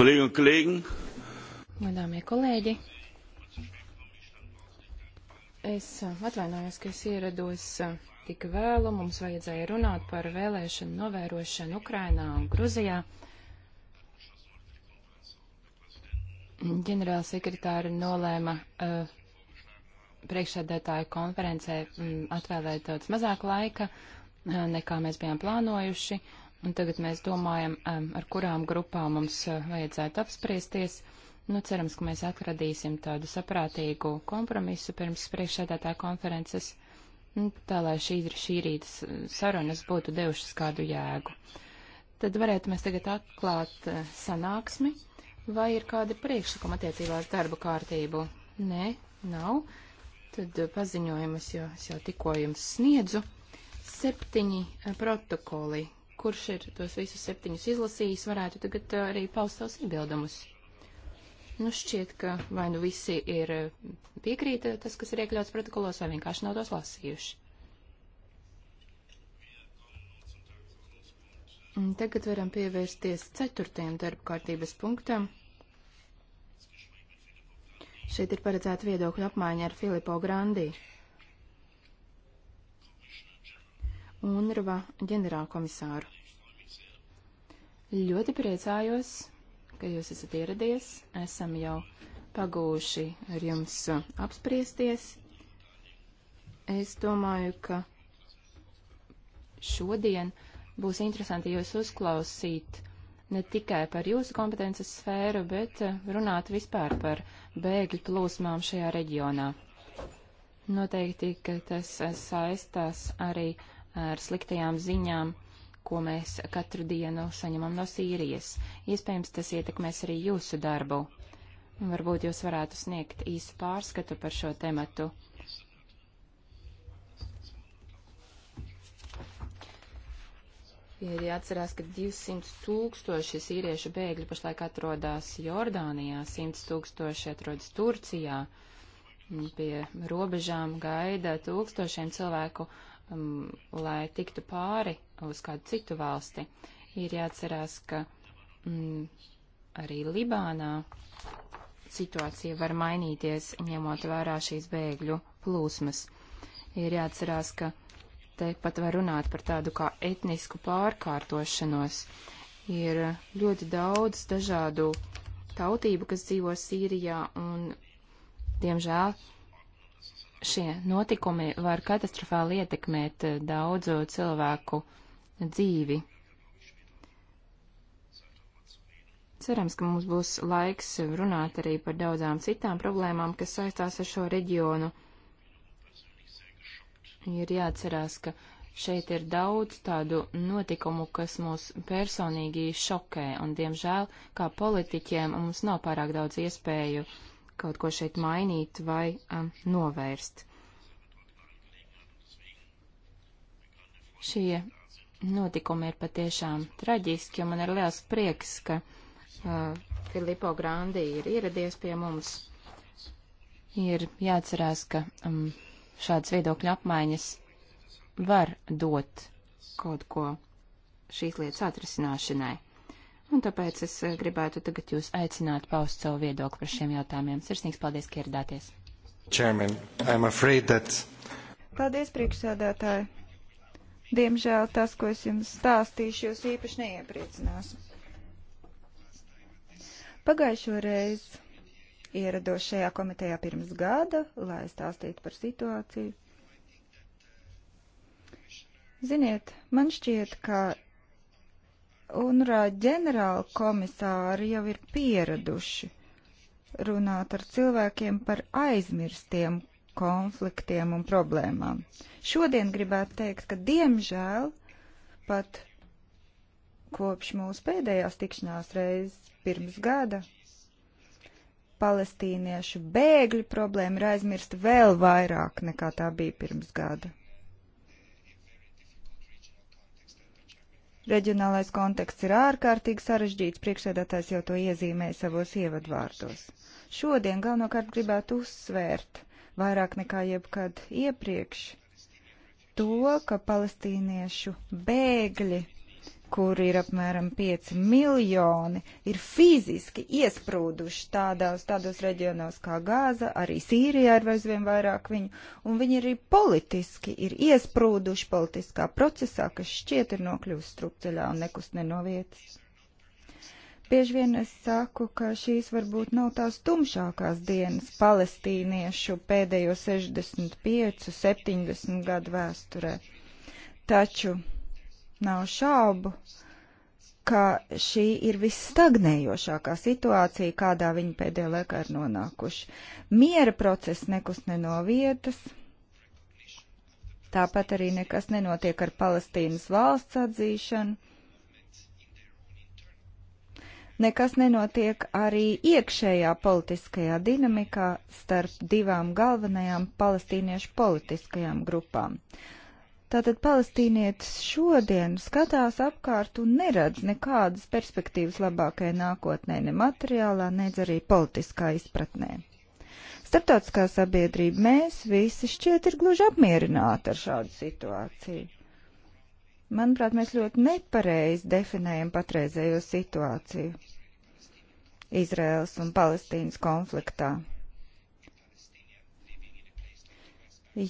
Kolēģi un kolēģi. Godāmie kolēģi. Es atvainojos, ka es ierados tik vēlu. Mums vajadzēja runāt par vēlēšanu novērošanu Ukrainā un Gruzijā. Ģenerāla sekretāra nolēma uh, priekšsēdētāju konferencē um, atvēlēt daudz mazāk laika, uh, nekā mēs bijām plānojuši. Uh, Un tagad mēs domājam, ar kurām grupām mums eh, vajadzētu apspriesties. Nu, cerams, ka mēs atradīsim tādu saprātīgu kompromisu pirms priekšsēdētāja konferences, tā lai šī, šī rīta sarunas būtu devušas kādu jēgu. Tad varētu mēs tagad atklāt eh, sanāksmi, vai ir kādi priekšlikumi attiecībā uz darba kārtību. Nē, nav. Tad eh, paziņojumus, jo es jau tikko jums sniedzu. Septiņi protokoli kurš ir tos visus septiņus izlasījis, varētu tagad eh, arī paust savus iebildumus. Nu, šķiet, ka vai nu visi ir eh, piekrīt eh, tas, kas ir iekļauts protokolos, vai vienkārši nav tos lasījuši. Un tagad varam pievērsties ceturtajam darba kārtības punktam. Šeit ir paredzēta viedokļa apmaiņa ar Filipo Grandī. UNRVA ģenerālkomisāru. Ļoti priecājos, ka jūs esat ieradies. Esam jau pagūši ar jums apspriesties. Es domāju, ka šodien būs interesanti jūs uzklausīt ne tikai par jūsu kompetences sfēru, bet eh, runāt vispār par bēgļu plūsmām šajā reģionā. Noteikti, ka tas eh, saistās arī ar sliktajām ziņām, ko mēs katru dienu saņemam no Sīrijas. Iespējams, tas ietekmēs arī jūsu darbu. Varbūt jūs varētu sniegt īsu pārskatu par šo tematu. Ir jāatcerās, ka 200 tūkstoši sīriešu bēgļi pašlaik atrodas Jordānijā, 100 tūkstoši atrodas Turcijā. Pie robežām gaida tūkstošiem cilvēku uh, um, lai tiktu pāri uz kādu citu valsti. Ir jāatcerās, ka mm, arī Libānā situācija var mainīties, ņemot vērā šīs bēgļu plūsmas. Ir jāatcerās, ka te pat var runāt par tādu kā etnisku pārkārtošanos. Ir ļoti daudz dažādu tautību, kas dzīvo Sīrijā, un, diemžēl, Šie notikumi var katastrofāli ietekmēt eh, daudzu cilvēku dzīvi. Cerams, ka mums būs laiks runāt arī par daudzām citām problēmām, kas saistās ar šo reģionu. Ir jāatcerās, ka šeit ir daudz tādu notikumu, kas mūs personīgi šokē, un, diemžēl, kā politiķiem mums nav pārāk daudz iespēju uh, kaut ko šeit mainīt vai um, novērst. Šie notikumi ir patiešām traģiski, un man ir liels prieks, ka uh, Filipo Grandi ir ieradies pie mums. Ir jāatcerās, ka um, šādas viedokļa apmaiņas var dot kaut ko šīs lietas atrisināšanai. Un tāpēc es eh, gribētu tagad jūs aicināt paust savu viedokli par šiem jautājumiem. Sirsnīgs paldies, ka ieradāties. Chairman, I'm afraid that. Paldies, priekšsēdētāji. Diemžēl tas, ko es jums stāstīšu, jūs īpaši neiepriecinās. Pagājušo reizi ierados šajā komitejā pirms gada, lai stāstītu par situāciju. Ziniet, man šķiet, ka UNRWA ģenerāla komisāri jau ir pieraduši runāt ar cilvēkiem par aizmirstiem konfliktiem un problēmām. Šodien gribētu teikt, ka diemžēl pat kopš mūsu pēdējās tikšanās reizes pirms gada palestīniešu bēgļu problēma ir aizmirsta vēl vairāk nekā tā bija pirms gada. Reģionālais konteksts ir ārkārtīgi sarežģīts, priekšsēdētājs jau to iezīmēja savos ievadvārdos. Šodien galvenokārt gribētu uzsvērt vairāk nekā jebkad iepriekš to, ka palestīniešu bēgļi kur ir apmēram 5 miljoni, ir fiziski iesprūduši tādās, tādos reģionos kā Gāza, arī Sīrijā ir aizvien vairāk viņu, un viņi arī politiski ir iesprūduši politiskā procesā, kas šķiet ir nokļuvis strupceļā un nekust neno vietas. Bieži vien es saku, ka šīs varbūt nav tās tumšākās dienas palestīniešu pēdējo 65, 70 gadu vēsturē. Taču Nav šaubu, ka šī ir visstagnējošākā situācija, kādā viņi pēdējā laikā ir nonākuši. Miera process nekus neno vietas. Tāpat arī nekas nenotiek ar Palestīnas valsts atzīšanu. Nekas nenotiek arī iekšējā politiskajā dinamikā starp divām galvenajām palestīniešu politiskajām grupām. Tātad palestīnietis šodien skatās apkārt un neredz nekādas perspektīvas labākajai nākotnē, ne materiālā, ne arī politiskā izpratnē. Startautiskā sabiedrība mēs visi šķiet ir gluži apmierināti ar šādu situāciju. Manuprāt, mēs ļoti nepareizi definējam patreizējo situāciju Izraels un Palestīnas konfliktā.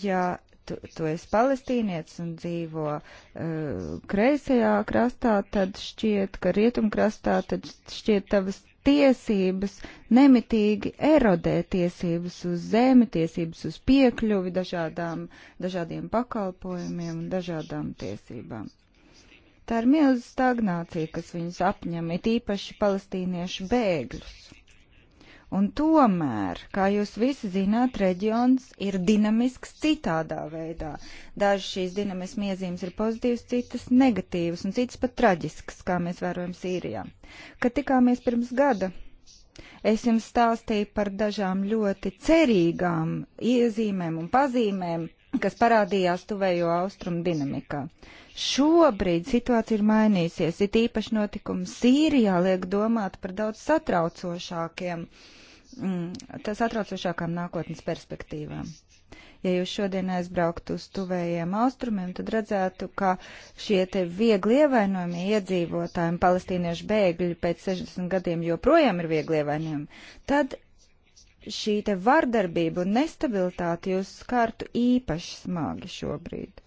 Ja tu, tu esi palestīnietis un dzīvo uh, kreisajā krastā, tad šķiet, ka rietumkrastā, tad šķiet tavas tiesības nemitīgi erodē tiesības uz zemi, tiesības uz piekļuvi dažādām, dažādiem pakalpojumiem un dažādām tiesībām. Tā ir milzīga stagnācija, kas viņus apņem, it īpaši palestīniešu bēgļus. Un tomēr, kā jūs visi zināt, reģions ir dinamisks citādā veidā. Dažas šīs dinamismas iezīmes ir pozitīvas, citas negatīvas un citas pat traģiskas, kā mēs vērojam Sīrijā. Kad tikāmies pirms gada, es jums stāstīju par dažām ļoti cerīgām iezīmēm un pazīmēm, kas parādījās tuvējo austrumu dinamikā. Šobrīd situācija ir mainīsies, it īpaši notikums Sīrijā liek domāt par daudz satraucošākiem uh, mm, tas atraucošākām nākotnes perspektīvām. Ja jūs šodien aizbrauktu uz tuvējiem austrumiem, tad redzētu, ka šie te viegli ievainojamie iedzīvotāji un palestīniešu bēgļi pēc 60 gadiem joprojām ir viegli ievainojami, tad šī te vardarbība un nestabilitāte jūs skartu īpaši smagi šobrīd.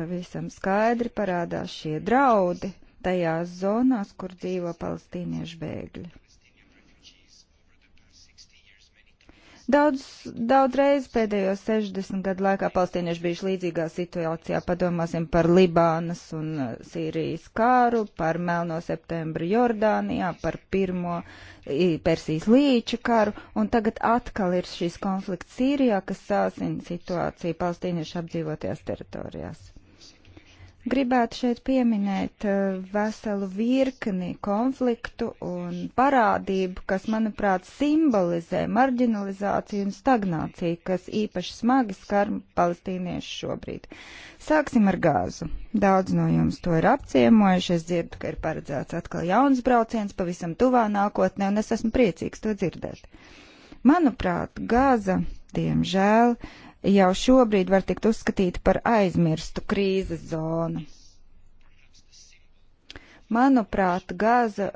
Pavisam skaidri parādās šie draudi tajās zonās, kur dzīvo palestīniešu bēgļi. Daudz, daudzreiz pēdējo 60 gadu laikā palestīnieši bijuši līdzīgā situācijā. Padomāsim par Libānas un uh, Sīrijas kāru, par Melno septembru Jordānijā, par pirmo Persijas līča karu, un tagad atkal ir šis konflikts Sīrijā, kas sāsina situāciju palestīniešu apdzīvotajās teritorijās. Gribētu šeit pieminēt uh, veselu virkni konfliktu un parādību, kas, manuprāt, simbolizē marginalizāciju un stagnāciju, kas īpaši smagi skar palestīniešu šobrīd. Sāksim ar gāzu. Daudz no jums to ir apciemojuši. Es dzirdu, ka ir paredzēts atkal jauns brauciens pavisam tuvā nākotnē, un es esmu priecīgs to dzirdēt. Manuprāt, gāza, diemžēl, uh, jau šobrīd var tikt uzskatīta par aizmirstu krīzes zonu. Manuprāt, Gaza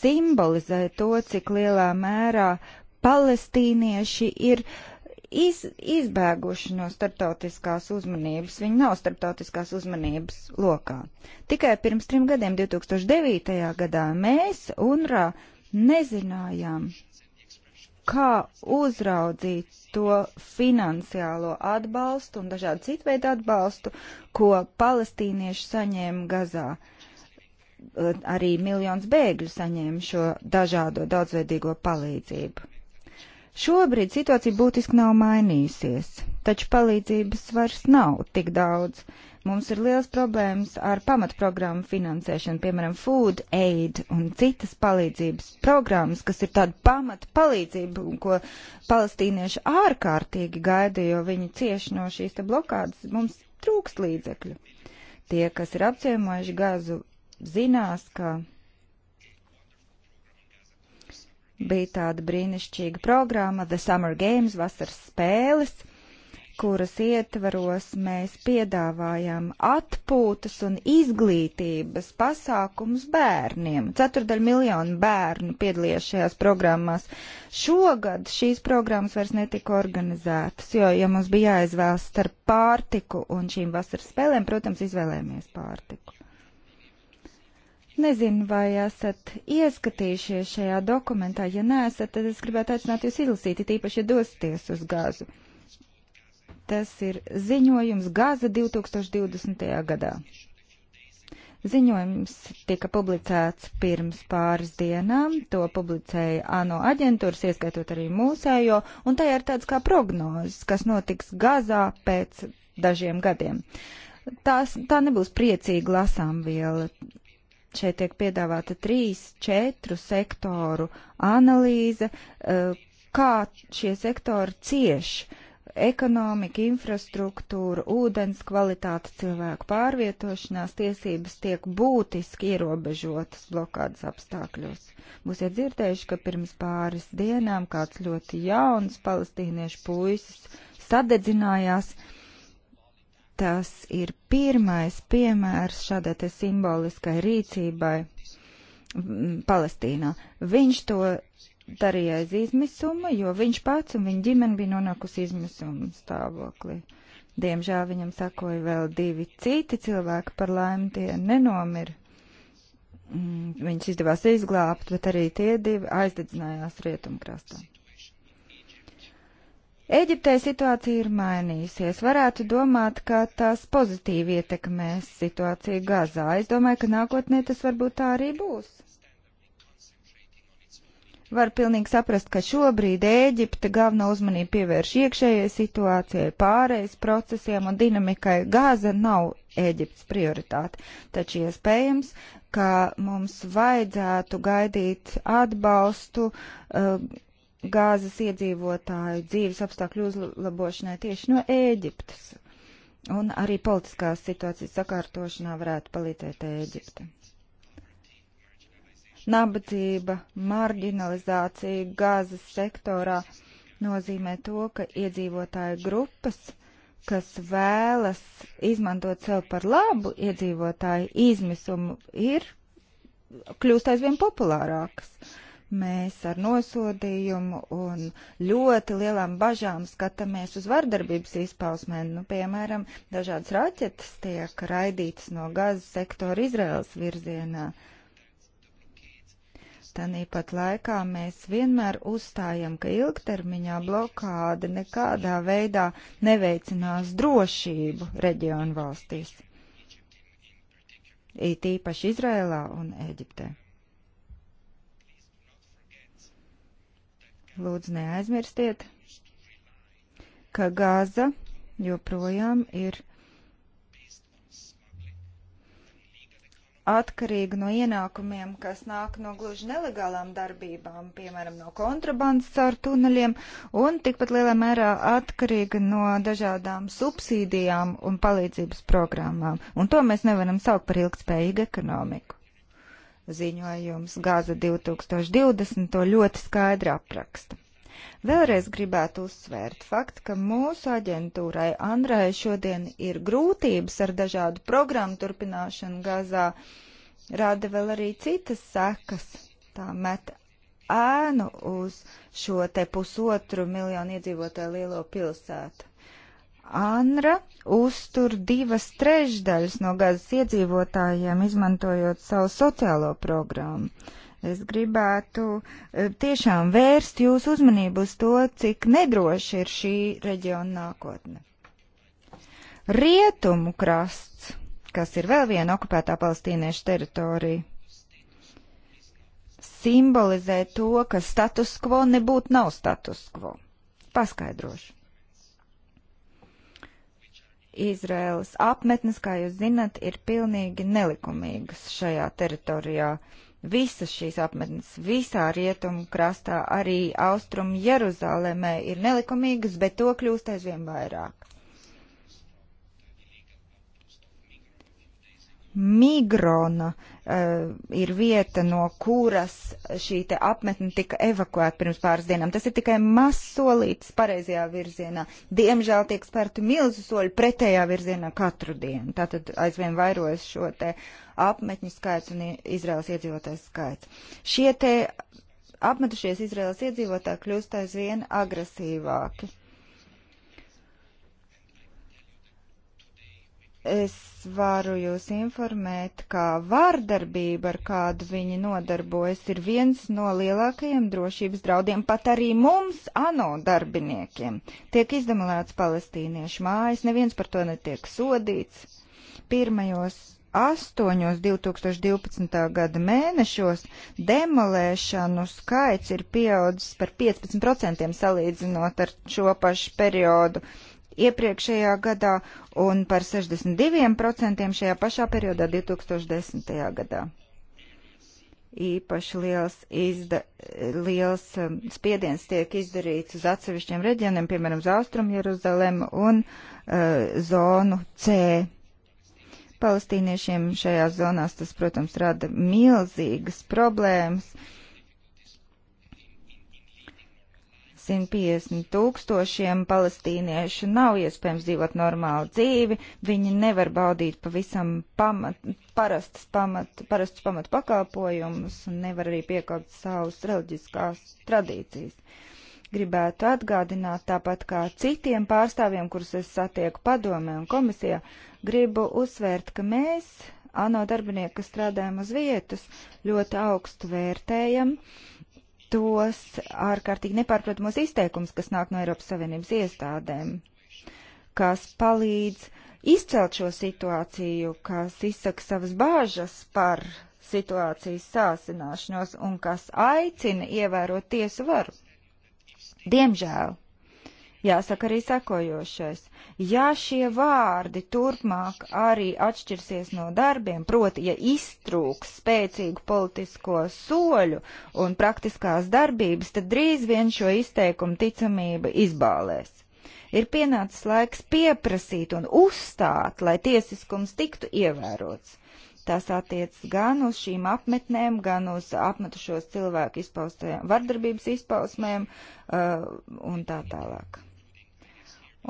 simbolizē to, cik lielā mērā palestīnieši ir iz, izbēguši no starptautiskās uzmanības. Viņi nav starptautiskās uzmanības lokā. Tikai pirms trim gadiem, 2009. gadā, mēs UNRA nezinājām, kā uzraudzīt to finansiālo atbalstu un dažādu citu veidu atbalstu, ko palestīnieši saņēma Gazā. Arī miljons bēgļu saņēma šo dažādo daudzveidīgo palīdzību. Šobrīd situācija būtiski nav mainījusies, taču palīdzības vairs nav tik daudz. Uh, Mums ir liels problēmas ar pamatprogrammu finansēšanu, piemēram, Food Aid un citas palīdzības programmas, kas ir tāda pamata palīdzība, ko palestīnieši ārkārtīgi gaida, jo viņi cieši no šīs te blokādas. Mums trūkst līdzekļu. Tie, kas ir apciemojuši gazu, zinās, ka bija tāda brīnišķīga programma The Summer Games, vasaras spēles, kuras ietvaros mēs piedāvājam atpūtas un izglītības pasākums bērniem. Ceturdaļ miljonu bērnu piedalījās šajās programmās. Šogad šīs programmas vairs netika organizētas, jo, ja mums bija jāizvēlas starp pārtiku un šīm vasaras spēlēm, protams, izvēlējāmies pārtiku. Nezinu, vai esat ieskatījušies šajā dokumentā. Ja neesat, tad es gribētu aicināt jūs izlasīt, it īpaši, ja dosieties uz gāzu. Tas ir ziņojums Gaza 2020. gadā. Ziņojums tika publicēts pirms pāris dienām, to publicēja ANO aģentūras, ieskaitot arī mūsējo, un tajā ir tāds kā prognozes, kas notiks Gazā pēc dažiem gadiem. Tās, tā nebūs priecīga lasām viela. Šeit tiek piedāvāta trīs, četru sektoru analīze, eh, kā šie sektori cieši ekonomika, infrastruktūra, ūdens kvalitāte, cilvēku pārvietošanās tiesības tiek būtiski ierobežotas blokādas apstākļos. Būsiet dzirdējuši, ka pirms pāris dienām kāds ļoti jauns palestīniešu puisis sadedzinājās. Tas ir pirmais piemērs šādai te simboliskai rīcībai Palestīnā. Viņš to darīja aiz izmisuma, jo viņš pats un viņa ģimene bija nonākusi izmisuma stāvoklī. Diemžēl viņam sakoja vēl divi citi cilvēki, par laimi tie nenomira. Mm, viņus izdevās izglābt, bet arī tie divi aizdedzinājās rietumkrastā. Eģiptē situācija ir mainījusies. Varētu domāt, ka tās pozitīvi ietekmēs situāciju Gazā. Es domāju, ka nākotnē tas varbūt tā arī būs var pilnīgi saprast, ka šobrīd Ēģipte galveno uzmanību pievērš iekšējai situācijai, pārējais procesiem un dinamikai. Gāza nav Ēģiptes prioritāte, taču iespējams, ka mums vajadzētu gaidīt atbalstu. Uh, Gāzes iedzīvotāju dzīves apstākļu uzlabošanai tieši no Ēģiptes. Un arī politiskās situācijas sakārtošanā varētu palīdzēt Ēģipte. Nabadzība, marginalizācija gāzes sektorā nozīmē to, ka iedzīvotāju grupas, kas vēlas izmantot sev par labu iedzīvotāju izmisumu, ir kļūst aizvien populārākas. Mēs ar nosodījumu un ļoti lielām bažām skatāmies uz vardarbības izpausmēm. Nu, piemēram, dažādas raķetes tiek raidītas no gazas sektora Izraels virzienā. Uh, Tāpat laikā mēs vienmēr uzstājam, ka ilgtermiņā blokāde nekādā veidā neveicinās drošību reģionu valstīs, it īpaši Izrēlā un Eģiptē. Lūdzu, neaizmirstiet, ka Gāza joprojām ir atkarīga no ienākumiem, kas nāk no gluži nelegālām darbībām, piemēram, no kontrabandas caur tuneļiem, un tikpat lielā mērā atkarīga no dažādām subsīdijām un palīdzības programmām. Un to mēs nevaram saukt par ilgspējīgu ekonomiku. Ziņojums Gāza 2020 to ļoti skaidri apraksta. Vēlreiz gribētu uzsvērt faktu, ka mūsu aģentūrai Andrai šodien ir grūtības ar dažādu programmu turpināšanu Gazā, rada vēl arī citas sekas. Tā met ēnu uz šo te pusotru miljonu iedzīvotāju lielo pilsētu. Anra uztur divas trešdaļas no gazas iedzīvotājiem, izmantojot savu sociālo programmu. Es gribētu eh, tiešām vērst jūsu uzmanību uz to, cik nedroši ir šī reģiona nākotne. Rietumu krasts, kas ir vēl viena okupētā palestīniešu teritorija, simbolizē to, ka status quo nebūtu nav status quo. Paskaidrošu. Izraēlas apmetnes, kā jūs zinat, ir pilnīgi nelikumīgas šajā teritorijā. Uh, Visas šīs apmetnes visā rietumu krastā, arī austrumu Jeruzalemē ir nelikumīgas, bet to kļūst aizvien vairāk. Migrona uh, ir vieta, no kuras šī te apmetne tika evakuēta pirms pāris dienām. Tas ir tikai mazs solītis pareizajā virzienā. Diemžēl tiek spērti milzu soļi pretējā virzienā katru dienu. Tātad aizvien vairojas šo te apmetņu skaits un Izraels iedzīvotājs skaits. Šie te apmetušies Izraels iedzīvotāji kļūst aizvien agresīvāki Es varu jūs informēt, ka vārdarbība, ar kādu viņi nodarbojas, ir viens no lielākajiem drošības draudiem pat arī mums, ANO darbiniekiem. Tiek izdemolēts palestīniešu mājas, neviens par to netiek sodīts. Pirmajos astoņos 2012. gada mēnešos demolēšanu skaits ir pieaudzis par 15% salīdzinot ar šo pašu periodu iepriekšējā gadā un par 62% šajā pašā periodā 2010. gadā. Īpaši liels, izda, liels um, spiediens tiek izdarīts uz atsevišķiem reģioniem, piemēram, uz Austrumu Jeruzalem un uh, zonu C. Palestīniešiem šajās zonās tas, protams, rada milzīgas problēmas. Uh, 150 tūkstošiem palestīniešu nav iespējams dzīvot normālu dzīvi, viņi nevar baudīt pavisam pamat, parastas pamat, parastus pamatu pakalpojumus un nevar arī piekaut savus reliģiskās tradīcijas. Gribētu atgādināt, tāpat kā citiem pārstāvjiem, kurus es satieku padomē un komisijā, gribu uzsvērt, ka mēs, ANO darbinieki, kas strādājam uz vietas, ļoti augstu vērtējam uh, tos ārkārtīgi nepārprotamos izteikumus, kas nāk no Eiropas Savienības iestādēm, kas palīdz izcelt šo situāciju, kas izsaka savas bāžas par situācijas sāsināšanos un kas aicina ievērot tiesu varu. Diemžēl Jāsaka arī sekojošais. Ja šie vārdi turpmāk arī atšķirsies no darbiem, proti, ja iztrūks spēcīgu politisko soļu un praktiskās darbības, tad drīz vien šo izteikumu ticamība izbālēs. Ir pienācis laiks pieprasīt un uzstāt, lai tiesiskums tiktu ievērots. Tas attiecas gan uz šīm apmetnēm, gan uz apmetušos cilvēku izpaustajām vardarbības izpausmēm uh, un tā tālāk.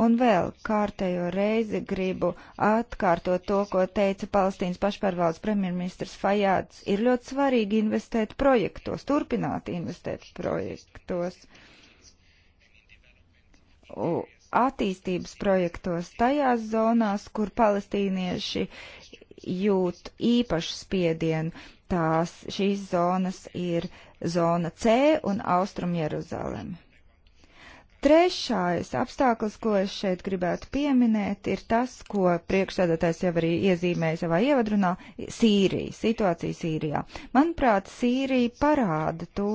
Un vēl kārtējo reizi gribu atkārtot to, ko teica Palestīnas pašpārvaldes premjerministrs Fajāds. Ir ļoti svarīgi investēt projektos, turpināt investēt projektos, U, attīstības projektos tajās zonās, kur palestīnieši jūt īpašu spiedienu. Tās šīs zonas ir zona C un Austrum Jeruzaleme. Trešais apstākļus, ko es šeit gribētu pieminēt, ir tas, ko priekšsēdētājs jau arī iezīmēja savā ievadrunā - Sīrija, situācija Sīrijā. Manuprāt, Sīrija parāda to,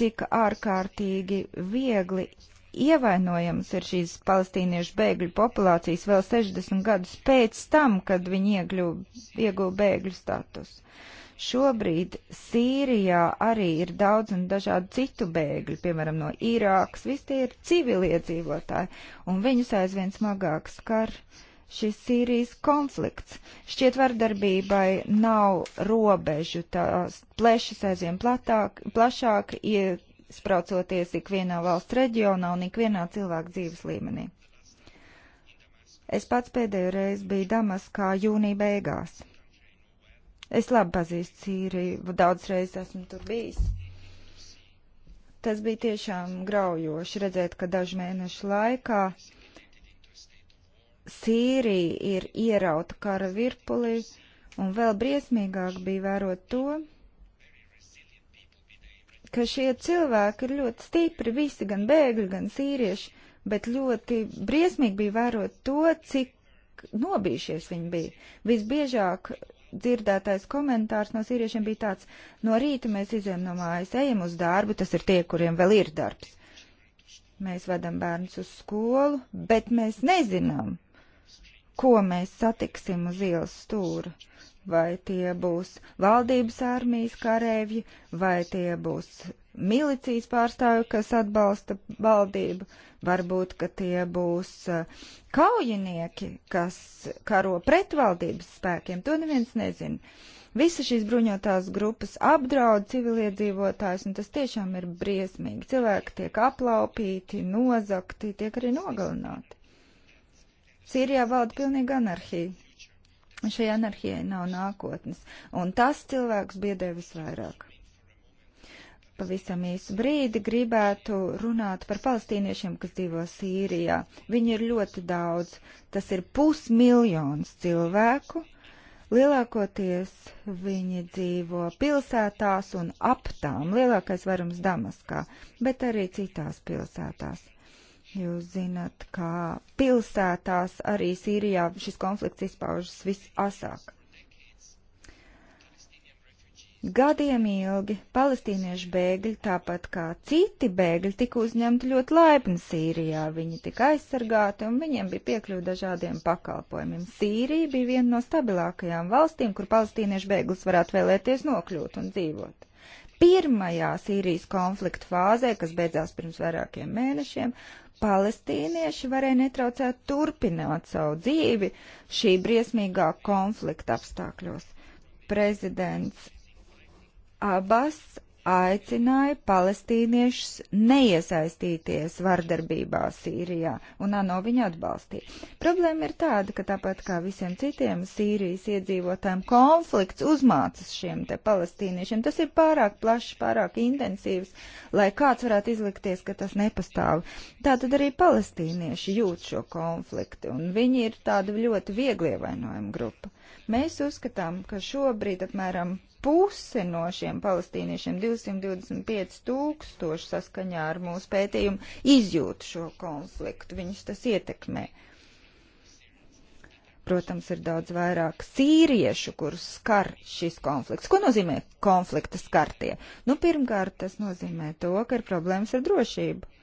cik ārkārtīgi viegli ievainojams ir šīs palestīniešu bēgļu populācijas vēl 60 gadus pēc tam, kad viņi iegļuva, ieguva bēgļu statusu. Šobrīd Sīrijā arī ir daudz un dažādu citu bēgļu, piemēram, no Irākas. Visi tie ir civiliedzīvotāji, un viņus aizvien smagāk skar šis Sīrijas konflikts. Šķiet vardarbībai nav robežu, tās plešas aizvien platāk, plašāk, iespraucoties ikvienā valsts reģionā un ikvienā cilvēka dzīves līmenī. Es pats pēdējo reizi biju Damaskā jūnija beigās. Es labi pazīstu Sīriju, daudz reizes esmu tur bijis. Tas bija tiešām graujoši redzēt, ka dažu mēnešu laikā Sīrija ir ierauta kara virpulī, un vēl briesmīgāk bija vērot to, ka šie cilvēki ir ļoti stipri, visi gan bēgļi, gan sīrieši, bet ļoti briesmīgi bija vērot to, cik nobijušies viņi bija. Visbiežāk dzirdētais komentārs no sīviešiem bija tāds, no rīta mēs izējām no mājas, ejam uz darbu, tas ir tie, kuriem vēl ir darbs. Mēs vedam bērnus uz skolu, bet mēs nezinām, ko mēs satiksim uz ielas stūra. Vai tie būs valdības armijas karēvji, vai tie būs milicijas pārstāvi, kas atbalsta valdību. Uh, Varbūt, ka tie būs eh, kaujinieki, kas karo pretvaldības spēkiem. To neviens nezina. Visa šīs bruņotās grupas apdraud civiliedzīvotājs, un tas tiešām ir briesmīgi. Cilvēki tiek aplaupīti, nozakti, tiek arī nogalināti. Sīrijā valda pilnīga anarhija. Šai anarhijai nav nākotnes, un tas cilvēks biedē visvairāk pavisam īsu brīdi gribētu runāt par palestīniešiem, kas dzīvo Sīrijā. Viņi ir ļoti daudz. Tas ir pusmiljons cilvēku. Lielākoties viņi dzīvo pilsētās un ap tām, lielākais varums Damaskā, bet arī citās pilsētās. Jūs zināt, kā pilsētās arī Sīrijā šis konflikts izpaužas visasāk. Gadiem ilgi palestīniešu bēgļi, tāpat kā citi bēgļi, tika uzņemti ļoti laipni Sīrijā. Viņi tika aizsargāti un viņiem bija piekļuva dažādiem pakalpojumiem. Sīrija bija viena no stabilākajām valstīm, kur palestīniešu bēglis varētu vēlēties nokļūt un dzīvot. Pirmajā Sīrijas konflikta fāzē, kas beidzās pirms vairākiem mēnešiem, palestīnieši varēja netraucēt turpināt savu dzīvi šī briesmīgā konflikta apstākļos. Prezidents abas aicināja palestīniešus neiesaistīties vardarbībā Sīrijā, un ANO viņu atbalstīja. Problēma ir tāda, ka tāpat kā visiem citiem Sīrijas iedzīvotājiem konflikts uzmācas šiem te palestīniešiem. Tas ir pārāk plašs, pārāk intensīvs, lai kāds varētu izlikties, ka tas nepastāv. Tā tad arī palestīnieši jūt šo konfliktu, un viņi ir tāda ļoti viegli ievainojuma grupa. Mēs uzskatām, ka šobrīd apmēram puse no šiem palestīniešiem, 225 tūkstoši saskaņā ar mūsu pētījumu, izjūt šo konfliktu, viņus tas ietekmē. Protams, ir daudz vairāk sīriešu, kurus skar šis konflikts. Ko nozīmē konflikta skartie? Nu, pirmkārt, tas nozīmē to, ka ir problēmas ar drošību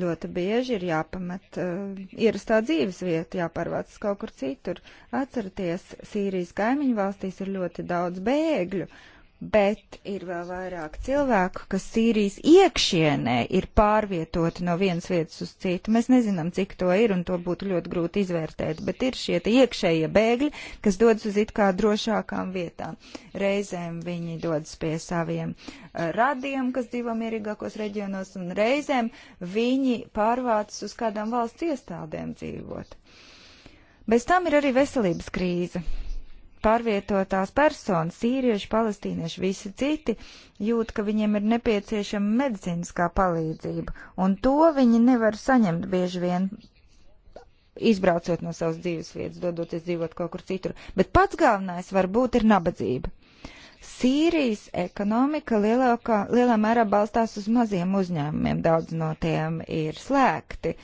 Ļoti bieži ir jāpamat uh, eh, ierastā dzīves vieta, jāpārvācas kaut kur citur. Atcerieties, Sīrijas kaimiņu valstīs ir ļoti daudz bēgļu, bet ir vēl vairāk cilvēku, kas Sīrijas iekšienē ir pārvietoti no vienas vietas uz citu. Mēs nezinām, cik to ir, un to būtu ļoti grūti izvērtēt, bet ir šie iekšējie bēgļi, kas dodas uz it kā drošākām vietām. Reizēm viņi dodas pie saviem eh, radiem, kas dzīvo mierīgākos reģionos, un reizēm viņi pārvācas uz kādām valsts iestādēm dzīvot. Bez tam ir arī veselības krīze pārvietotās personas, sīrieši, palestīnieši, visi citi jūt, ka viņiem ir nepieciešama medicīniskā palīdzība, un to viņi nevar saņemt bieži vien izbraucot no savas dzīves vietas, dodoties dzīvot kaut kur citur. Bet pats galvenais varbūt ir nabadzība. Sīrijas ekonomika lielākā, lielā mērā balstās uz maziem uzņēmumiem, daudz no tiem ir slēgti.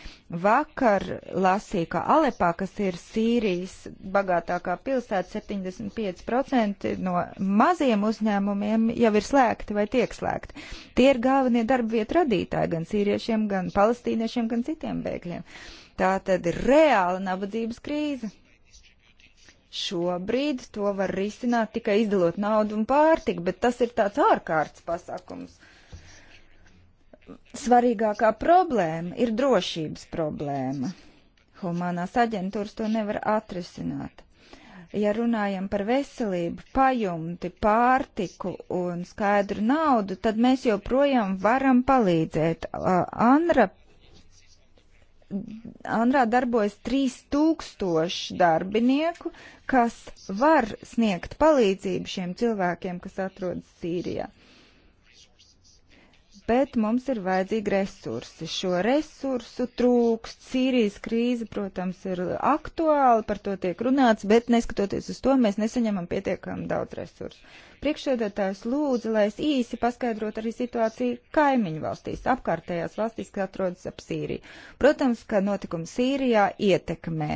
Vakar lasīju, ka Alepā, kas ir Sīrijas bagātākā pilsēta, 75% no maziem uzņēmumiem jau ir slēgti vai tiek slēgti. Tie ir galvenie darba vietu radītāji gan sīriešiem, gan palestīniešiem, gan citiem bēgļiem. Tā tad ir reāla nabadzības krīze. Šobrīd to var risināt tikai izdalot naudu un pārtiku, bet tas ir tāds ārkārtas pasākums. Svarīgākā problēma ir drošības problēma. Humanās aģentūras to nevar atrisināt. Ja runājam par veselību, pajumti, pārtiku un skaidru naudu, tad mēs joprojām varam palīdzēt. Anra ANRā darbojas 3000 darbinieku, kas var sniegt palīdzību šiem cilvēkiem, kas atrodas Sīrijā bet mums ir vajadzīgi resursi. Šo resursu trūkst. Sīrijas krīze, protams, ir aktuāla, par to tiek runāts, bet neskatoties uz to, mēs nesaņemam pietiekami daudz resursu. Priekšsēdētājs lūdza, lai es īsi paskaidrotu arī situāciju kaimiņu valstīs, apkārtējās valstīs, kas atrodas ap Sīriju. Protams, ka notikumi Sīrijā ietekmē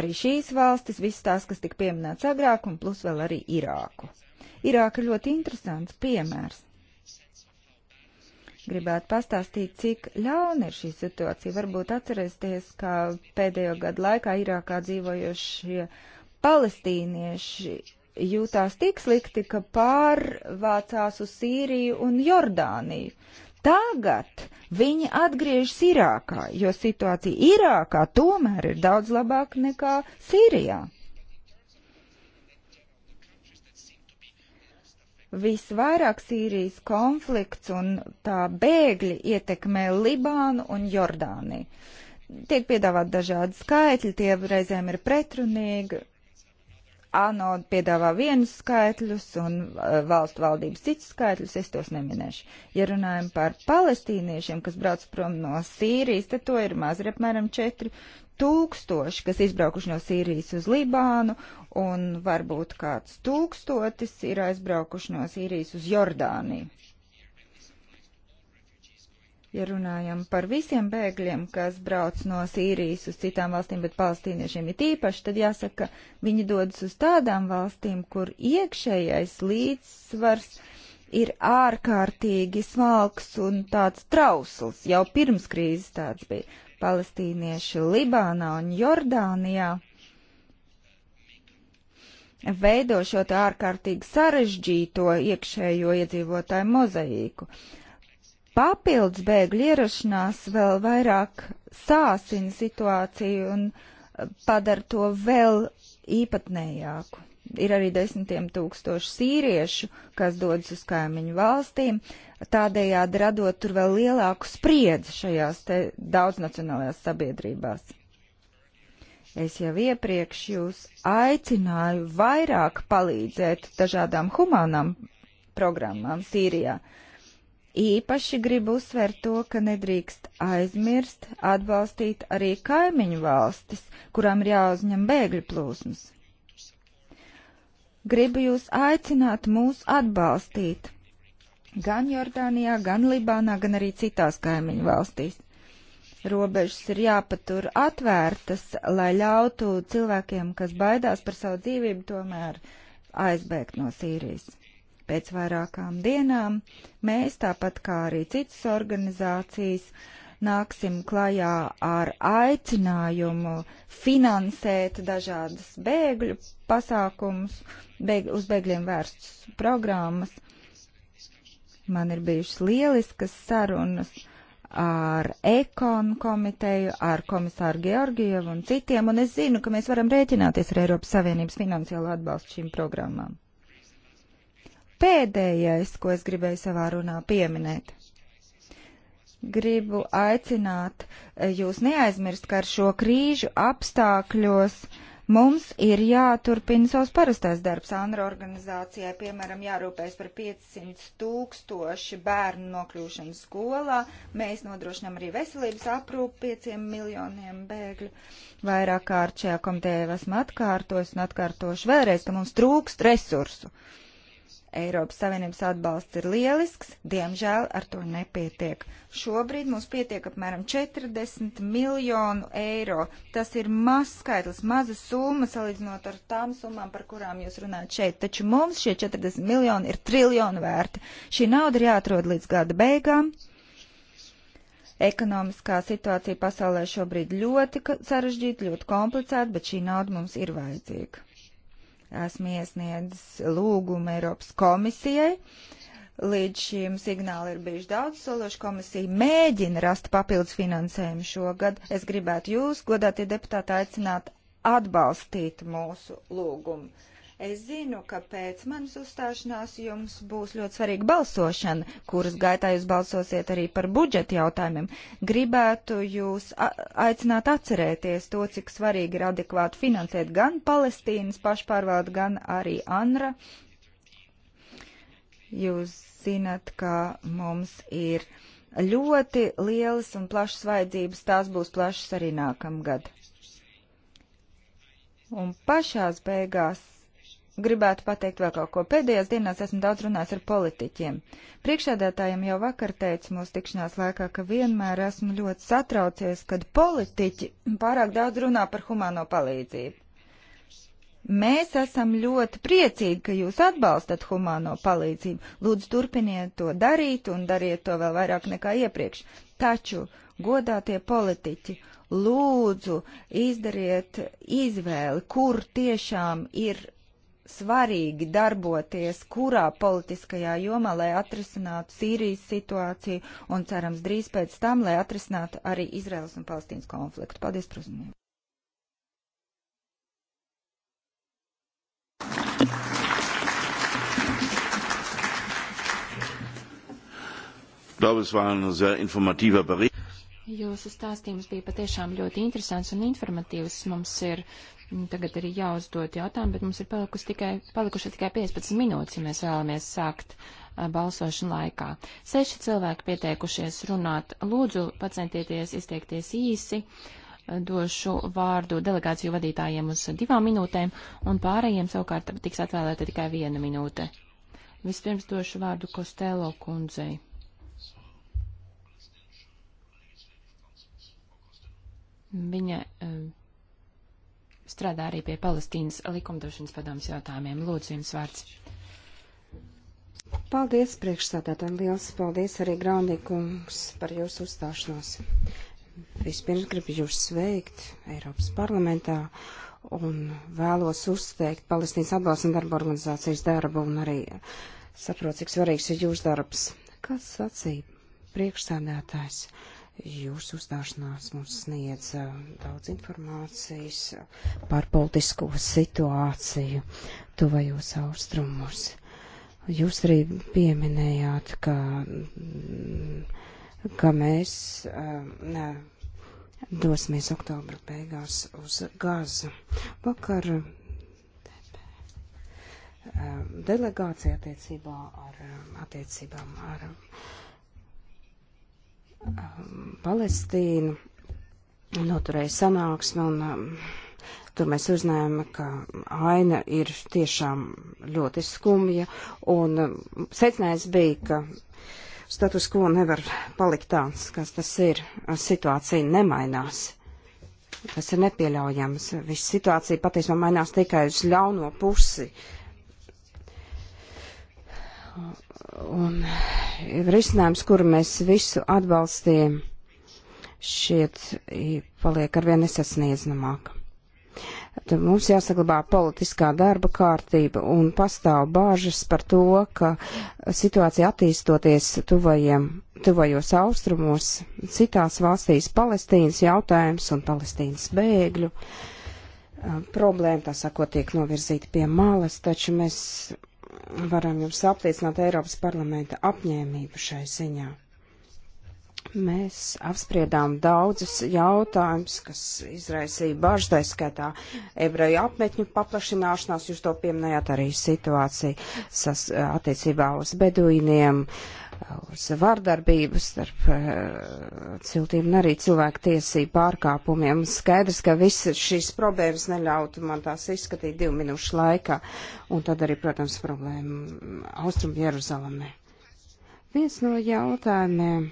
arī šīs valstis, visas tās, kas tika pieminēts agrāk, un plus vēl arī Irāku. Irāka ir ļoti interesants piemērs gribētu pastāstīt, cik ļauna ir šī situācija. Varbūt atcerēsties, ka pēdējo gadu laikā Irākā dzīvojošie palestīnieši jūtās tik slikti, ka pārvācās uz Sīriju un Jordāniju. Tagad viņi atgriežas Irākā, jo situācija Irākā tomēr ir daudz labāka nekā Sīrijā. Visvairāk Sīrijas konflikts un tā bēgļi ietekmē Libānu un Jordāniju. Tiek piedāvāt dažādi skaitļi, tie reizēm ir pretrunīgi. ANO piedāvā vienus skaitļus un eh, valstu valdības citus skaitļus, es tos neminēšu. Ja runājam par palestīniešiem, kas brauc prom no Sīrijas, tad to ir maz, ir apmēram 4, tūkstoši, kas izbraukuši no Sīrijas uz Libānu, un varbūt kāds tūkstotis ir aizbraukuši no Sīrijas uz Jordāniju. Ja runājam par visiem bēgļiem, kas brauc no Sīrijas uz citām valstīm, bet palestīniešiem ir tīpaši, tad jāsaka, viņi dodas uz tādām valstīm, kur iekšējais līdzsvars ir ārkārtīgi smalks un tāds trausls, jau pirms krīzes tāds bija palestīnieši Libānā un Jordānijā veido šo ārkārtīgi sarežģīto iekšējo iedzīvotāju mozaīku. Papildus bēgļu ierašanās vēl vairāk sāsina situāciju un padara to vēl īpatnējāku ir arī desmitiem tūkstoši sīriešu, kas dodas uz kaimiņu valstīm, tādējādi radot tur vēl lielāku spriedzi šajās te daudznacionālajās sabiedrībās. Es jau iepriekš jūs aicināju vairāk palīdzēt dažādām humanām programmām Sīrijā. Īpaši gribu uzsvērt to, ka nedrīkst aizmirst atbalstīt arī kaimiņu valstis, kurām ir jāuzņem bēgļu plūsmas. Gribu jūs aicināt mūs atbalstīt gan Jordānijā, gan Libānā, gan arī citās kaimiņu valstīs. Robežas ir jāpatur atvērtas, lai ļautu cilvēkiem, kas baidās par savu dzīvību, tomēr aizbēgt no Sīrijas. Pēc vairākām dienām mēs, tāpat kā arī citas organizācijas, uh, nāksim klajā ar aicinājumu finansēt dažādas bēgļu pasākumus, bēg, uz bēgļiem vērstas programmas. Man ir bijušas lieliskas sarunas ar ekonu komiteju, ar komisāru Georgievu un citiem, un es zinu, ka mēs varam rēķināties ar Eiropas Savienības finansiālo atbalstu šīm programmām pēdējais, ko es gribēju savā runā pieminēt gribu aicināt eh, jūs neaizmirst, ka ar šo krīžu apstākļos mums ir jāturpina savs parastais darbs. Andra organizācijai, piemēram, jārūpējas par 500 tūkstoši bērnu nokļūšanu skolā. Mēs nodrošinām arī veselības aprūpu 5 miljoniem bēgļu. Vairāk kārt šajā komitejā esmu atkārtojis un atkārtošu vēlreiz, ka mums trūkst resursu. Uh, Eiropas Savienības atbalsts ir lielisks, diemžēl ar to nepietiek. Šobrīd mums pietiek apmēram 40 miljonu eiro. Tas ir mazs skaitlis, maza summa salīdzinot ar tām summām, par kurām jūs runājat šeit. Taču mums šie 40 miljoni ir triljonu vērti. Šī nauda ir jāatrod līdz gada beigām. Ekonomiskā situācija pasaulē šobrīd ļoti sarežģīta, ļoti komplicēta, bet šī nauda mums ir vajadzīga. Esmu iesniedzis lūgumu Eiropas komisijai. Līdz šim signāli ir bijuši daudz sološi. Komisija mēģina rast papildus finansējumu šogad. Es gribētu jūs, godātie deputāti, aicināt atbalstīt mūsu lūgumu Es zinu, ka pēc manas uzstāšanās jums būs ļoti svarīga balsošana, kuras gaitā jūs balsosiet arī par budžeta jautājumiem. Gribētu jūs aicināt atcerēties to, cik svarīgi ir adekvāti finansēt gan Palestīnas pašpārvaldu, gan arī ANRA. Jūs zinat, ka mums ir ļoti lielas un plašas vajadzības, tās būs plašas arī nākamgad. Un pašās beigās gribētu pateikt vēl kaut ko. Pēdējās dienās esmu daudz runājis ar politiķiem. Priekšādātājiem jau vakar teicu mūsu tikšanās laikā, ka vienmēr esmu ļoti satraucies, kad politiķi pārāk daudz runā par humāno palīdzību. Mēs esam ļoti priecīgi, ka jūs atbalstat humāno palīdzību. Lūdzu, turpiniet to darīt un dariet to vēl vairāk nekā iepriekš. Taču, godātie politiķi, lūdzu, izdariet izvēli, kur tiešām ir svarīgi darboties kurā politiskajā jomā, lai atrisinātu Sīrijas situāciju un cerams drīz pēc tam, lai atrisinātu arī Izraels un Palestīnas konfliktu. Paldies par uzmanību. Jūsu stāstījums bija patiešām ļoti interesants un informatīvs. Mums ir Tagad arī jāuzdod jautājumu, bet mums ir palikuši tikai, palikuši tikai 15 minūtes, ja mēs vēlamies sākt a, balsošanu laikā. Seši cilvēki pieteikušies runāt. Lūdzu, pacientieties izteikties īsi. Došu vārdu delegāciju vadītājiem uz divām minūtēm, un pārējiem savukārt tiks atvēlēta tikai viena minūte. Vispirms došu vārdu Kostelo kundzei. Viņa uh, strādā arī pie Palestīnas likumdošanas padomas jautājumiem. Lūdzu, jums vārds. Paldies, priekšsādātāji. Liels paldies arī Grāndīkums par jūsu uzstāšanos. Vispirms gribu jūs sveikt Eiropas parlamentā un vēlos uzteikt Palestīnas atbalsta un darba organizācijas darbu un arī saprot, cik svarīgs ir jūsu darbs. Kāds sacīja priekšsādātājs? Uh, Jūsu uzstāšanās mums sniedz daudz informācijas par politisko situāciju tuvajos austrumos. Jūs arī pieminējāt, ka, mm, ka mēs ne, dosimies oktobra beigās uz Gazu. Vakar delegācija attiecībā ar attiecībām ar. Palestīnu, noturēja sanāksmi un um, tur mēs uzzinājām, ka aina ir tiešām ļoti skumja un um, secinājums bija, ka status quo nevar palikt tāds, kas tas ir, situācija nemainās. Tas ir nepieļaujams. Viss situācija patiesībā mainās tikai uz ļauno pusi. Uh, Un risinājums, kuru mēs visu atbalstījām, šiet paliek arvien nesasniedzamāk. Tad mums jāsaglabā politiskā darba kārtība un pastāv bāžas par to, ka situācija attīstoties tuvajiem, tuvajos austrumos, citās valstīs Palestīnas jautājums un Palestīnas bēgļu problēma, tā sakot, tiek novirzīta pie malas, taču mēs varam jums apliecināt Eiropas parlamenta apņēmību šai ziņā. Mēs apspriedām daudzas jautājumas, kas izraisīja bažas, tā skaitā ebreju apmetņu paplašināšanās, jūs to pieminējāt arī situāciju sas, attiecībā uz beduīniem, uh, uz vardarbību starp uh, ciltīm un arī cilvēku tiesību pārkāpumiem. Skaidrs, ka visas šīs problēmas neļautu man tās izskatīt divu minūšu laikā, un tad arī, protams, problēma Austrum Jeruzalemē. Viens no jautājumiem,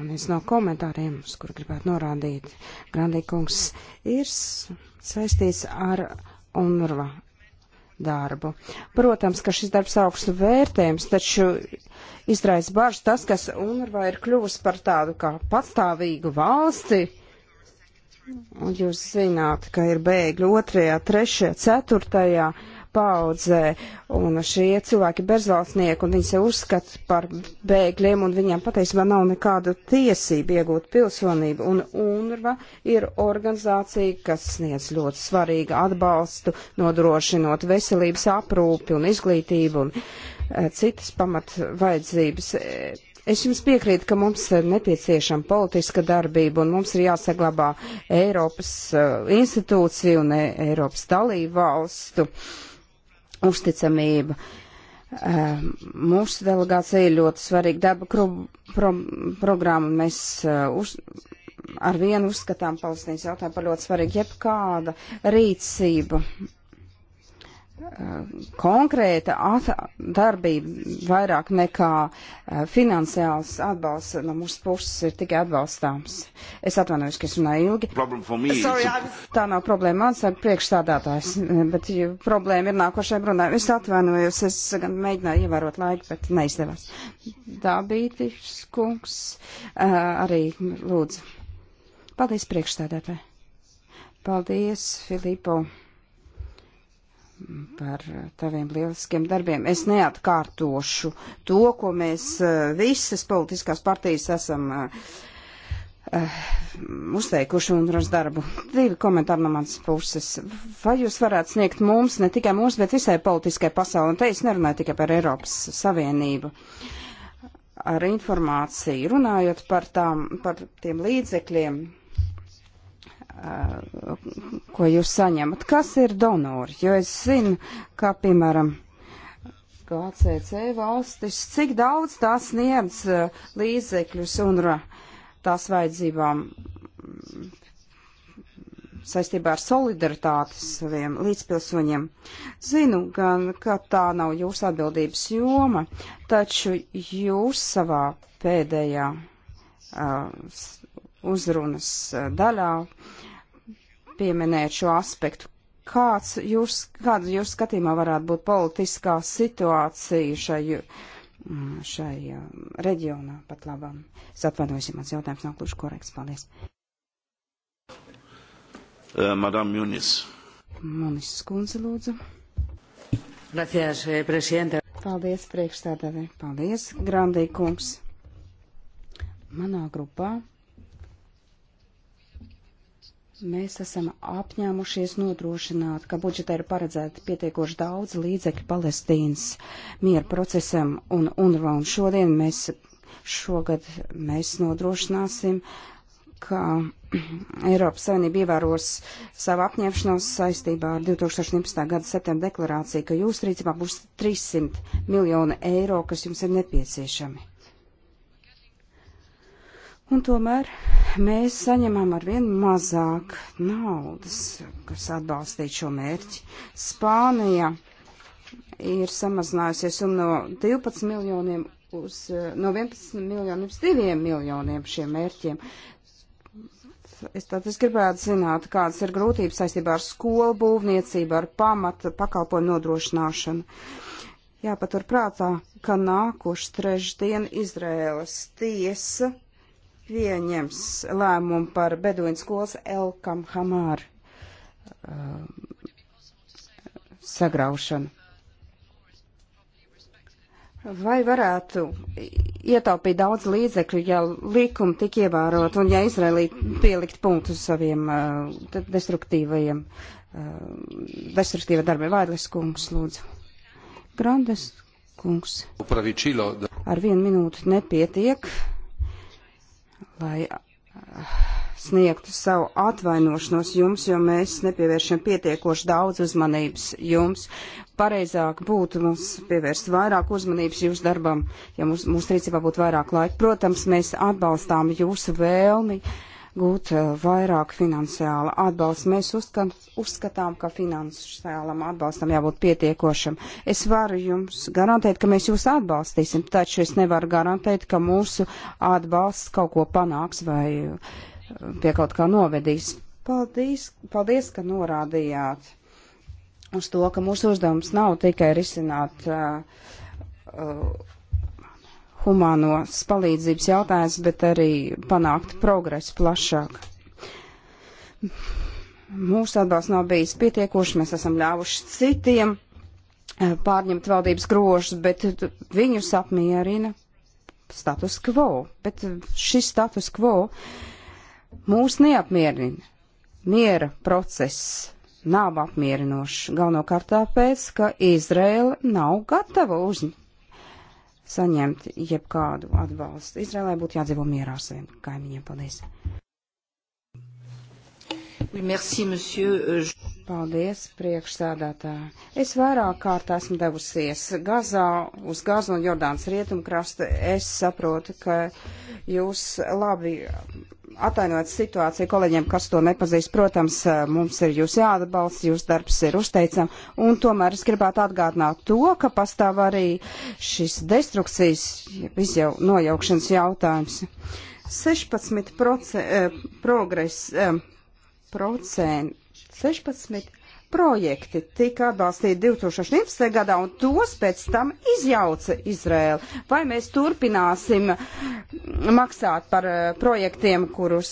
un viens no komentāriem, uz kur gribētu norādīt, Grandīkungs, ir saistīts ar UNRWA darbu. Protams, ka šis darbs augstu vērtējums, taču izraisa bažas tas, kas UNRWA ir kļuvusi par tādu kā patstāvīgu valsti. Un jūs zināt, ka ir bēgļi otrajā, trešajā, ceturtajā paudzē. Un šie cilvēki bezvalstnieki, un viņi sev uzskata par bēgļiem, un viņiem patiesībā nav nekādu tiesību iegūt pilsonību. Un UNRVA ir organizācija, kas sniedz ļoti svarīgu atbalstu, nodrošinot veselības aprūpi un izglītību un e, citas pamat vajadzības. Es jums piekrītu, ka mums ir nepieciešama politiska darbība un mums ir jāsaglabā Eiropas uh, institūcija un eh, Eiropas dalību valstu uh, uzticamība. Um, mūsu delegācija ir ļoti svarīga daba pro, pro, programma. Mēs uh, uz, ar vienu uzskatām Palestīnas jautājumu par ļoti svarīgu. Jebkāda rīcība konkrēta darbība vairāk nekā eh, finansiāls atbalsts no mūsu puses ir tikai atbalstāms. Es atvainojos, ka es runāju ilgi. Sorry, tā nav problēma, man saka priekšstādātājs, eh, bet problēma ir nākošajam runājumam. Es atvainojos, es gan mēģināju ievērot laiku, bet neizdevās. Dabītis kungs eh, arī lūdzu. Paldies priekšstādātāji. Paldies, Filipo par taviem lieliskiem darbiem. Es neatkārtošu to, ko mēs eh, visas politiskās partijas esam uh, uzteikuši un uz darbu. Divi komentāri no manas puses. Vai jūs varētu sniegt mums, ne tikai mums, bet visai politiskai pasauli, un te es nerunāju tikai par Eiropas Savienību, ar informāciju, runājot par, tām, par tiem līdzekļiem, ko jūs saņemat. Kas ir donori? Jo es zinu, ka, piemēram, KCC valstis, cik daudz tās sniedz līdzekļus un tās vajadzībām saistībā ar solidaritāti saviem līdzpilsoņiem. Zinu gan, ka tā nav jūsu atbildības joma, taču jūs savā pēdējā uh, uzrunas daļā pieminēt šo aspektu. Kāds jūs, kāda jūs skatījumā varētu būt politiskā situācija šai, mm, šai mm, reģionā pat labam? Es atvainojos, ja mans jautājums nav kluši korekts. Paldies. Uh, Madam Junis. Munis skundze, lūdzu. Gracias, eh, presidente. Paldies, priekšstādāvē. Paldies, Grandī kungs. Manā grupā Mēs esam apņēmušies nodrošināt, ka budžetā ir paredzēta pietiekoši daudz līdzekļu Palestīnas miera procesam un UNRWA. Un šodien mēs, šogad mēs nodrošināsim, ka Eiropas Savienība ievēros savu apņemšanos saistībā ar 2011. gada septembra deklarāciju, ka jūsu rīcībā būs 300 miljoni eiro, kas jums ir nepieciešami. Un tomēr mēs saņemam ar vien mazāk naudas, kas atbalstītu šo mērķi. Spānija ir samazinājusies un no 12 miljoniem uz, no 11 miljoniem uz 2 miljoniem šiem mērķiem es, tad es gribētu zināt, kādas ir grūtības saistībā ar skolu būvniecību, ar pamata pakalpojumu nodrošināšanu. Jāpatur prātā, ka nākošu trešdien Izrēlas tiesa pieņems lēmumu par Beduīnu skolas Elkam Hamāru uh, um, sagraušanu. Vai varētu ietaupīt daudz līdzekļu, ja likumi tik ievērot un ja Izraēlī pielikt punktu saviem uh, destruktīvajiem, uh, destruktīva darbiem? Vaidlis kungs, lūdzu. Grandes kungs. Ar vienu minūti nepietiek. Uh, lai ah, sniegtu savu atvainošanos jums, jo mēs nepievēršam pietiekoši daudz uzmanības jums. Pareizāk būtu mums pievērst vairāk uzmanības jūsu darbam, ja mums, mums rīcībā būtu vairāk laika. Protams, mēs atbalstām jūsu vēlmi uh, gūt eh, vairāk finansiāla atbalsta. Mēs uzskat, uzskatām, ka finansiālam atbalstam jābūt pietiekošam. Es varu jums garantēt, ka mēs jūs atbalstīsim, taču es nevaru garantēt, ka mūsu atbalsts kaut ko panāks vai eh, pie kaut kā novedīs. Paldies, paldies ka norādījāt uz to, ka mūsu uzdevums nav tikai risināt uh, uh, humānos palīdzības jautājums, bet arī panākt progresu plašāk. Mūsu atbalsts nav bijis pietiekošs, mēs esam ļāvuši citiem eh, pārņemt valdības grožus, bet viņu apmierina status quo. Bet šis status quo mūs neapmierina. Miera process nav apmierinošs. Galvenokārt tāpēc, ka Izraela nav gatava uz, saņemt jebkādu atbalstu. Izrēlē būtu jādzīvo mierā ar saviem kaimiņiem. Paldies! Merci, monsieur. Paldies, priekšsēdētā. Es vairāk kārt esmu devusies Gazā, uz Gazu un Jordānas rietumkrasta. Es saprotu, ka jūs labi Atainot situāciju kolēģiem, kas to nepazīst, protams, eh, mums ir jūs jāatbalsta, jūs darbs ir uzteicam, un tomēr es gribētu atgādināt to, ka pastāv arī šis destrukcijas, izjau, nojaukšanas jautājums. 16% eh, progres, eh, procent, 16 projekti tika atbalstīti 2018. gadā, un tos pēc tam izjauca Izrēla. Vai mēs turpināsim maksāt par eh, projektiem, kurus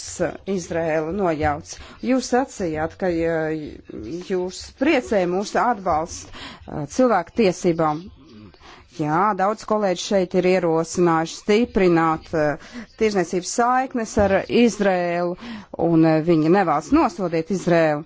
Izrēla nojauc? Jūs sacījāt, ka jūs priecē mūsu atbalstu eh, cilvēku tiesībām. Jā, daudz kolēģi šeit ir ierosinājuši stiprināt uh, tirzniecības saiknes ar Izrēlu, un uh, viņi nevēlas nosodīt Izrēlu.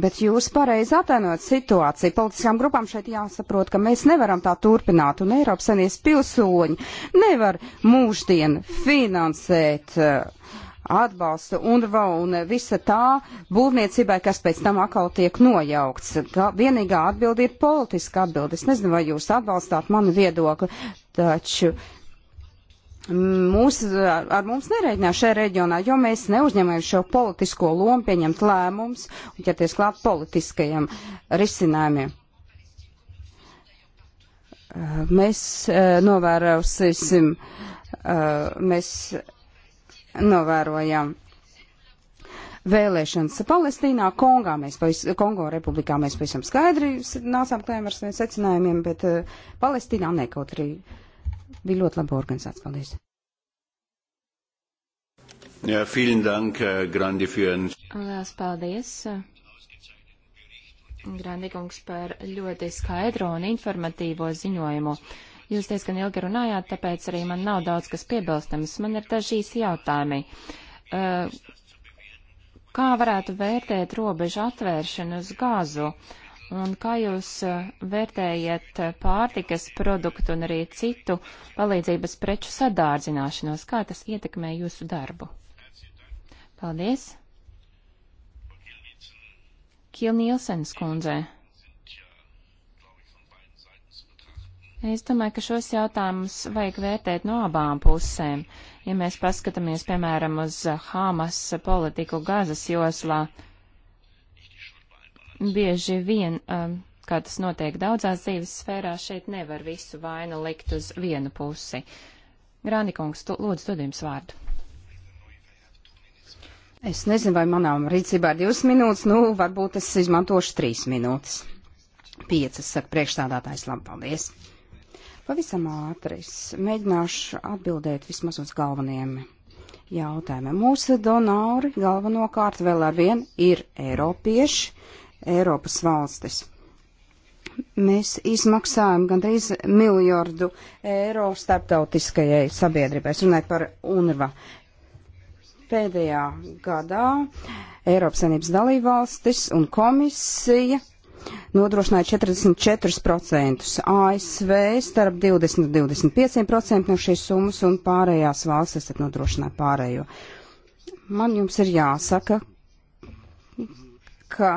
Bet jūs pareizi atainot situāciju. Politiskām grupām šeit jāsaprot, ka mēs nevaram tā turpināt, un Eiropas Savienības pilsoņi nevar mūždien finansēt uh, atbalstu un, un visa tā būvniecībai, kas pēc tam atkal tiek nojaukts. Tā vienīgā atbilde ir politiska atbilde. Es nezinu, vai jūs atbalstāt manu viedokli, taču mūs, ar mums nereiķinās šajā reģionā, jo mēs neuzņemam šo politisko lomu pieņemt lēmums un ķerties klāt politiskajiem risinājumiem. Mēs eh, novērosim, eh, mēs novērojam vēlēšanas Palestīnā, Kongā, mēs pavis, Kongo republikā mēs pavisam skaidri nācām klējām ar saviem secinājumiem, bet eh, Palestīnā ne kaut arī. Uh, bija ļoti labi organizēts. Paldies! Ja, dank, eh, Grandi, Lielas paldies, Grandikungs, par ļoti skaidro un informatīvo ziņojumu. Jūs diezgan ilgi runājāt, tāpēc arī man nav daudz kas piebilstams. Man ir dažīs jautājumi. Eh, kā varētu vērtēt robežu atvēršanu uz gāzu? Un kā jūs eh, vērtējat eh, pārtikas produktu un arī citu palīdzības preču sadārdzināšanos? Kā tas ietekmē jūsu darbu? Paldies! Kilnielsens kundzē. Es domāju, ka šos jautājumus vajag vērtēt no abām pusēm. Ja mēs paskatāmies, piemēram, uz Hamas politiku Gazas joslā, uh, Bieži vien, um, kā tas notiek daudzās dzīves sfērās, šeit nevar visu vainu likt uz vienu pusi. Grānikungs, tu, lūdzu, dod jums vārdu. Es nezinu, vai manām rīcībā ir divas minūtes, nu, varbūt es izmantošu trīs minūtes. Piecas, saka priekšstādātājs, labi, paldies. Pavisam ātri, es mēģināšu atbildēt vismaz uz galvenajiem jautājumiem. Mūsu donori galvenokārt vēl ar vien ir eiropieši, Eiropas valstis. Mēs izmaksājam gandrīz miljardu eiro starptautiskajai sabiedrībai, runājot par UNRVA. Pēdējā gadā Eiropas Savienības dalībvalstis un komisija nodrošināja 44%, ASV starp 20 un 25% no šīs summas un pārējās valstis tad nodrošināja pārējo. Man jums ir jāsaka, ka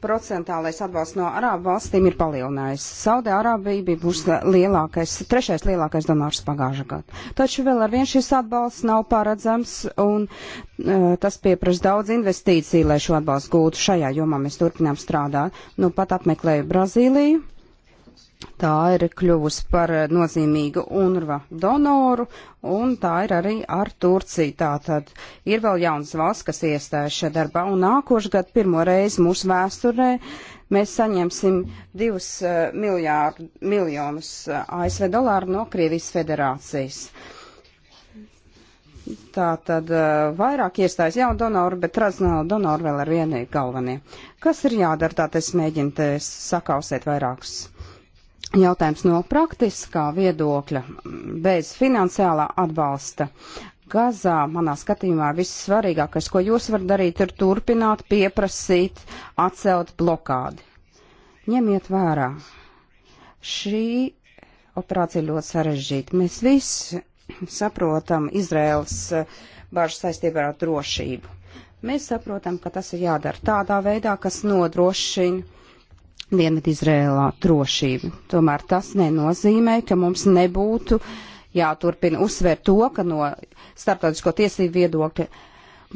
procentālais atbalsts no Arābu valstīm ir palielinājis. Saudē Arābija bija būs lielākais, trešais lielākais donors pagājušā gada. Taču vēl ar vien šis atbalsts nav paredzams un uh, tas pieprasa daudz investīciju, lai šo atbalstu gūtu. Šajā jomā mēs turpinām strādāt. Nu pat apmeklēju Brazīliju Tā ir kļuvusi par nozīmīgu UNRVA donoru, un tā ir arī ar Turciju. Tātad ir vēl jaunas valsts, kas iestājas šajā darbā, un nākošgad pirmo reizi mūsu vēsturē mēs saņemsim divus eh, miljārdu, miljonus eh, ASV dolāru no Krievijas federācijas. Tā tad uh, eh, vairāk iestājas jaunu donoru, bet tradicionāli donoru vēl ar vienu ir galvenie. Kas ir jādara, tā es mēģinu te sakausēt vairākus Jautājums no praktiskā viedokļa bez finansiālā atbalsta. Gazā, manā skatījumā, vissvarīgākais, ko jūs varat darīt, ir turpināt pieprasīt atcelt blokādi. Ņemiet vērā, šī operācija ļoti sarežģīta. Mēs visi saprotam Izraels eh, bažas saistībā ar drošību. Mēs saprotam, ka tas ir jādara tādā veidā, kas nodrošina Dienvidizrēlā drošību. Tomēr tas nenozīmē, ka mums nebūtu jāturpina uzsvērt to, ka no starptautisko tiesību viedokļa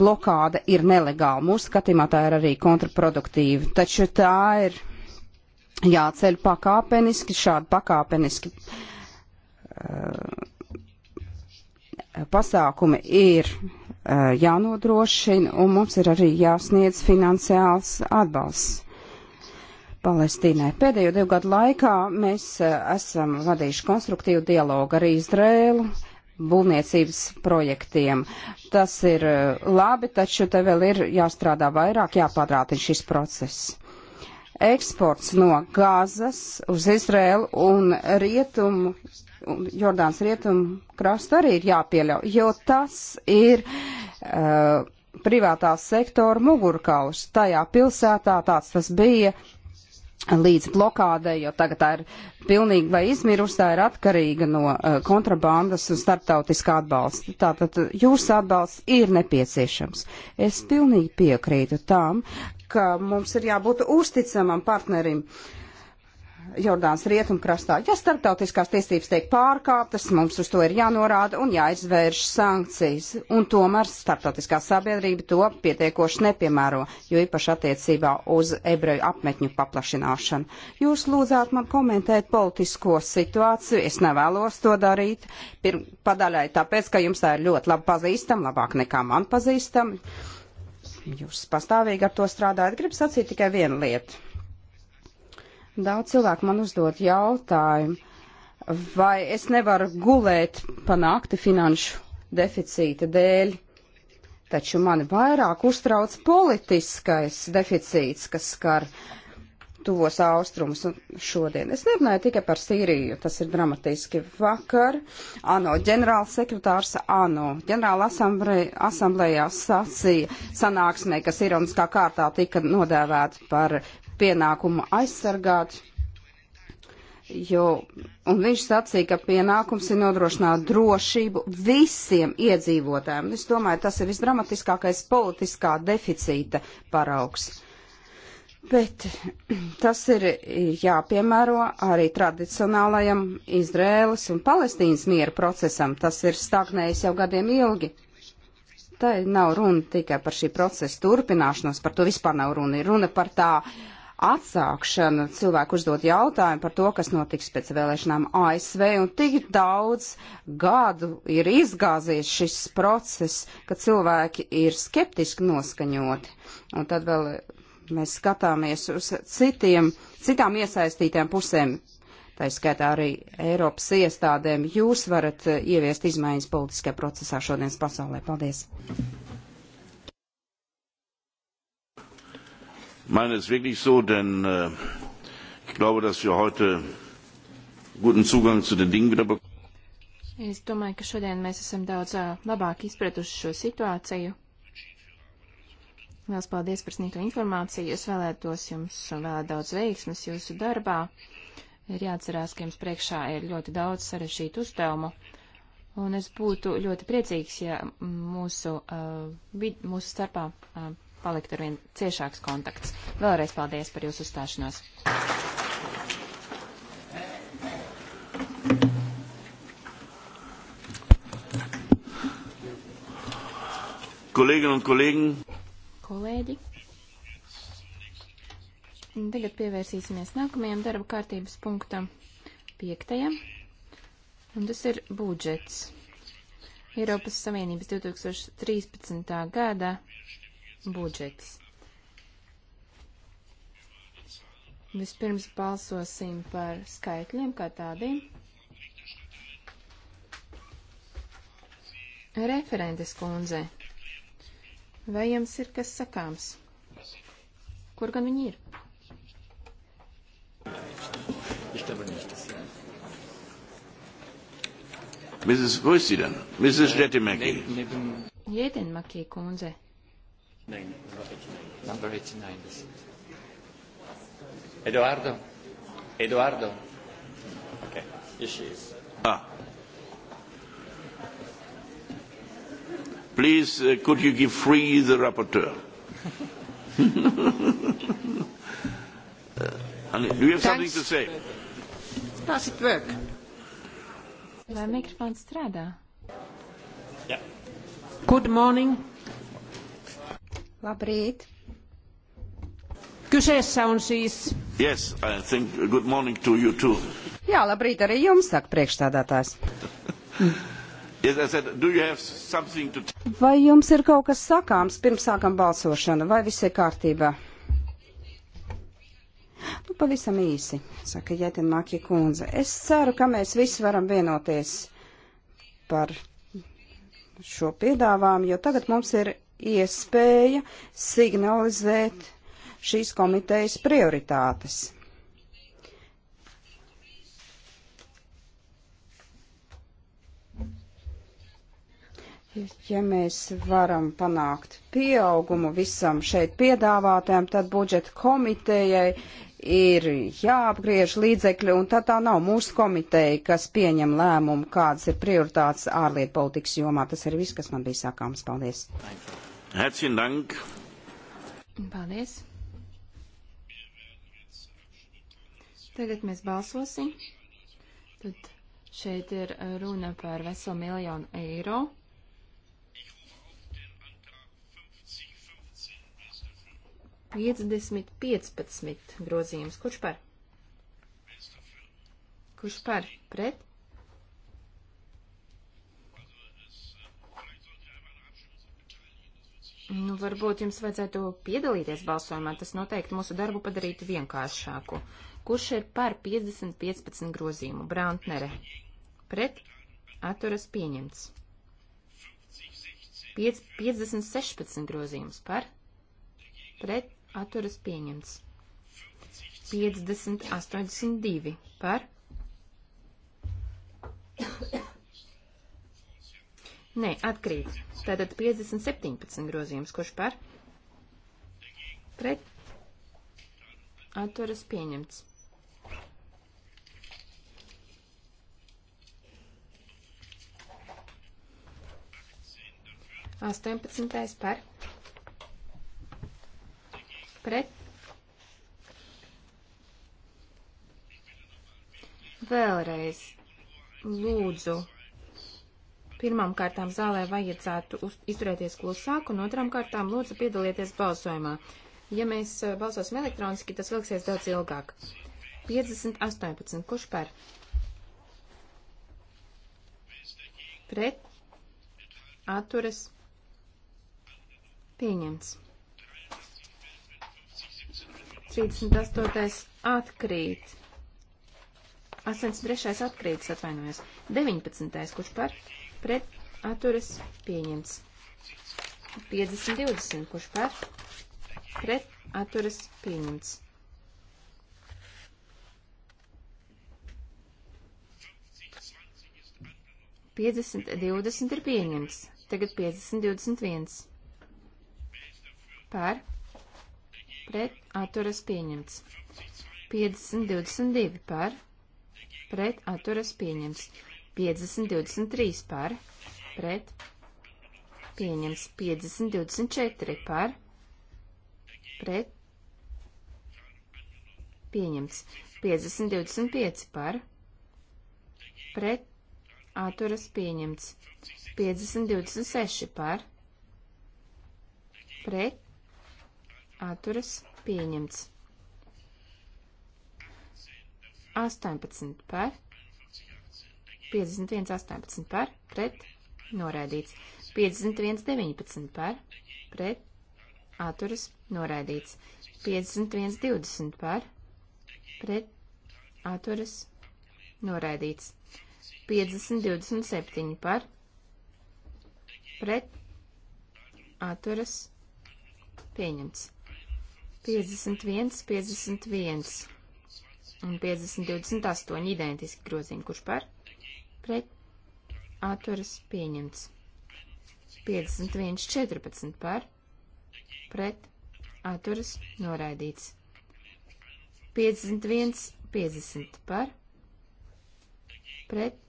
blokāda ir nelegāla. Mūsu skatījumā tā ir arī kontraproduktīva. Taču tā ir jāceļ pakāpeniski, šādi pakāpeniski uh, pasākumi ir uh, jānodrošina un mums ir arī jāsniedz finansiāls atbalsts. Palestīnai. Pēdējo divu gadu laikā mēs eh, esam vadījuši konstruktīvu dialogu ar Izrēlu būvniecības projektiem. Tas ir eh, labi, taču te vēl ir jāstrādā vairāk, jāpārātina šis process. Eksports no Gāzas uz Izrēlu un rietumu, un Jordāns rietumu krastu arī ir jāpieļauj, jo tas ir. Uh, privātā sektora mugurkaus. Tajā pilsētā tāds tas bija līdz blokādei, jo tagad tā ir pilnīgi vai izmirusi, tā ir atkarīga no uh, kontrabandas un starptautiskā atbalsta. Tātad jūsu atbalsts ir nepieciešams. Es pilnīgi piekrītu tam, ka mums ir jābūt uzticamam partnerim uh, Jordānas rietumkrastā. Ja starptautiskās tiesības tiek pārkāptas, mums uz to ir jānorāda un jāizvērš sankcijas, un tomēr starptautiskā sabiedrība to pietiekoši nepiemēro, jo īpaši attiecībā uz ebreju apmetņu paplašināšanu. Jūs lūdzāt man komentēt politisko situāciju, es nevēlos to darīt, pirm, padaļai tāpēc, ka jums tā ir ļoti labi pazīstam, labāk nekā man pazīstam. Jūs pastāvīgi ar to strādājat, gribu sacīt tikai vienu lietu Daudz cilvēku man uzdod jautājumu, vai es nevaru gulēt pa nakti finanšu deficīta dēļ, taču mani vairāk uztrauc politiskais deficīts, kas skar tuvos austrumus šodien. Es nerunāju tikai par Sīriju, tas ir dramatiski. Vakar ANO ģenerālsekretārs ANO ģenerāla asamblējā sacīja sanāksmē, kas ironiskā kārtā tika nodēvēta par pienākumu aizsargāt, jo, un viņš sacīja, ka pienākums ir nodrošināt drošību visiem iedzīvotājiem. Es domāju, tas ir visdramatiskākais politiskā deficīta paraugs. Bet tas ir jāpiemēro arī tradicionālajam Izrēlas un Palestīnas miera procesam. Tas ir stagnējis jau gadiem ilgi. Tā nav runa tikai par šī procesa turpināšanos, par to vispār nav runa. Ir runa par tā uh, atsākšana. Cilvēku uzdot jautājumu par to, kas notiks pēc vēlēšanām ASV, un tik daudz gadu ir izgāzies šis process, ka cilvēki ir skeptiski noskaņoti. Un tad vēl mēs skatāmies uz citiem, citām iesaistītām pusēm. Tā skaitā arī Eiropas iestādēm. Jūs varat eh, ieviest izmaiņas politiskajā procesā šodienas pasaulē. Paldies! meine es wirklich so, denn äh, ich glaube, dass wir heute guten Zugang zu den Dingen wieder bekommen. Es domāju, ka šodien mēs esam daudz labāk izpratuši šo situāciju. Lielas paldies par sniegto informāciju. Es vēlētos jums vēlēt daudz veiksmes jūsu darbā. Ir jāatcerās, ka jums priekšā ir ļoti daudz sarežģītu uzdevumu. Un es būtu ļoti priecīgs, ja mūsu, mūsu starpā palikt ar vien ciešāks kontakts. Vēlreiz paldies par jūsu uzstāšanos. Kolēģi un kolēģi. Kolēģi. Tagad pievērsīsimies nākamajam darba kārtības punktam, piektajam, un tas ir budžets. Eiropas Savienības 2013. gada budžets. Vispirms balsosim par skaitļiem kā tādiem. Referentes kundze, vai jums ir kas sakāms? Kur gan viņi ir? Mrs. Wo ist sie denn? Mrs. Jettimaki. Jedinmaki kundze. 89. Number 89. This. Eduardo? Eduardo? Okay, here she is. Ah. Please, uh, could you give free the rapporteur? uh, do you have Thanks. something to say? Does it work? Vai mikrofons strādā? Yeah. Good morning. Labrīt! Kyseessä on siis... Yes, I think good morning to you too. Jā, labrīt arī jums, saka priekšstādātājs. yes, I said, do you have something to... Vai jums ir kaut kas sakāms pirms sākam balsošanu, vai viss ir kārtībā? Nu, pavisam īsi, saka Jētin Maki kundze. Es ceru, ka mēs visi varam vienoties par šo piedāvājumu, jo tagad mums ir iespēja signalizēt šīs komitejas prioritātes. Ja mēs varam panākt pieaugumu visam šeit piedāvātēm, tad budžeta komitejai ir jāapgriež līdzekļi, un tad tā nav mūsu komiteja, kas pieņem lēmumu, kādas ir prioritātes ārlietu politikas jomā. Tas ir viss, kas man bija sākāms. Paldies! Thank you. Herzlichen Dank. Paldies. Tagad mēs balsosim. Tad šeit ir runa par veselu miljonu eiro. Piecdesmit piecpadsmit grozījums. Kurš par? Kurš par? Pret? Nu, varbūt jums vajadzētu piedalīties balsojumā, tas noteikti mūsu darbu padarītu vienkāršāku. Kurš ir par 50-15 grozījumu? Brantnere. Pret atturas pieņemts. 50-16 grozījums par pret atturas pieņemts. 50-82 par Nē, atkrīt. Tātad 5017 grozījums, kurš par? Pret. Atturas pieņemts. Astoņpadsmitais par. Pret. Vēlreiz lūdzu Pirmām kārtām zālē vajadzētu uz, izturēties klusāk, un otrām kārtām lūdzu piedalieties balsojumā. Ja mēs eh, balsosim elektroniski, tas vilksies daudz ilgāk. 50, 18. Kurš par? Pret. Atturas. Pieņemts. 38. atkrīt. 83. atkrītas atvainojas. 19. kurš par pret atturas pieņemts. 50-20, kurš par pret atturas pieņemts. 50, 20 ir pieņemts. Tagad 50, 21. Pār. Pret atturas pieņemts. 50, 22. Pār. Pret atturas pieņemts. 50-23 par, pret, pieņems 50-24 par, pret, pieņems 50-25 par, pret, atturas pieņemts 50-26 par, pret, atturas pieņemts 18 par, 51.18 par, pret, noraidīts. 51.19 par, pret, atturas, noraidīts. 51.20 par, pret, atturas, noraidīts. 50.27 par, pret, atturas, pieņemts. 51, 51 un 50, 28 identiski groziņi, kurš par pret atturas pieņemts. 51.14 par pret atturas noraidīts. 51.50 par pret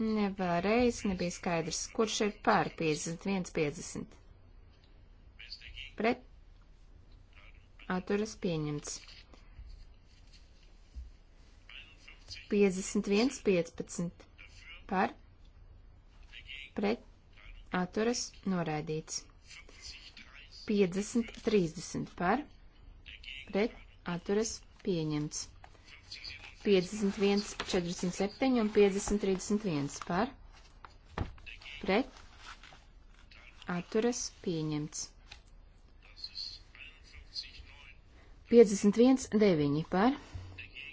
Nevēlreiz nebija skaidrs, kurš ir pār 51.50. Pret atturas pieņemts. 51, 15 par pret atturas noraidīts. 50, 30 par pret atturas pieņemts. 51, 47 un 50, 31 par pret atturas pieņemts. 51, 9 par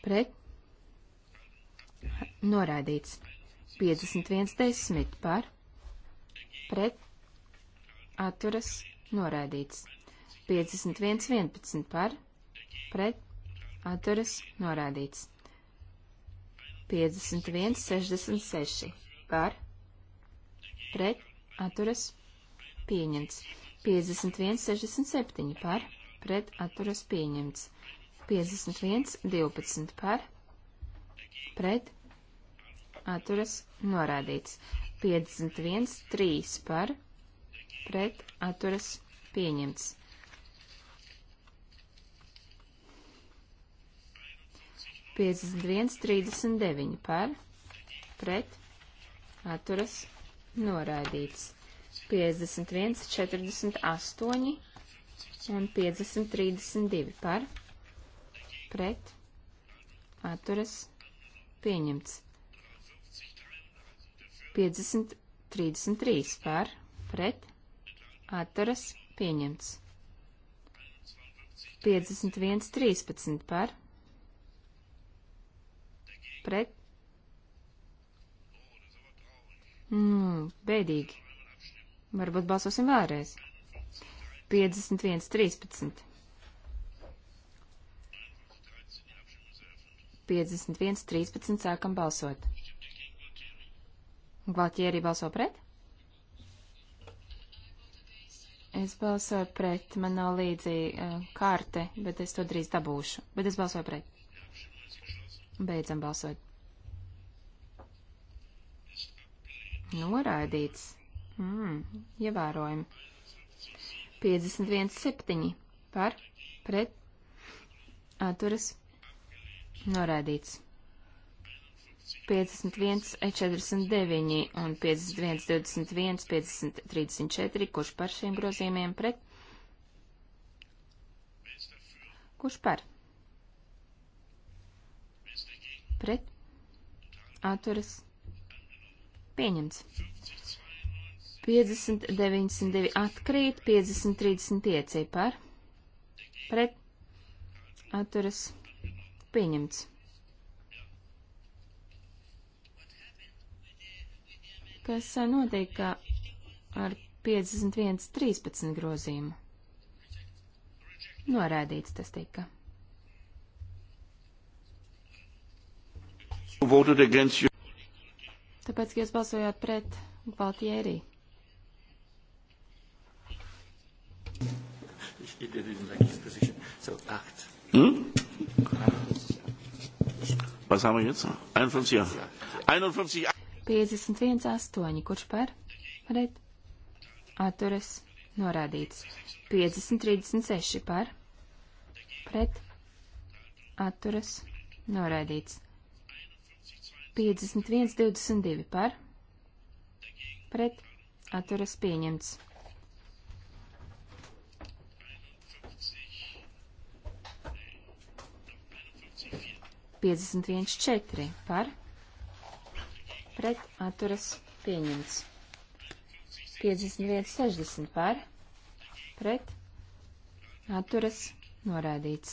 pret Noraidīts. 51.10 par. Pret. Atturas. Noraidīts. 51.11 par. Pret. Atturas. Noraidīts. 51.66 par. Pret. Atturas. Pieņemts. 51.67 par. Pret. Atturas. Pieņemts. 51.12 par. Pret atturas norādīts. 51, 3 par, pret, atturas pieņemts. 51, 39 par, pret, atturas noraidīts. 51, 48 un 50, 32 par, pret, atturas pieņemts. 50-33 par pret atturas pieņemts. 51-13 par pret. Mm, bēdīgi. Varbūt balsosim vēlreiz. 51-13. 51-13 sākam balsot. Gvaltieri balso pret? Es balsoju pret, man nav līdzi uh, eh, kārte, bet es to drīz dabūšu. Bet es balsoju pret. Beidzam balsot. Noraidīts. Mm, ievērojami. 51,7 par, pret, atturas, noraidīts. 51, 49 un 51, 21, 50, 34, kurš par šiem grozījumiem pret? Kurš par? Pret? Atturas? Pieņemts. 50, 92 atkrīt, 50, 35 par? Pret? Atturas? Pieņemts. kas notika ar 51.13 grozījumu. Norādīts tas tika. Tāpēc, ka jūs balsojāt pret Baltjērī. Hm? Was haben wir jetzt? 51. 51. 51, 8, kurš par? Pret. Atturas. Norādīts. 50, 36 par. Pret. Atturas. Norādīts. 51, 22 par. Pret. Atturas pieņemts. 51, 4 par pret atturas pieņemts. 51.60 par pret atturas norādīts.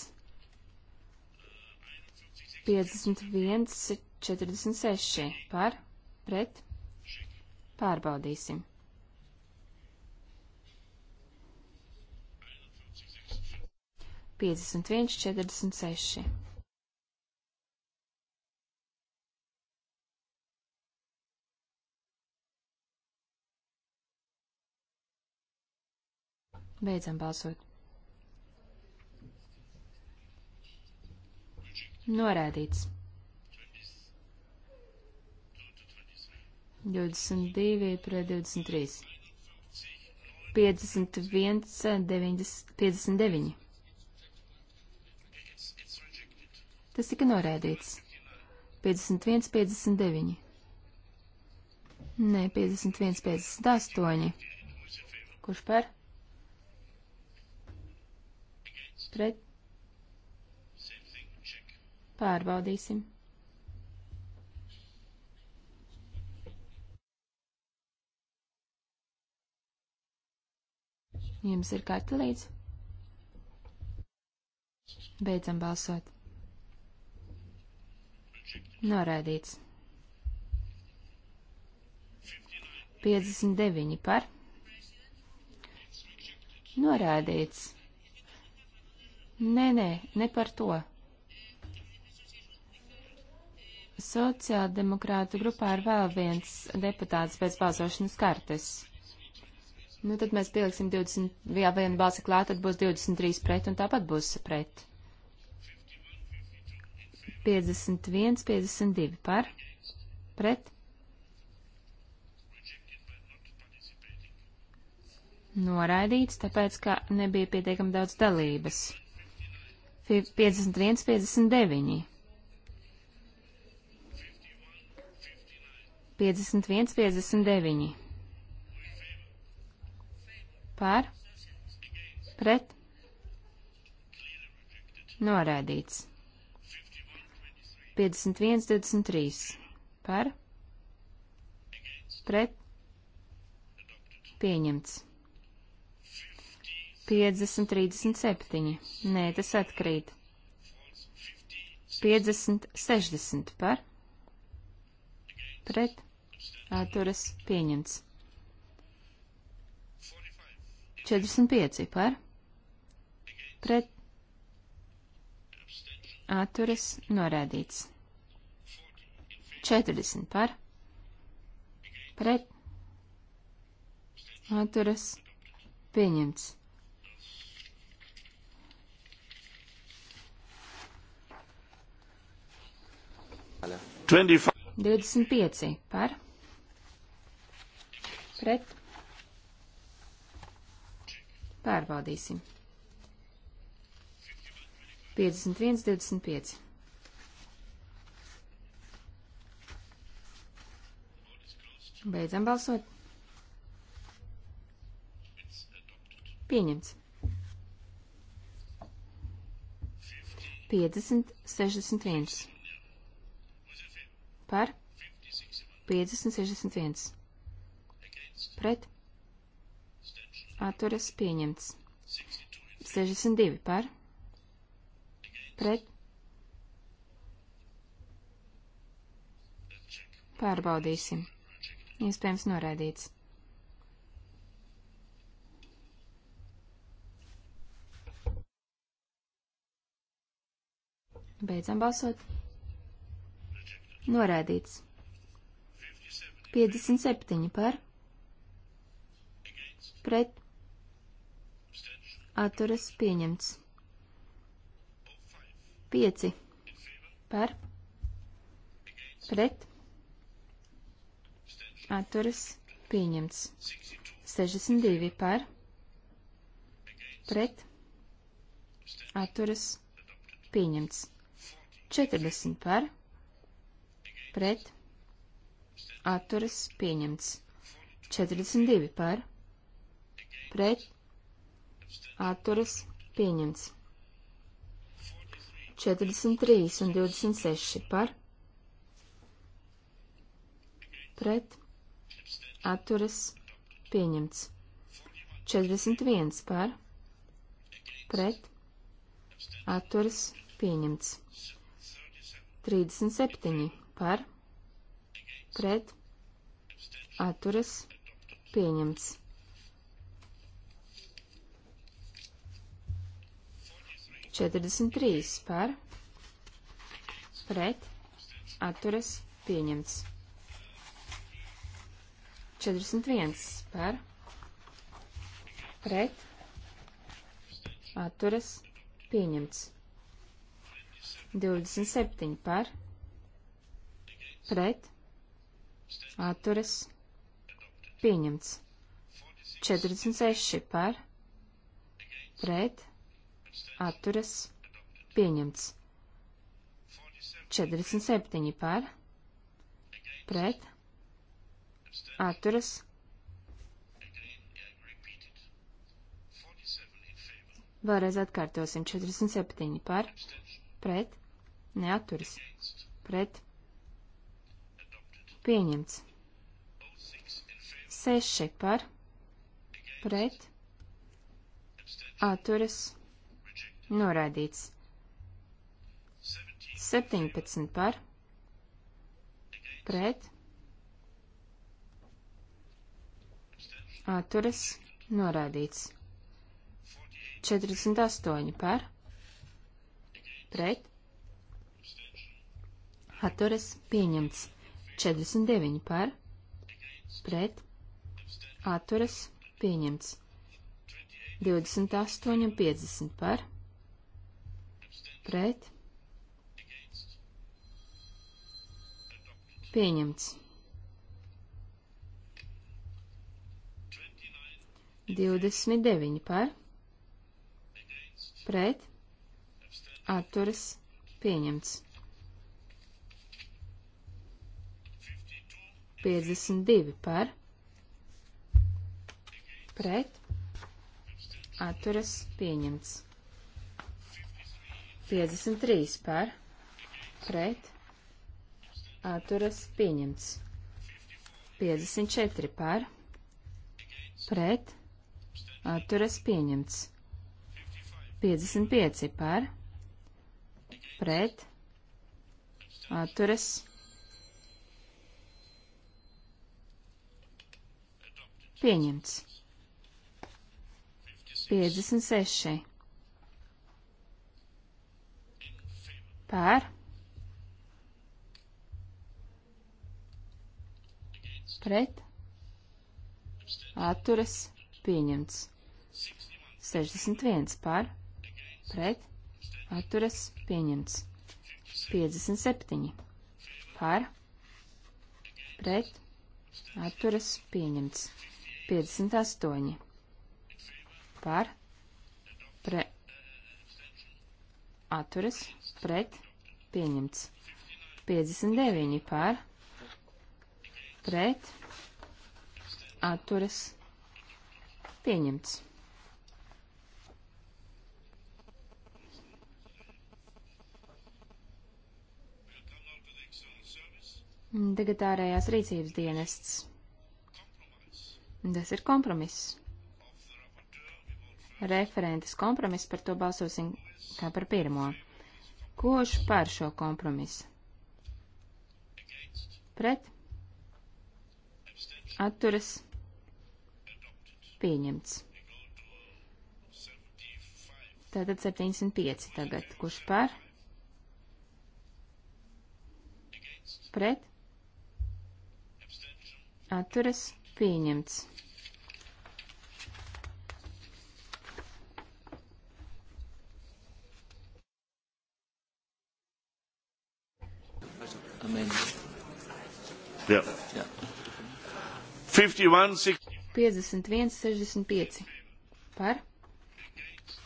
51.46 par pret pārbaudīsim. 51.46 Beidzam balsot. Norādīts. 22 pret 23. 51, 90, 59. Tas tika norādīts. 51, 59. Nē, 51, 58. Kurš par? pret. Pārbaudīsim. Jums ir karta līdz? Beidzam balsot. Noraidīts. 59 par. Noraidīts. Nē, nē, ne par to. Sociāldemokrātu grupā ir vēl viens deputāts bez balsošanas kartes. Nu, tad mēs pieliksim 20, jā, vienu balsi klāt, tad būs 23 pret, un tāpat būs pret. 51, 52 par, pret. Noraidīts, tāpēc, ka nebija pietiekami daudz dalības. 51, 59. 51, 59. Par, pret, noraidīts. 51, 23. Par, pret, pieņemts. 50, 37. Nē, tas atkrīt. 50, 60 par. Pret. Atturas pieņemts. 45 par. Pret. Atturas norādīts. 40 par. Pret. Atturas pieņemts. 25 par. Pret. Pārbaudīsim. 51, 25. Beidzam balsot. Pieņemts. 50, 61 par 5061. Pret. Atturas pieņemts. 62 par. Pret. Pārbaudīsim. Iespējams noraidīts. Beidzam balsot. Norādīts. 57 par. Pret. Atturas pieņemts. 5 par. Pret. Atturas pieņemts. 62 par. Pret. Atturas pieņemts. 40 par pret, atturas pieņemts. 42 par, pret, atturas pieņemts. 43 un 26 par, pret, atturas pieņemts. 41 par, pret, atturas pieņemts. 37 par, pret, atturas, pieņemts. 43 par, pret, atturas, pieņemts. 41 par, pret, atturas, pieņemts. 27 par, pret, pret, atturas, pieņemts. 46 par, pret, atturas, pieņemts. 47 par, pret, atturas, vēlreiz atkārtosim 47 par, pret, neaturas, pret, Pieņemts. 6 par. Pret. Atturas. Noraidīts. 17 par. Pret. Atturas. Noraidīts. 48 par. Pret. Atturas. Pieņemts. 49 par, pret, atturas, pieņemts. 28 un 50 par, pret, pieņemts. 29 par, pret, atturas, pieņemts. 52 par pret atturas pieņemts. 53 par pret atturas pieņemts. 54 par pret atturas pieņemts. 55 par pret atturas pieņemts. Pieņemts. 56. Pār. Pret. Atturas. Pieņemts. 61. Pār. Pret. Atturas. Pieņemts. 57. Pār. Pret. Atturas. Pieņemts. 58 par pre, atturas pret pieņemts. 59 par pret atturas pieņemts. Tagad ārējās rīcības dienests. Tas ir kompromiss. Referentes kompromiss par to balsosim kā par pirmo. Koš par šo kompromisu? Pret? Atturas? Pieņemts. Tātad 75 tagad. Kurš par? Pret? Atturas pieņemts. Mainly. Yeah. Yeah. 51, 51, 65. Par,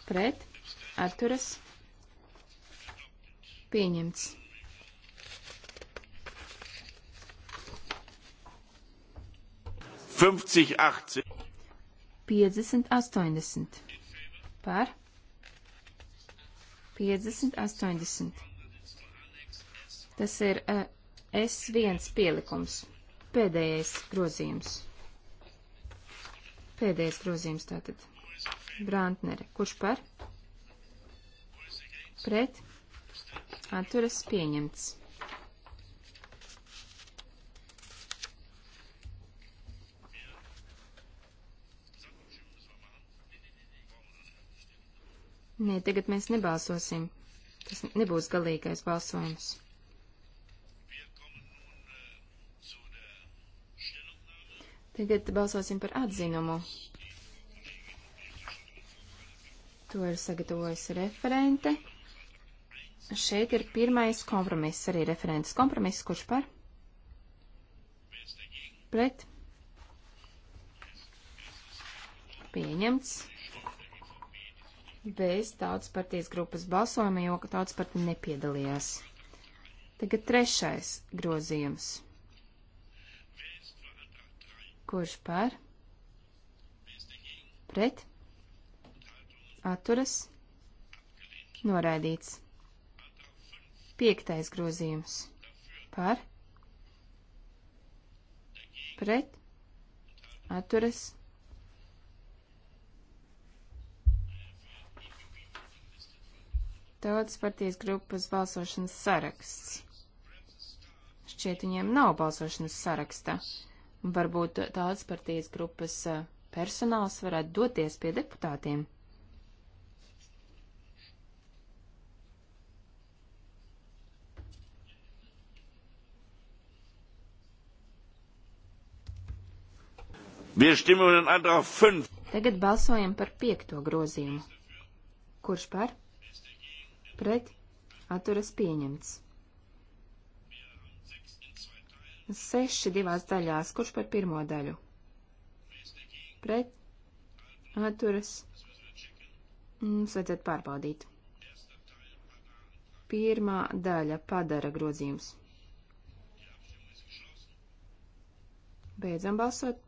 pret, atturas, pieņemts. Piecdesmit astoņdesmit par piecdesmit astoņdesmit. Tas ir uh, S1 pielikums. Pēdējais grozījums. Pēdējais grozījums tātad. Brantnere. Kurš par? Pret. Atturas pieņemts. Nē, tagad mēs nebalsosim. Tas nebūs galīgais balsojums. Tagad balsosim par atzinumu. To ir sagatavojusi referente. Šeit ir pirmais kompromiss, arī referents kompromiss, kurš par? Pret? Pieņemts. Bez tautas partijas grupas balsojuma, jo tautas partija nepiedalījās. Tagad trešais grozījums. Kurš par? Pret? Atturas? Noraidīts. Piektais grozījums. Par? Pret? Atturas? Tautas partijas grupas balsošanas saraksts. Šķiet, viņiem nav balsošanas saraksta. Varbūt tāds partijas grupas eh, personāls varētu doties pie deputātiem. Tagad balsojam par piekto grozījumu. Kurš par? Pret? Atturas pieņemts. Seši divās daļās. Kurš par pirmo daļu? Pret. Atturas. Mums vajadzētu pārbaudīt. Pirmā daļa padara grozījums. Beidzam balsot.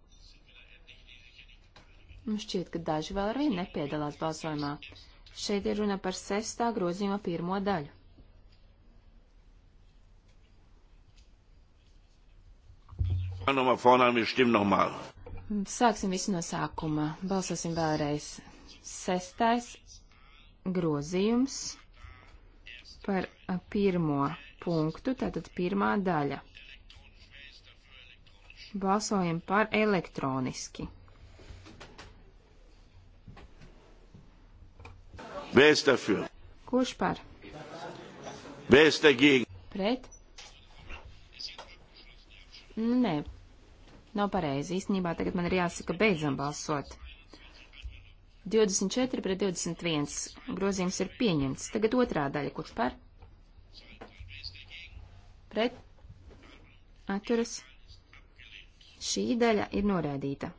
Un nu, šķiet, ka daži vēl arī nepiedalās balsojumā. Šeit ir runa par sestā grozījuma pirmo daļu. Sāksim visu no sākuma. Balsosim vēlreiz. Sestais grozījums par pirmo punktu, tātad pirmā daļa. Balsojam par elektroniski. Kurš par? Pret? Nē, Nav pareizi. Īstenībā tagad man ir jāsaka beidzam balsot. 24 pret 21. Grozījums ir pieņemts. Tagad otrā daļa. Kurš par? Pret? Atturas? Šī daļa ir noraidīta.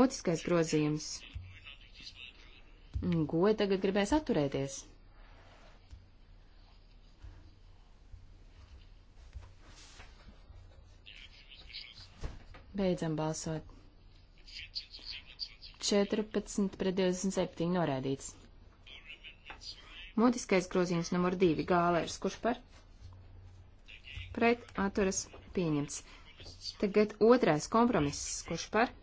Mutiskais grozījums. Goja tagad gribēs atturēties. Beidzam balsot. 14 pret 27 norādīts. Mutiskais grozījums numur 2 gālērs, kurš par? Pret atturas pieņemts. Tagad otrais kompromiss, kurš par?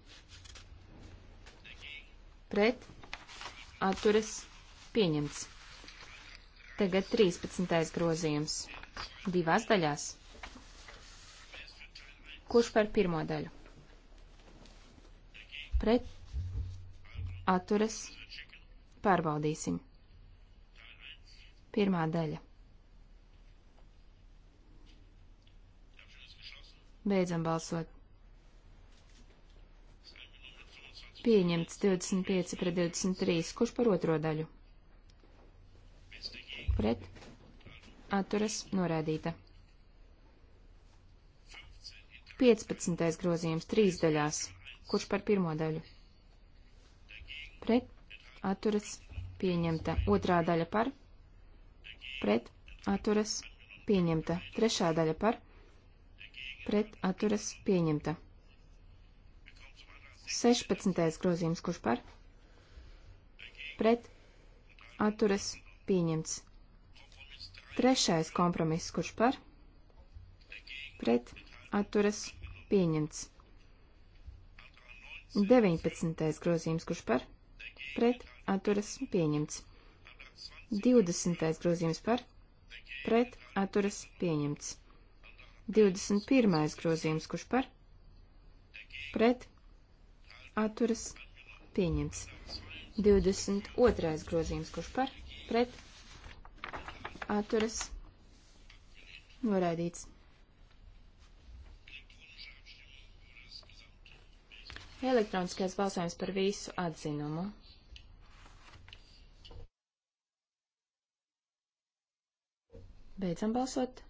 Pret atturas pieņemts. Tagad 13. grozījums. Divās daļās. Kurš par pirmo daļu? pret, atturas, pārbaudīsim. Pirmā daļa. Beidzam balsot. Pieņemts 25 pret 23. Kurš par otro daļu? Pret. Atturas norādīta. 15. grozījums trīs daļās. Kurš par pirmo daļu? Pret. Atturas. Pieņemta. Otrā daļa par. Pret. Atturas. Pieņemta. Trešā daļa par. Pret. Atturas. Pieņemta. 16. grozījums. Kurš par? Pret. Atturas. Pieņemts. Trešais kompromiss. Kurš par? Pret. Atturas. Pieņemts. 19. grozījums, kurš par pret atturas pieņemts. 20. grozījums par pret atturas pieņemts. 21. grozījums, kurš par pret atturas pieņemts. 22. grozījums, kurš par pret atturas noraidīts. Elektroniskais balsojums par visu atzinumu. Beidzam balsot.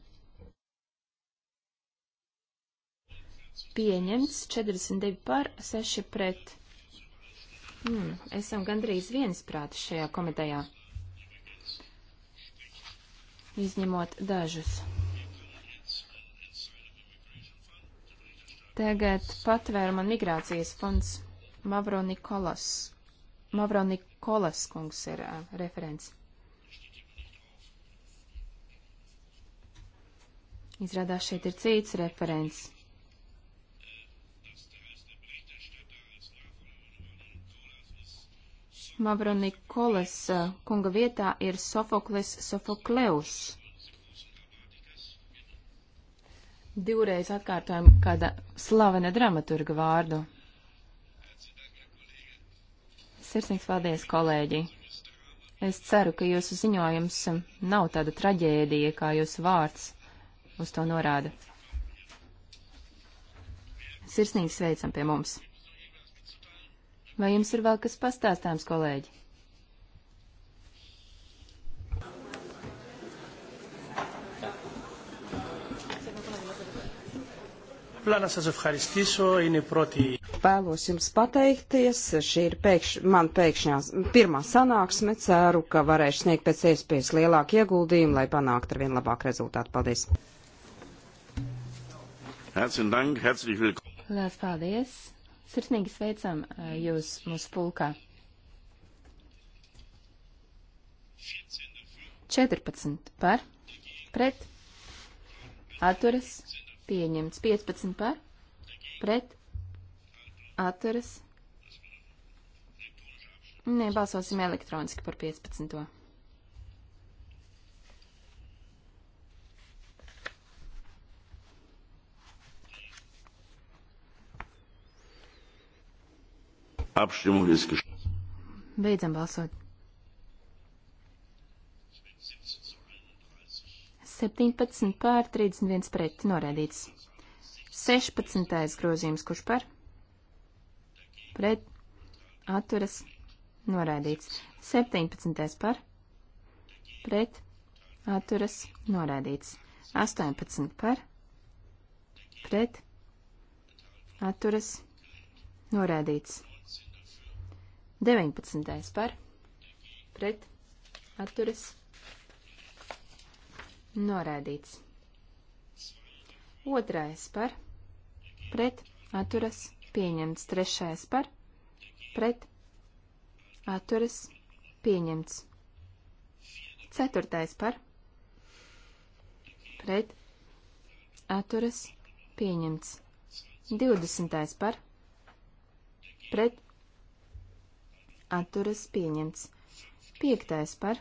Pieņemts 42 par 6 pret. Hmm, esam gandrīz viensprāti šajā komitejā. Izņemot dažus Tagad patvēruma migrācijas fonds Mavro Nikolas. Mavro Nikolas kungs ir uh, referents. Izrādās šeit ir cits referents. Mavro Nikolas kunga vietā ir Sofokles Sofokleus. divreiz atkārtojam kāda slavena dramaturga vārdu. Sirsnīgs paldies, kolēģi! Es ceru, ka jūsu ziņojums nav tāda traģēdija, kā jūsu vārds uz to norāda. Sirsnīgi sveicam pie mums! Vai jums ir vēl kas pastāstāms, kolēģi? Απλά να σας ευχαριστήσω, είναι η πρώτη. Vēlos jums pateikties, šī ir pēkš, man pēkšņā pirmā sanāksme, ceru, ka varēšu sniegt pēc iespējas lielāku ieguldījumu, lai panāktu ar vien labāku rezultātu. Paldies! Herzlichen Dank, herzlich willkommen! Lielas paldies! Sirsnīgi sveicam eh, jūs mūsu pulkā. 14 par, pret, atturas, pieņemts. 15 par, pret, atturas. Nē, balsosim elektroniski par 15. Abstimmung ist geschlossen. Beidzam balsot. 17 pār 31 pret norādīts. 16. grozījums, kurš par? Pret atturas norādīts. 17. par? Pret atturas norādīts. 18 par? Pret atturas norādīts. 19. par? Pret atturas norādīts. Norādīts. Otrais par pret atturas pieņemts. Trešais par pret atturas pieņemts. Ceturtais par pret atturas pieņemts. Divdesmitais par pret atturas pieņemts. Piektais par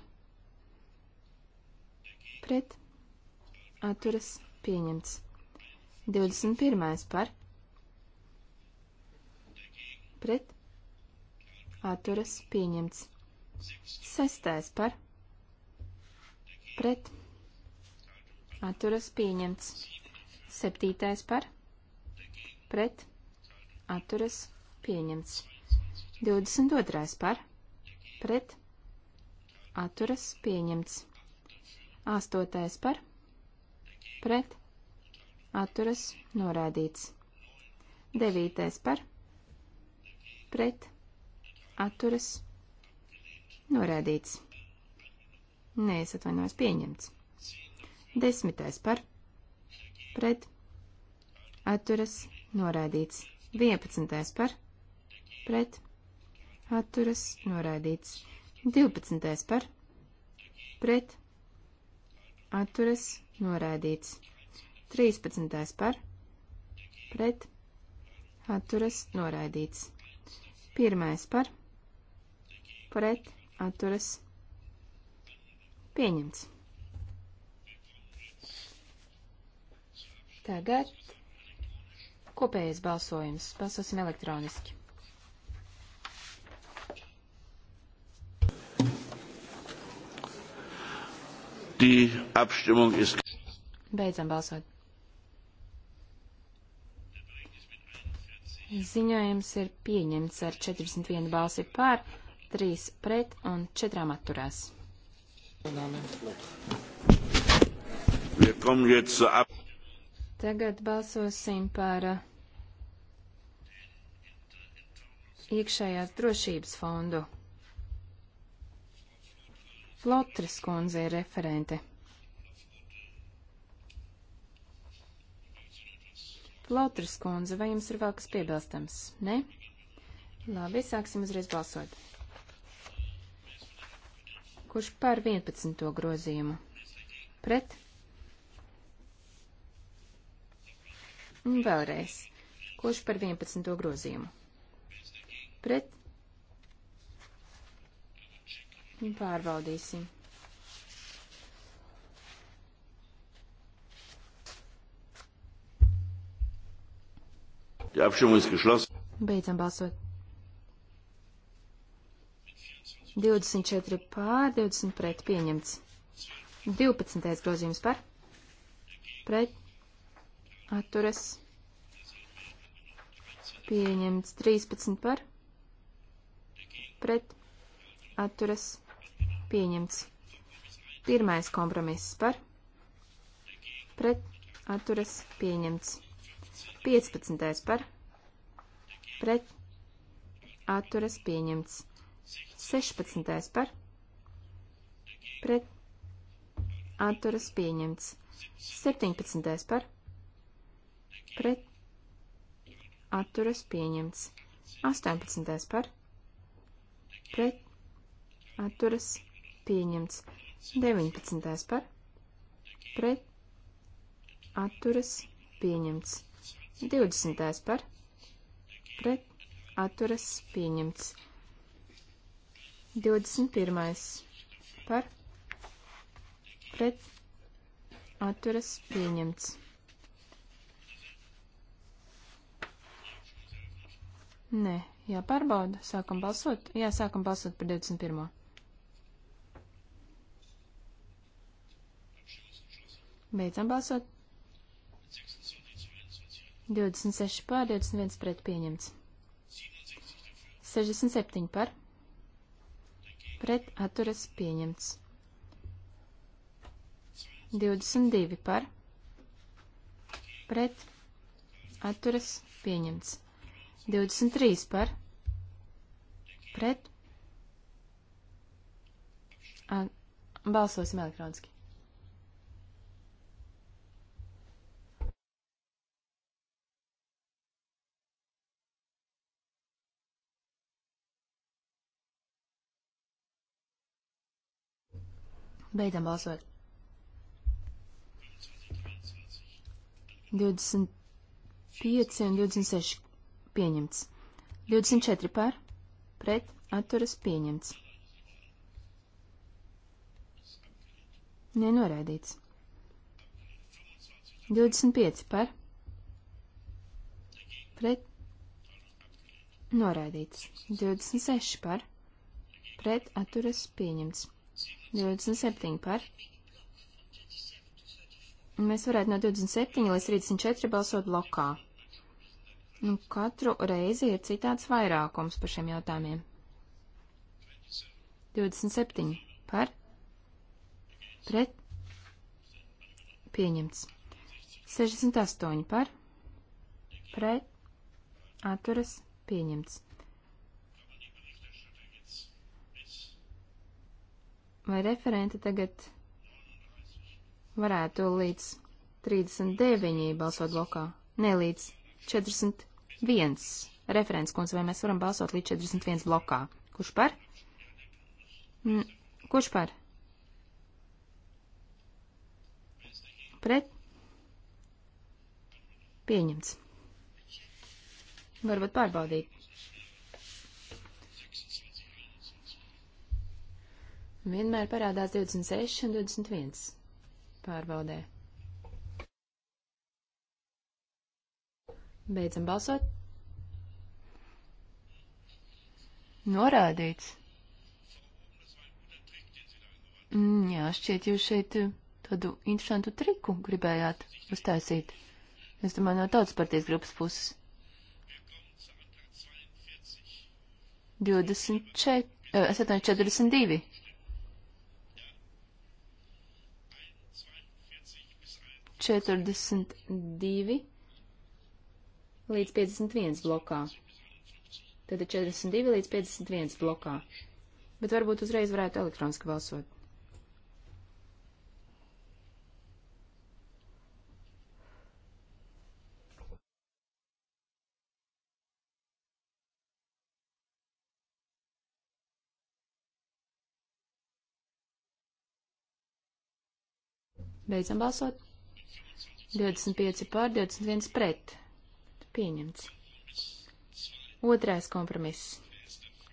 pret, atturas, pieņemts. 21. par, pret, atturas, pieņemts. 6. par, pret, atturas, pieņemts. 7. par, pret, atturas, pieņemts. 22. par, pret, atturas, pieņemts. Astotais par pret atturas norādīts. Devītais par pret atturas norādīts. Nē, es atvainojos pieņemts. Desmitais par pret atturas norādīts. Vienpadsmitais par pret atturas norādīts. Divpadsmitais par pret atturas norādīts atturas noraidīts. 13. par pret atturas noraidīts. 1. par pret atturas pieņemts. Tagad kopējais balsojums. Balsosim elektroniski. Die Abstimmung ist. Beidzam balsot. Ziņojums ir pieņemts ar 41 balsi pār, 3 pret un 4 atturās. Tagad balsosim par uh, iekšējās drošības fondu. Flotras kundze ir referente. Flotras kundze, vai jums ir vēl kas piebilstams? Ne? Labi, sāksim uzreiz balsot. Kurš par 11. grozījumu? Pret? Un vēlreiz. Kurš par 11. grozījumu? Pret? Pārbaudīsim. Die Abstimmung ist geschlossen. Beidzam balsot. 24 pār, 20 pret pieņemts. 12. grozījums par. Pret. Atturas. Pieņemts 13 par. Pret. Atturas pieņemts. Pirmais kompromiss par, pret, atturas, pieņemts. 15. par, pret, atturas, pieņemts. 16. par, pret, atturas, pieņemts. 17. par, pret, atturas, pieņemts. 18. par, pret, atturas, pieņemts pieņemts. 19. par pret atturas pieņemts. 20. par pret atturas pieņemts. 21. par pret atturas pieņemts. Nē, jāpārbauda. Sākam balsot. Jā, sākam balsot par 21. Beidzam balsot. 26 pār, 21 pret pieņemts. 67 par. Pret atturas pieņemts. 22 par. Pret atturas pieņemts. 23 par. Pret. A, balsosim elektroniski. Beidzam balsot. 25 un 26 pieņemts. 24 par, pret, atturas pieņemts. Nenoraidīts. 25 par, pret, noraidīts. 26 par, pret, atturas pieņemts. 27 par. Mēs varētu no 27 līdz 34 balsot blokā. Nu, katru reizi ir citāds vairākums par šiem jautājumiem. 27 par. Pret. Pieņemts. 68 par. Pret. Atturas. Pieņemts. vai referente tagad varētu līdz 39 balsot blokā? Nē, līdz 41. Referents kundze, vai mēs varam balsot līdz 41 blokā? Kurš par? N kurš par? Pret? Pieņemts. Varbūt pārbaudīt. Vienmēr parādās 26 un 21 pārbaudē. Beidzam balsot. Norādīts. Mm, jā, šķiet, jūs šeit eh, tādu interesantu triku gribējāt uztaisīt. Es domāju, no tautas partijas grupas puses. 24, eh, es atvainu, 42. 42 līdz 51 blokā. Tad 42 līdz 51 blokā. Bet varbūt uzreiz varētu elektroniski balsot. Beidzam balsot. 25 pār 21 pret. Pieņemts. Otrais kompromiss.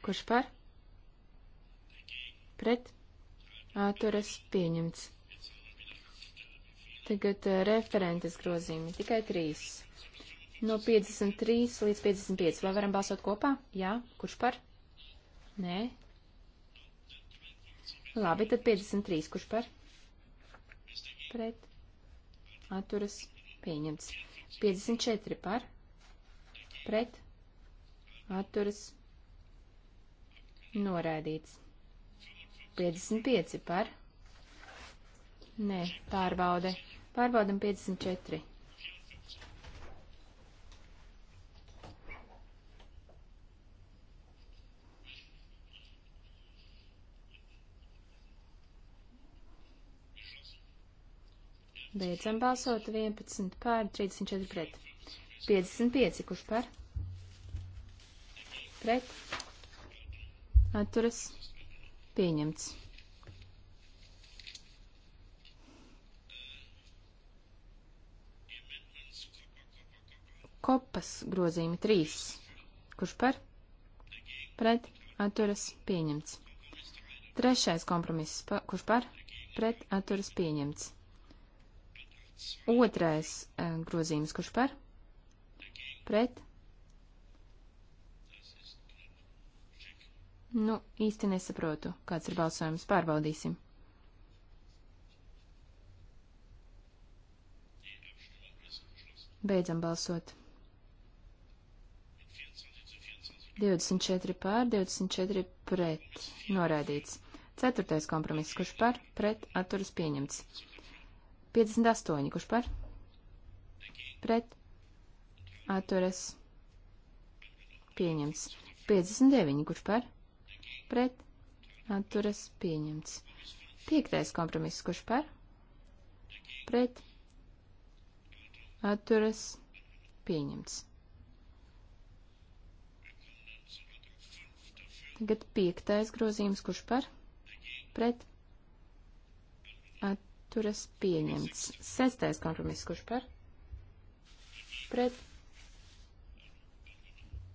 Kurš par? Pret. Atturas pieņemts. Tagad eh, referentes grozījumi. Tikai trīs. No 53 līdz 55. Vai varam balsot kopā? Jā. Kurš par? Nē. Labi, tad 53. Kurš par? Pret atturas pieņemts. 54 par, pret, atturas noraidīts. 55 par, nē, pārbaude, pārbaudam 54. Beidzam balsot 11 pār 34 pret. 55, kurš par? Pret. Atturas. Pieņemts. Kopas grozījumi 3. Kurš par? Pret. Atturas. Pieņemts. Trešais kompromiss. Pa, kurš par? Pret. Atturas. Pieņemts. Otrais eh, grozījums, kurš par? Pret? Nu, īsti nesaprotu, kāds ir balsojums. Pārbaudīsim. Beidzam balsot. 24 pār, 24 pret. Noraidīts. Ceturtais kompromiss, kurš par, pret, atturas pieņemts. 58. Kurš par? Pret. Atturas. Pieņemts. 59. Kurš par? Pret. Atturas. Pieņemts. Piektais kompromiss. Kurš par? Pret. Atturas. Pieņemts. Tagad piektais grozījums. Kurš par? Pret atturas pieņemts. Sestais kompromiss, kurš par? Pret.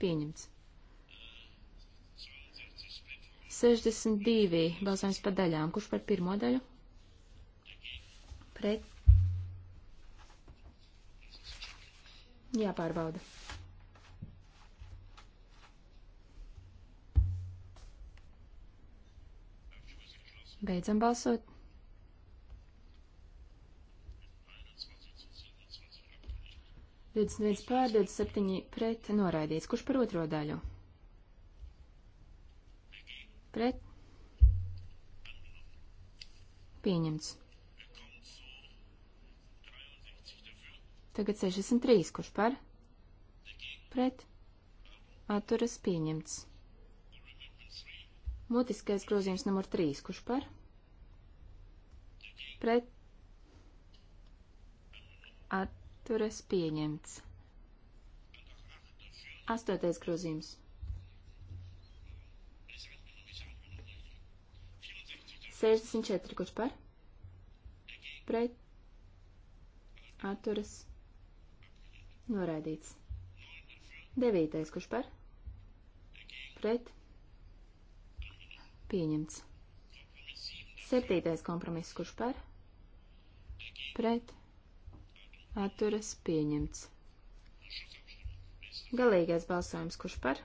Pieņemts. 62 balsojums par daļām. Kurš par pirmo daļu? Pret. Jāpārbauda. Beidzam balsot. 21 pār 27 pret noraidīts. Kurš par otro daļu? Pret. Pieņemts. Tagad 63. Kurš par? Pret. Atturas pieņemts. Mutiskais grozījums numur 3. Kurš par? Pret. At Turas pieņemts. Astotais grozījums. 64, kurš par? Pret. Atturas. Noraidīts. 9, kurš par? Pret. Pieņemts. 7. kompromiss, kurš par? Pret atturas pieņemts. Galīgais balsojums, kurš par?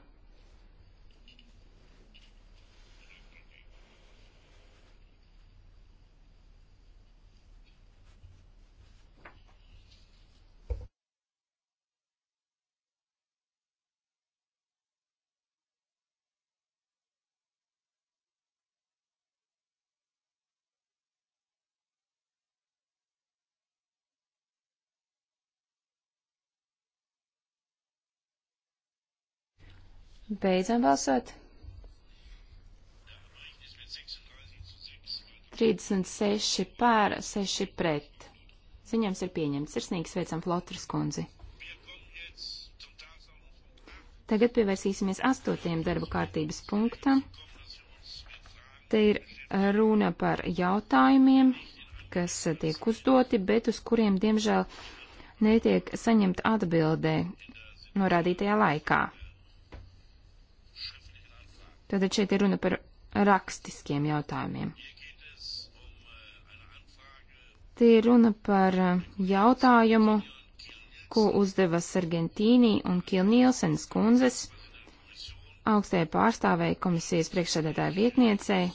Beidzam balsot. 36 pār, 6 pret. Ziņams ir pieņemts. Sirsnīgi sveicam Flotras kundzi. Tagad pievērsīsimies astotajam darba kārtības punktam. Te ir runa par jautājumiem, kas tiek uzdoti, bet uz kuriem, diemžēl, netiek saņemta atbildē norādītajā laikā. Tātad šeit ir runa par rakstiskiem jautājumiem. Tie ir runa par eh, jautājumu, ko uzdeva Sargentīnī un Kilnielsens kundzes augstajai pārstāvēji komisijas priekšsēdētāja vietniecei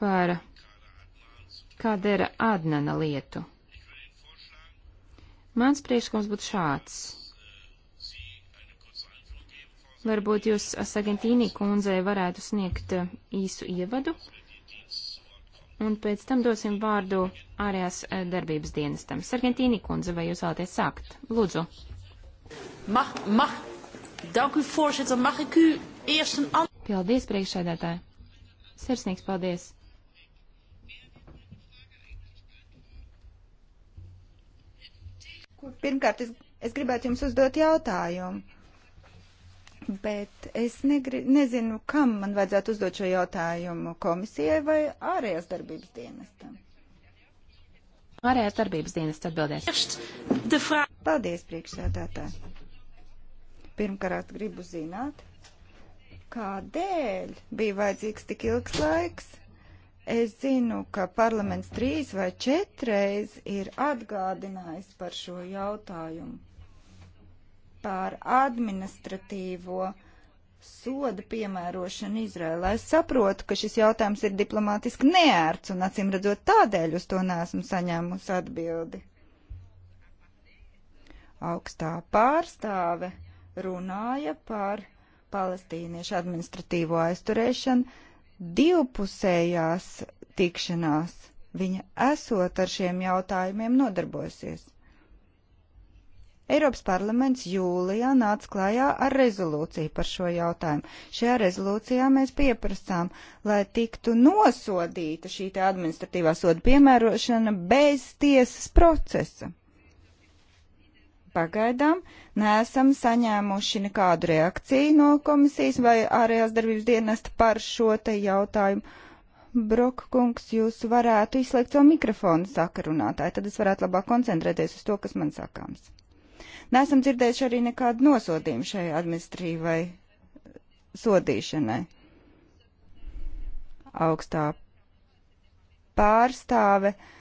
par Kadera Adnana lietu. Mans priekšlikums būtu šāds. Varbūt jūs Sagantīnī kundzei varētu sniegt īsu ievadu, un pēc tam dosim vārdu ārējās darbības dienestam. Sargentīnī kundze, vai jūs vēlaties sākt? Lūdzu. Mah, mah, dank u voorzitter, mag ik u eerst een ander. Paldies, priekšsēdētāji. Sirsnīgs paldies. Pirmkārt, es, es gribētu jums uzdot jautājumu. Bet es negri, nezinu, kam man vajadzētu uzdot šo jautājumu komisijai vai ārējās darbības dienestam. Ārējās darbības dienests atbildēs. Paldies, priekšsēdētāji. Pirmkārt, gribu zināt, kādēļ bija vajadzīgs tik ilgs laiks. Es zinu, ka parlaments trīs vai četreiz ir atgādinājis par šo jautājumu par administratīvo soda piemērošanu Izrēlē. Es saprotu, ka šis jautājums ir diplomātiski neērts un acīm redzot tādēļ uz to nesmu saņēmusi atbildi. Augstā pārstāve runāja par palestīniešu administratīvo aizturēšanu divpusējās tikšanās. Viņa esot ar šiem jautājumiem nodarbosies. Eiropas parlaments jūlijā nāca klājā ar rezolūciju par šo jautājumu. Šajā rezolūcijā mēs pieprasām, lai tiktu nosodīta šī administratīvā soda piemērošana bez tiesas procesa pagaidām neesam saņēmuši nekādu reakciju no komisijas vai ārējās darbības dienesta par šo te jautājumu. Broka kungs, jūs varētu izslēgt savu mikrofonu sakarunātāju, tad es varētu labāk koncentrēties uz to, kas man sakāms. Nesam dzirdējuši arī nekādu nosodījumu šai administrīvai sodīšanai. Augstā pārstāve uh,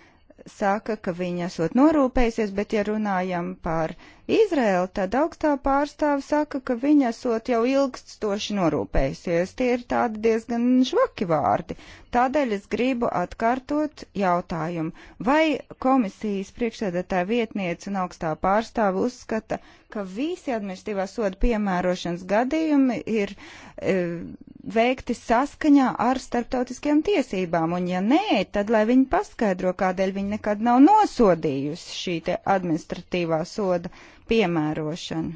saka, ka viņi esot norūpējusies, bet ja runājam par Izraēlu, tad augstā pārstāve saka, ka viņi esot jau ilgstoši norūpējusies. Tie ir tādi diezgan žvaki vārdi. Tādēļ es gribu atkārtot jautājumu, vai komisijas priekšsēdētāja vietniece un augstā pārstāve uzskata, ka visi administratīvā soda piemērošanas gadījumi ir. E, veikti saskaņā ar starptautiskajām tiesībām, un ja nē, tad lai viņi paskaidro, kādēļ viņi nekad nav nosodījusi šī te administratīvā soda piemērošanu.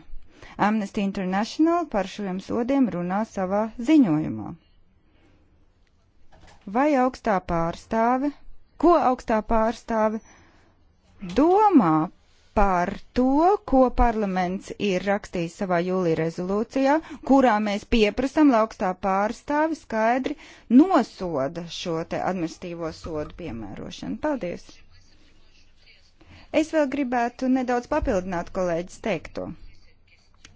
Amnesty International par šiem sodiem runā savā ziņojumā. Vai augstā pārstāve, ko augstā pārstāve domā par to, ko parlaments ir rakstījis savā jūlija rezolūcijā, kurā mēs pieprasam, lai augstā pārstāve skaidri nosoda šo te administratīvo sodu piemērošanu. Paldies! Es vēl gribētu nedaudz papildināt kolēģis teikto.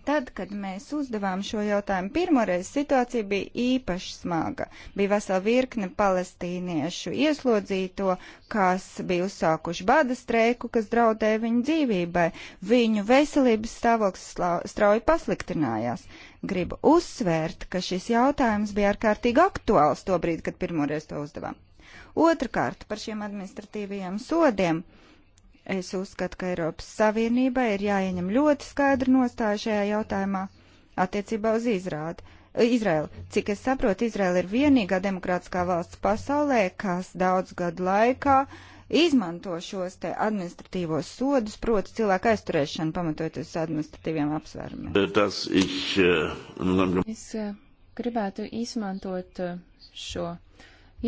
Tad, kad mēs uzdevām šo jautājumu pirmoreiz, situācija bija īpaši smaga. Bija vesela virkne palestīniešu ieslodzīto, kas bija uzsākuši bada streiku, kas draudēja viņu dzīvībai. Viņu veselības stāvoklis strauji pasliktinājās gribu uzsvērt, ka šis jautājums bija ārkārtīgi aktuāls to brīdi, kad pirmoreiz to uzdevām. Otrakārt par šiem administratīvajiem sodiem. Uh, Es uzskatu, ka Eiropas Savienībai ir jāieņem ļoti skaidra nostāja šajā jautājumā attiecībā uz Izrādi. Eh, Izraela. Cik es saprotu, Izraela ir vienīgā demokrātiskā valsts pasaulē, kas daudz gadu laikā izmanto šos te administratīvos sodus, proti cilvēku aizturēšanu, pamatojoties uz administratīviem apsvērumiem. Eh, eh, nu, es gribētu izmantot šo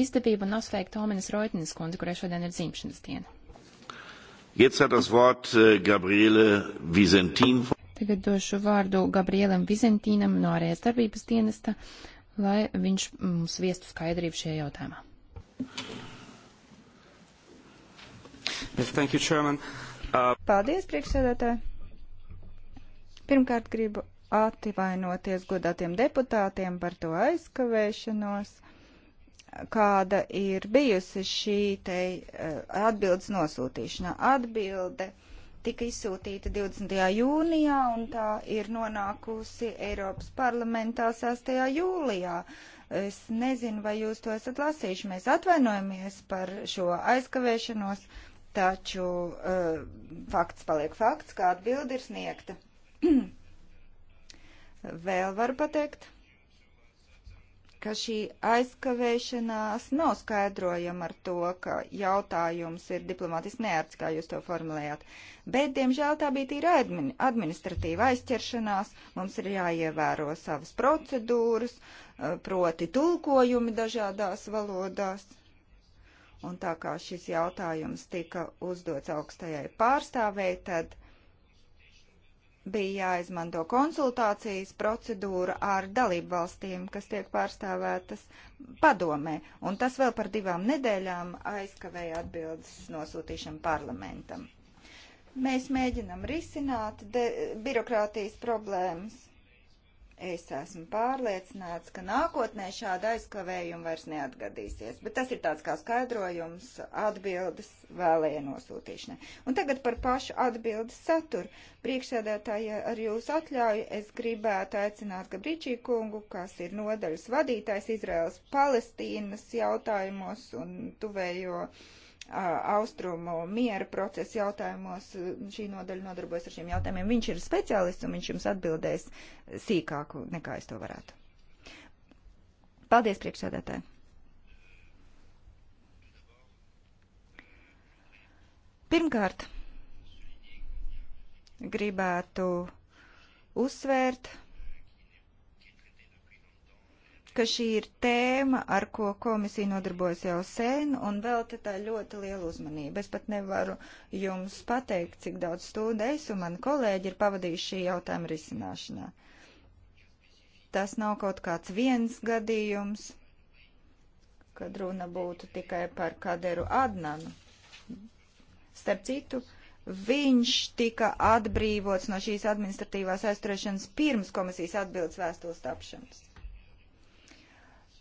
izdevību un nosveikt Tominas Roitinas kundi, kurai šodien ir dzimšanas diena. Jetzt hat das Wort äh, Gabriele Visentin. Tagad došu vārdu Gabrielam Vizentīnam no ārējās darbības dienesta, lai viņš mums viestu skaidrību šajā jautājumā. Yes, thank you, Chairman. Uh... Paldies, priekšsēdētāji. Pirmkārt, gribu atvainoties godātiem deputātiem par to aizkavēšanos kāda ir bijusi šī te eh, atbildes nosūtīšana. Atbilde tika izsūtīta 20. jūnijā un tā ir nonākusi Eiropas parlamentā 6. jūlijā. Es nezinu, vai jūs to esat lasījuši. Mēs atvainojamies par šo aizkavēšanos, taču uh, fakts paliek fakts, kā atbildi ir sniegta. Vēl varu pateikt ka šī aizkavēšanās nav skaidrojama ar to, ka jautājums ir diplomātiski neērts, kā jūs to formulējāt. Bet, diemžēl, tā bija tīra administratīva aizķeršanās. Mums ir jāievēro savas procedūras, eh, proti tulkojumi dažādās valodās. Un tā kā šis jautājums tika uzdots augstajai pārstāvēji, tad bija jāizmanto konsultācijas procedūra ar dalību valstīm, kas tiek pārstāvētas padomē, un tas vēl par divām nedēļām aizkavēja atbildes nosūtīšanu parlamentam. Mēs mēģinam risināt birokrātijas problēmas Es esmu pārliecināts, ka nākotnē šāda aizkavējuma vairs neatgadīsies, bet tas ir tāds kā skaidrojums atbildes vēlējai nosūtīšanai. Un tagad par pašu atbildes saturu. Priekšsēdētāji, ar jūsu atļauju, es gribētu aicināt Gabričī kungu, kas ir nodaļas vadītājs Izraels Palestīnas jautājumos un tuvējo uh, austrumu miera procesa jautājumos. Šī nodaļa nodarbojas ar šiem jautājumiem. Viņš ir speciālists un viņš jums atbildēs sīkāk nekā es to varētu. Paldies, priekšsēdētāji! Pirmkārt, gribētu uzsvērt, ka šī ir tēma, ar ko komisija nodarbojas jau sen un velta tā ļoti lielu uzmanību. Es pat nevaru jums pateikt, cik daudz stundu es un mani kolēģi ir pavadījuši šī jautājuma risināšanā. Tas nav kaut kāds viens gadījums, kad runa būtu tikai par Kaderu Adnanu. Starp citu, viņš tika atbrīvots no šīs administratīvās aizturēšanas pirms komisijas atbildes vēstules tapšanas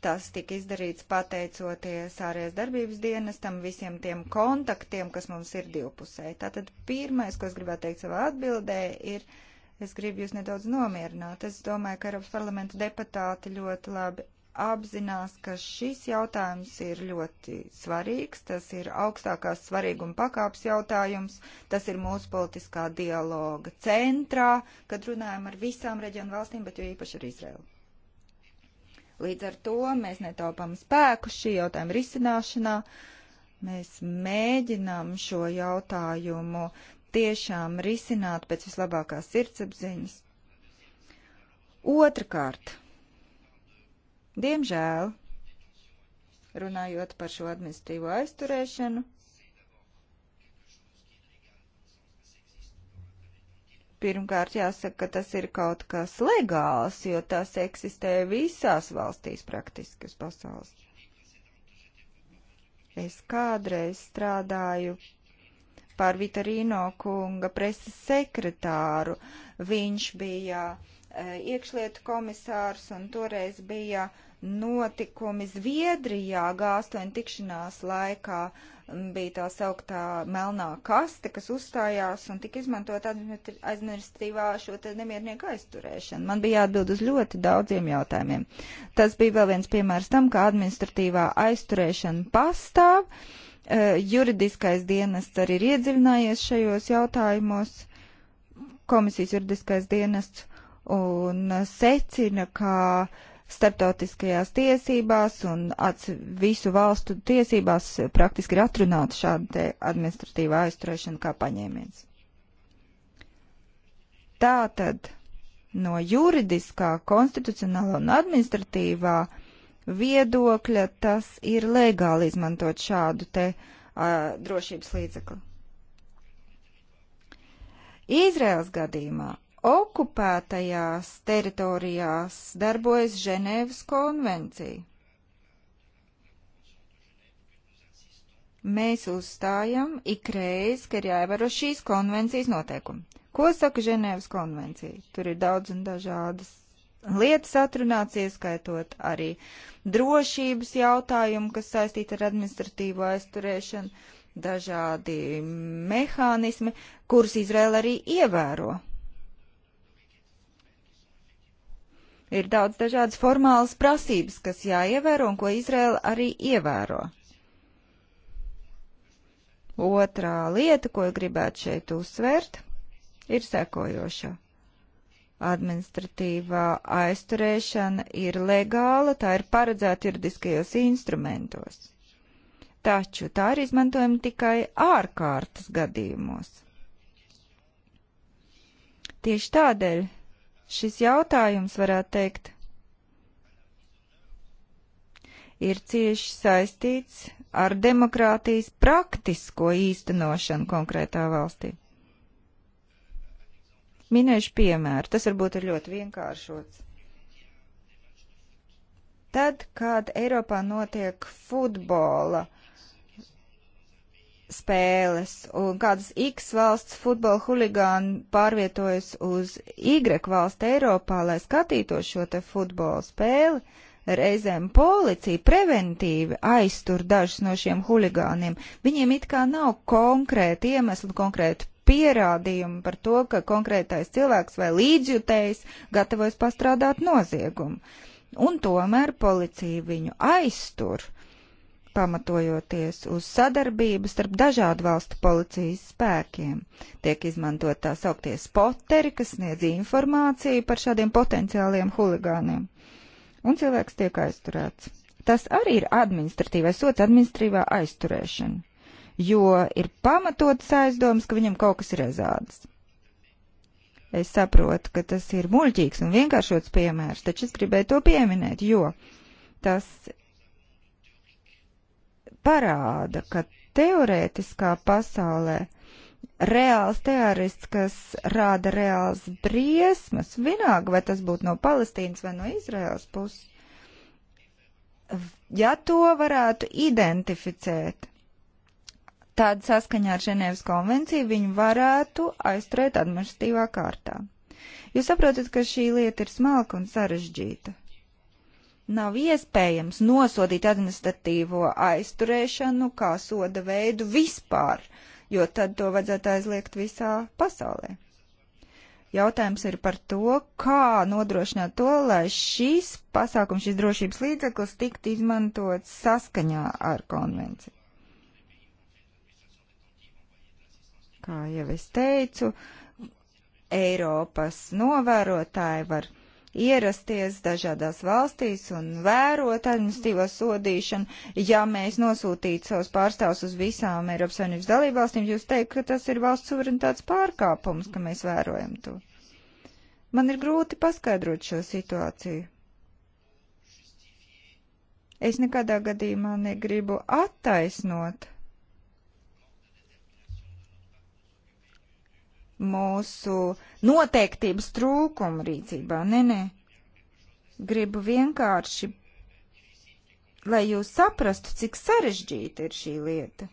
tas tika izdarīts pateicoties ārējās darbības dienestam, visiem tiem kontaktiem, kas mums ir divpusēji. Tātad pirmais, ko es gribētu teikt savā atbildē, ir, es gribu jūs nedaudz nomierināt. Es domāju, ka Eiropas parlamenta deputāti ļoti labi apzinās, ka šis jautājums ir ļoti svarīgs, tas ir augstākās svarīguma pakāps jautājums, tas ir mūsu politiskā dialoga centrā, kad runājam ar visām reģionu valstīm, bet jo īpaši ar Izraelu. Līdz ar to mēs netaupām spēku šī jautājuma risināšanā. Mēs mēģinām šo jautājumu tiešām risināt pēc vislabākās sirdsapziņas. Otrakārt, diemžēl, runājot par šo administrīvo aizturēšanu, pirmkārt jāsaka, ka tas ir kaut kas legāls, jo tas eksistē visās valstīs praktiski uz pasaules. Es kādreiz strādāju pār Vitarino kunga preses sekretāru. Viņš bija e, iekšlietu komisārs un toreiz bija notikumi Zviedrijā G8 tikšanās laikā. Uh, bija tā sauktā melnā kaste, kas uzstājās un tika izmantot administratīvā šo te nemiernieku aizturēšanu. Man bija jāatbild uz ļoti daudziem jautājumiem. Tas bija vēl viens piemērs tam, kā administratīvā aizturēšana pastāv. Uh, juridiskais dienests arī ir iedziļinājies šajos jautājumos, komisijas juridiskais dienests, un secina, ka uh, starptautiskajās tiesībās un visu valstu tiesībās praktiski ir atrunāta šāda administratīvā aizturēšana kā paņēmiens. Tātad no juridiskā, konstitucionālā un administratīvā viedokļa tas ir legāli izmantot šādu te uh, drošības līdzekli. Izraels gadījumā okupētajās teritorijās darbojas Ženēvas konvencija. Mēs uzstājam ikreiz, ka ir jāievēro šīs konvencijas noteikumi. Ko saka Ženēvas konvencija? Tur ir daudz un dažādas lietas atrunāts, ieskaitot arī drošības jautājumu, kas saistīta ar administratīvo aizturēšanu, dažādi mehānismi, kurus Izraela arī ievēro. Ir daudz dažādas formālas prasības, kas jāievēro un ko Izraela arī ievēro. Otrā lieta, ko gribētu šeit uzsvērt, ir sekojoša. Administratīvā aizturēšana ir legāla, tā ir paredzēta juridiskajos instrumentos. Taču tā ir izmantojama tikai ārkārtas gadījumos. Tieši tādēļ Šis jautājums, varētu teikt, ir cieši saistīts ar demokrātijas praktisko īstenošanu konkrētā valstī. Minēšu piemēru, tas varbūt ir ļoti vienkāršots. Tad, kad Eiropā notiek futbola uh, spēles un kādas X valsts futbola huligāni pārvietojas uz Y valstu Eiropā, lai skatītos šo te futbola spēli, reizēm policija preventīvi aiztur dažus no šiem huligāniem. Viņiem it kā nav konkrēti iemesli, konkrēti pierādījumi par to, ka konkrētais cilvēks vai līdzjutējs gatavojas pastrādāt noziegumu. Un tomēr policija viņu aiztur pamatojoties uz sadarbību starp dažādu valstu policijas spēkiem. Tiek izmantot tā sauktie spoteri, kas sniedz informāciju par šādiem potenciāliem huligāniem. Un cilvēks tiek aizturēts. Tas arī ir administratīvais sots, administratīvā aizturēšana, jo ir pamatotas aizdomas, ka viņam kaut kas ir aizādis. Es saprotu, ka tas ir muļķīgs un vienkāršots piemērs, taču es gribēju to pieminēt, jo tas parāda, ka teorētiskā pasaulē reāls teorists, kas rāda reāls briesmas, vienalga vai tas būtu no Palestīnas vai no Izraels puses, ja to varētu identificēt, tad saskaņā ar Ženēvas konvenciju viņu varētu aizturēt administratīvā kārtā. Jūs saprotat, ka šī lieta ir smalka un sarežģīta nav iespējams nosodīt administratīvo aizturēšanu kā soda veidu vispār, jo tad to vajadzētu aizliegt visā pasaulē. Jautājums ir par to, kā nodrošināt to, lai šis pasākums, šis drošības līdzeklis tiktu izmantots saskaņā ar konvenciju. Kā jau es teicu, Eiropas novērotāji var ierasties dažādās valstīs un vērot administratīvo sodīšanu. Ja mēs nosūtītu savus pārstāvus uz visām Eiropas Savienības dalībvalstīm, jūs teikt, ka tas ir valsts suverenitātes pārkāpums, ka mēs vērojam to. Man ir grūti paskaidrot šo situāciju. Es nekādā gadījumā negribu attaisnot mūsu noteiktības trūkumu rīcībā. Nē, nē. Gribu vienkārši, lai jūs saprastu, cik sarežģīta ir šī lieta.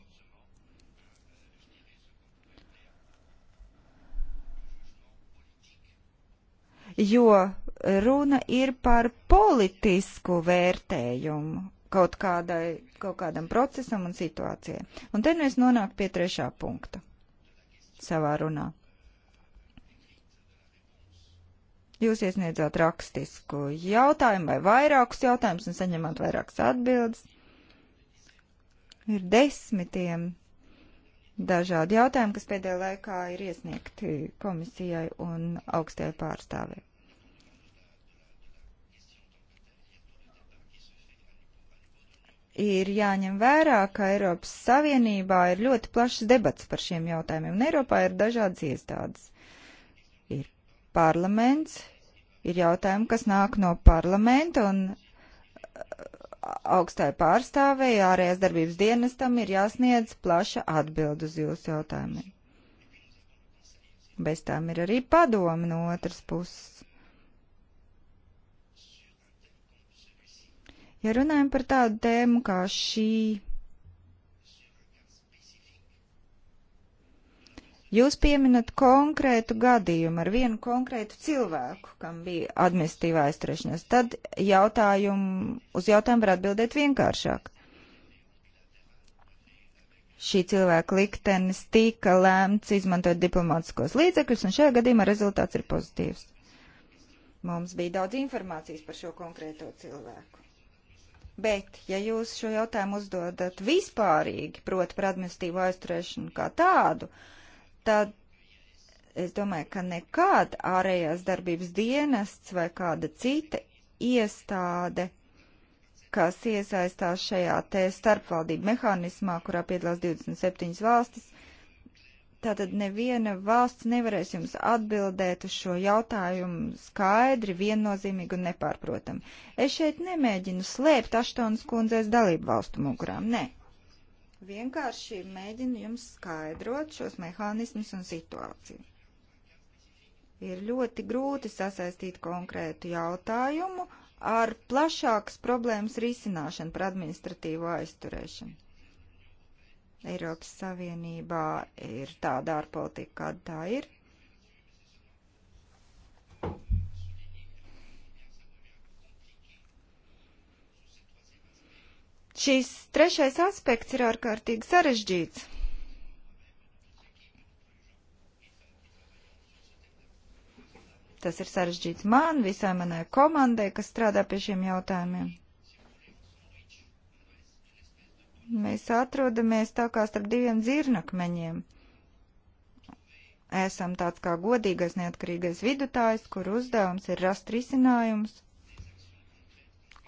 Jo runa ir par politisku vērtējumu kaut, kādai, kaut kādam procesam un situācijai. Un te nu es nonāku pie trešā punkta savā runā. Jūs iesniedzāt rakstisku jautājumu vai vairākus jautājumus un saņemat vairākas atbildes. Ir desmitiem dažādi jautājumi, kas pēdējā laikā ir iesniegti komisijai un augstajai pārstāvē. Ir jāņem vērā, ka Eiropas Savienībā ir ļoti plašs debats par šiem jautājumiem, un Eiropā ir dažādas iestādes. Ir parlaments, Ir jautājumi, kas nāk no parlamenta un uh, augstai pārstāvēji ārējās darbības dienestam ir jāsniedz plaša atbild uz jūsu jautājumiem. Bez tām ir arī padomi no otras puses. Ja runājam par tādu tēmu kā šī, Jūs pieminat konkrētu gadījumu ar vienu konkrētu cilvēku, kam bija administratīvā aizturēšanās. Tad jautājumu, uz jautājumu var atbildēt vienkāršāk. Šī cilvēka liktenis tika lēmts izmantot diplomātiskos līdzekļus, un šajā gadījumā rezultāts ir pozitīvs. Mums bija daudz informācijas par šo konkrēto cilvēku. Bet, ja jūs šo jautājumu uzdodat vispārīgi, proti par administratīvo aizturēšanu kā tādu, uh, tad es domāju, ka nekād ārējās darbības dienests vai kāda cita iestāde, kas iesaistās šajā te starpvaldību mehānismā, kurā piedalās 27 valstis, tātad neviena valsts nevarēs jums atbildēt uz šo jautājumu skaidri, viennozīmīgi un nepārprotami. Es šeit nemēģinu slēpt Aštonas kundzēs dalību valstu mugurām, nē. Ne. Vienkārši mēģinu jums skaidrot šos mehānismus un situāciju. Ir ļoti grūti sasaistīt konkrētu jautājumu ar plašākas problēmas risināšanu par administratīvo aizturēšanu. Eiropas Savienībā ir tāda ārpolitika, kāda tā ir, Šis trešais aspekts ir ārkārtīgi sarežģīts. Tas ir sarežģīts man, visai manai komandai, kas strādā pie šiem jautājumiem. Mēs atrodamies tā kā starp diviem dzirnakmeņiem. Esam tāds kā godīgais neatkarīgais vidutājs, kur uzdevums ir rast risinājums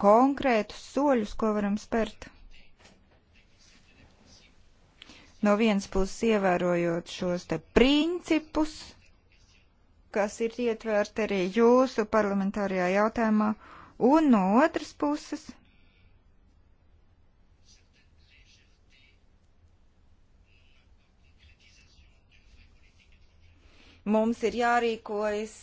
konkrētus soļus, ko varam spērt. No vienas puses ievērojot šos te principus, kas ir ietverti arī jūsu parlamentārajā jautājumā, un no otras puses mums ir jārīkojas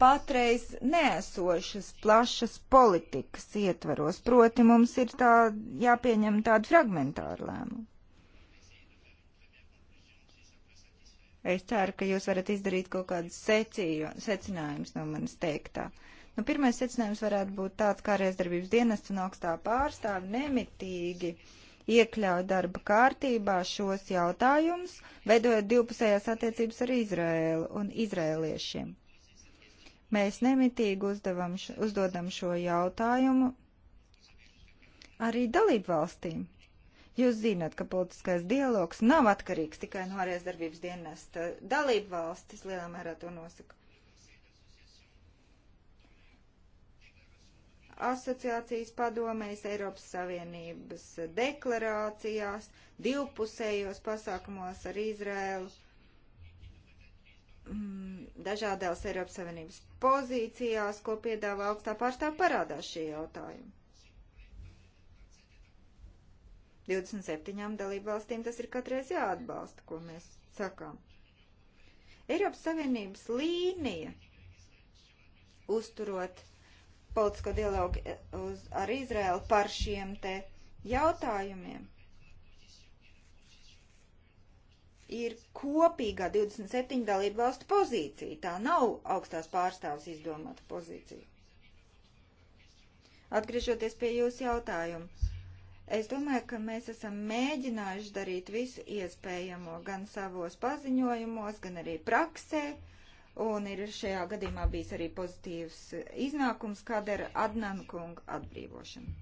patreiz nēsošas plašas politikas ietvaros, proti mums ir tā jāpieņem tāda fragmentāra lēmuma. Es ceru, ka jūs varat izdarīt kaut kādus secinājumus no manis teiktā. Nu, pirmais secinājums varētu būt tāds, kā arēsdarbības dienests un augstā pārstāve nemitīgi iekļauj darba kārtībā šos jautājumus, veidojot divpusējās attiecības ar Izraēlu un izrēliešiem. Mēs nemitīgi uzdevam, uzdodam šo jautājumu arī dalību valstīm. Jūs zināt, ka politiskais dialogs nav atkarīgs tikai no ārējās darbības dienesta. Dalību valstis lielā mērā to nosaka. Asociācijas padomēs, Eiropas Savienības deklarācijās, divpusējos pasākumos ar Izrēlu Mm, dažādās Eiropas Savienības pozīcijās, ko piedāvā augstā pārstāv parādās šie jautājumi. 27 dalībvalstīm tas ir katreiz jāatbalsta, ko mēs sakām. Eiropas Savienības līnija uzturot politisko dialogu uz, ar Izraēlu par šiem te jautājumiem ir kopīgā 27 dalību valstu pozīcija. Tā nav augstās pārstāvs izdomāta pozīcija. Atgriežoties pie jūsu jautājuma, es domāju, ka mēs esam mēģinājuši darīt visu iespējamo gan savos paziņojumos, gan arī praksē, un ir šajā gadījumā bijis arī pozitīvs iznākums, kad ir Adnan kunga atbrīvošana.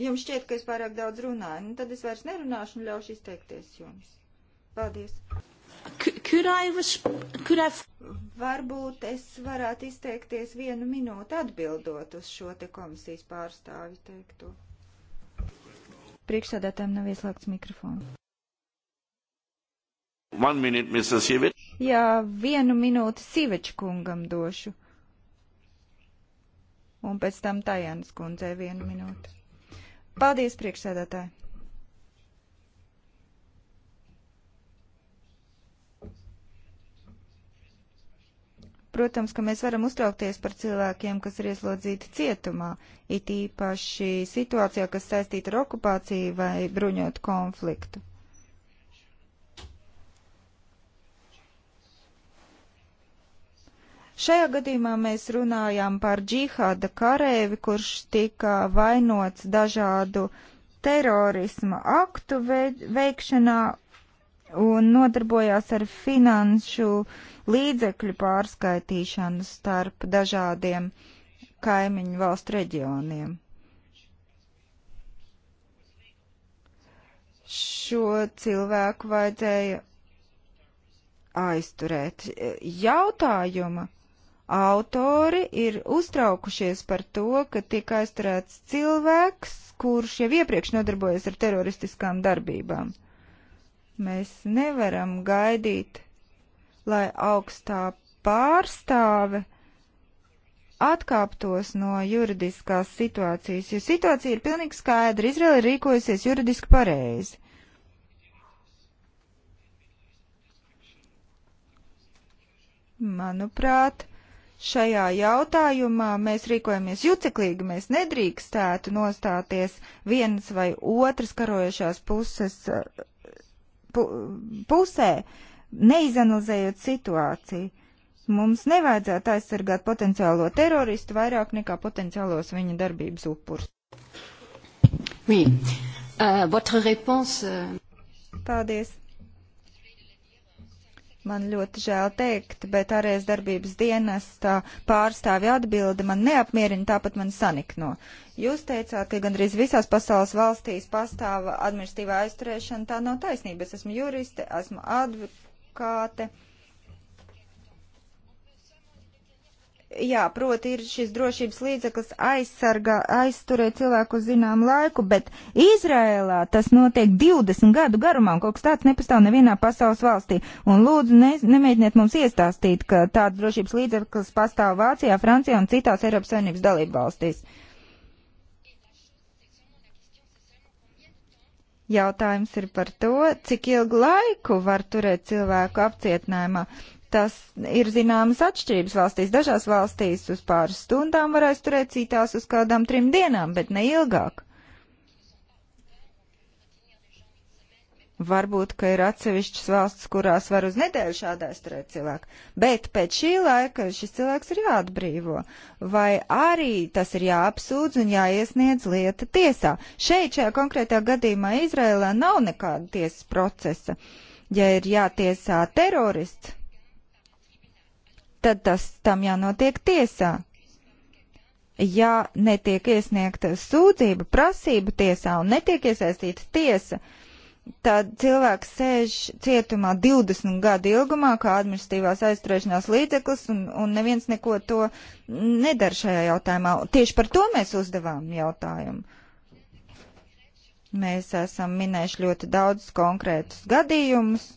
Jums šķiet, ka es pārāk daudz runāju, nu tad es vairs nerunāšu un ļaušu izteikties jums. Paldies. Could I, could I... Varbūt es varētu izteikties vienu minūti atbildot uz šo te komisijas pārstāvi teikto. Priekšsēdētājiem nav ieslēgts mikrofons. One minute, Mr. Sivic. Jā, vienu minūti Sivič kungam došu. Un pēc tam Tajānas kundzei vienu minūti. Paldies, priekšsēdētāji! Protams, ka mēs varam uztraukties par cilvēkiem, kas ir ieslodzīti cietumā, it īpaši situācijā, kas saistīta ar okupāciju vai bruņotu konfliktu. Šajā gadījumā mēs runājām par džihāda karēvi, kurš tika vainots dažādu terorisma aktu veikšanā un nodarbojās ar finanšu līdzekļu pārskaitīšanu starp dažādiem kaimiņu valstu reģioniem. Šo cilvēku vajadzēja aizturēt. Jautājuma Autori ir uztraukušies par to, ka tiek aizturēts cilvēks, kurš jau iepriekš nodarbojas ar teroristiskām darbībām. Mēs nevaram gaidīt, lai augstā pārstāve atkāptos no juridiskās situācijas, jo situācija ir pilnīgi skaidra. Izraela ir rīkojusies juridiski pareizi. Manuprāt, šajā jautājumā mēs rīkojamies juceklīgi, mēs nedrīkstētu nostāties vienas vai otras karojošās puses eh, pu, pusē, neizanalizējot situāciju. Mums nevajadzētu aizsargāt potenciālo teroristu vairāk nekā potenciālos viņa darbības upurus. Oui. Uh, votre réponse. Euh, Paldies. Man ļoti žēl teikt, bet ārējas darbības dienesta pārstāvi atbildi man neapmierina, tāpat man sanikno. Jūs teicāt, ka gandrīz visās pasaules valstīs pastāv administratīvā aizturēšana. Tā nav taisnība. Es esmu juriste, esmu advokāte. Uh, Jā, proti ir šis drošības līdzeklis aizsargā, aizturē cilvēku zinām laiku, bet Izrēlā tas notiek 20 gadu garumā, un kaut kas tāds nepastāv nevienā pasaules valstī. Un lūdzu, ne, nemēģiniet mums iestāstīt, ka tāds drošības līdzeklis pastāv Vācijā, Francijā un citās Eiropas Savienības dalību valstīs. Jautājums ir par to, cik ilgu laiku var turēt cilvēku apcietinājumā tas ir zināmas atšķirības valstīs. Dažās valstīs uz pāris stundām var aizturēt, citās uz kādām trim dienām, bet ne ilgāk. Varbūt, ka ir atsevišķas valsts, kurās var uz nedēļu šādā aizturēt cilvēku, bet pēc šī laika šis cilvēks ir jāatbrīvo, vai arī tas ir jāapsūdz un jāiesniedz lieta tiesā. Šeit, šajā konkrētajā gadījumā Izrēlē nav nekāda tiesas procesa. Ja ir jātiesā terorists, tad tas tam jānotiek tiesā. Ja netiek iesniegta sūdzība, prasība tiesā un netiek iesaistīta tiesa, tad cilvēks sēž cietumā 20 gadu ilgumā kā administratīvās aizturēšanās līdzeklis, un, un neviens neko to nedara šajā jautājumā. Tieši par to mēs uzdevām jautājumu. Mēs esam minējuši ļoti daudz konkrētus gadījumus,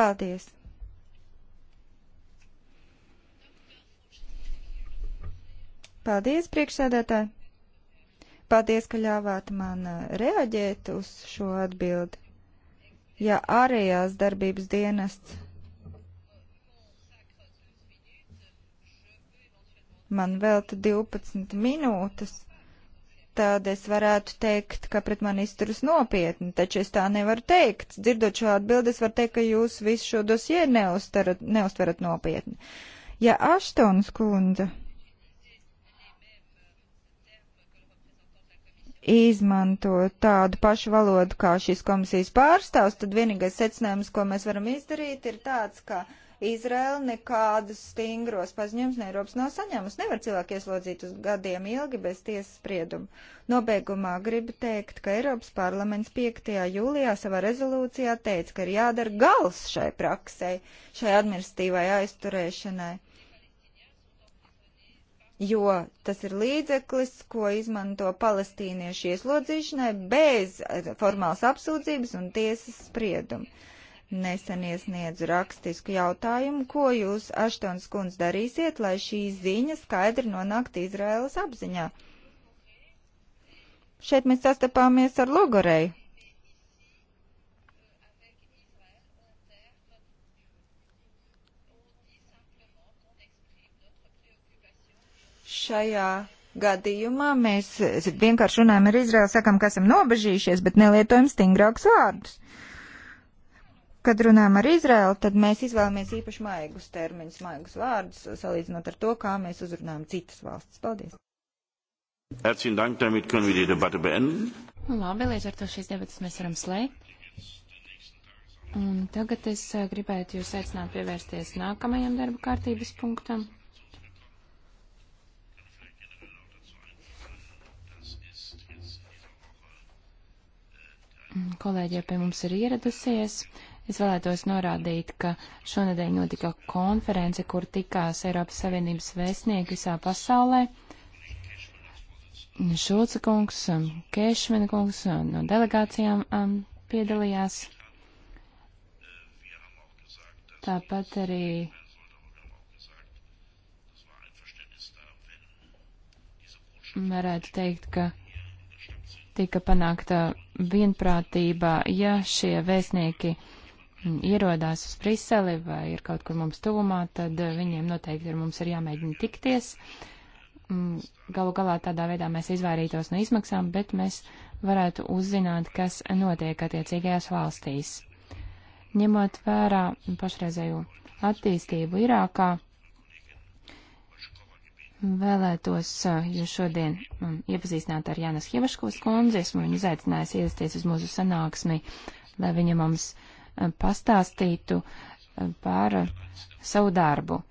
Paldies! Paldies, priekšsēdētāji! Paldies, ka ļāvāt man uh, reaģēt uz šo atbildi. Ja ārējās darbības dienests man velta 12 minūtes, tad es varētu teikt, ka pret mani izturas nopietni, taču es tā nevaru teikt. Dzirdot šo atbildi, es varu teikt, ka jūs visu šo dosie neuztarat, neuztverat nopietni. Ja Aštons kundze izmanto tādu pašu valodu kā šīs komisijas pārstāvs, tad vienīgais secinājums, ko mēs varam izdarīt, ir tāds, ka. Kā Izraela nekādus stingros paziņojums no Eiropas nav saņēmusi. Nevar cilvēki ieslodzīt uz gadiem ilgi bez tiesas spriedumu. Nobeigumā gribu teikt, ka Eiropas parlaments 5. jūlijā savā rezolūcijā teica, ka ir jādara gals šai praksē, šai administratīvai aizturēšanai jo tas ir līdzeklis, ko izmanto palestīniešu ieslodzīšanai bez formālas apsūdzības un tiesas sprieduma nesen iesniedzu rakstisku jautājumu, ko jūs, Aštons kundz, darīsiet, lai šī ziņa skaidri nonāktu Izraēlas apziņā. Šeit mēs sastapāmies ar Logoreju. Šajā gadījumā mēs vienkārši runājam ar Izraelu, sakam, ka esam nobežījušies, bet nelietojam stingrākus vārdus. Kad runājam ar Izraelu, tad mēs izvēlamies īpaši maigus termiņus, maigus vārdus, salīdzinot ar to, kā mēs uzrunājam citas valstis. Paldies! Herzlichen Dank, damit können wir die Debatte beenden. Labi, līdz ar to šīs debatas mēs varam slēgt. Un tagad es eh, gribētu jūs aicināt pievērsties nākamajam darba kārtības punktam. Kolēģi jau pie mums ir ieradusies. Es vēlētos norādīt, ka šonadēļ notika konference, kur tikās Eiropas Savienības vēstnieki visā pasaulē. Šulca kungs, um, Kešmena kungs um, no delegācijām um, piedalījās. Tāpat arī varētu teikt, ka tika panākta vienprātība, ja šie vēstnieki ierodās uz Briseli vai ir kaut kur mums tuvumā, tad eh, viņiem noteikti ir mums ir jāmēģina tikties. Mm, galu galā tādā veidā mēs izvairītos no izmaksām, bet mēs varētu uzzināt, kas notiek attiecīgajās valstīs. Ņemot vērā pašreizējo attīstību Irākā, Vēlētos eh, jūs šodien mm, iepazīstināt ar Jānis Hievaškos kundzi. Esmu viņu izaicinājusi ierasties uz mūsu sanāksmi, lai viņa mums uh, pastāstītu eh, par savu darbu.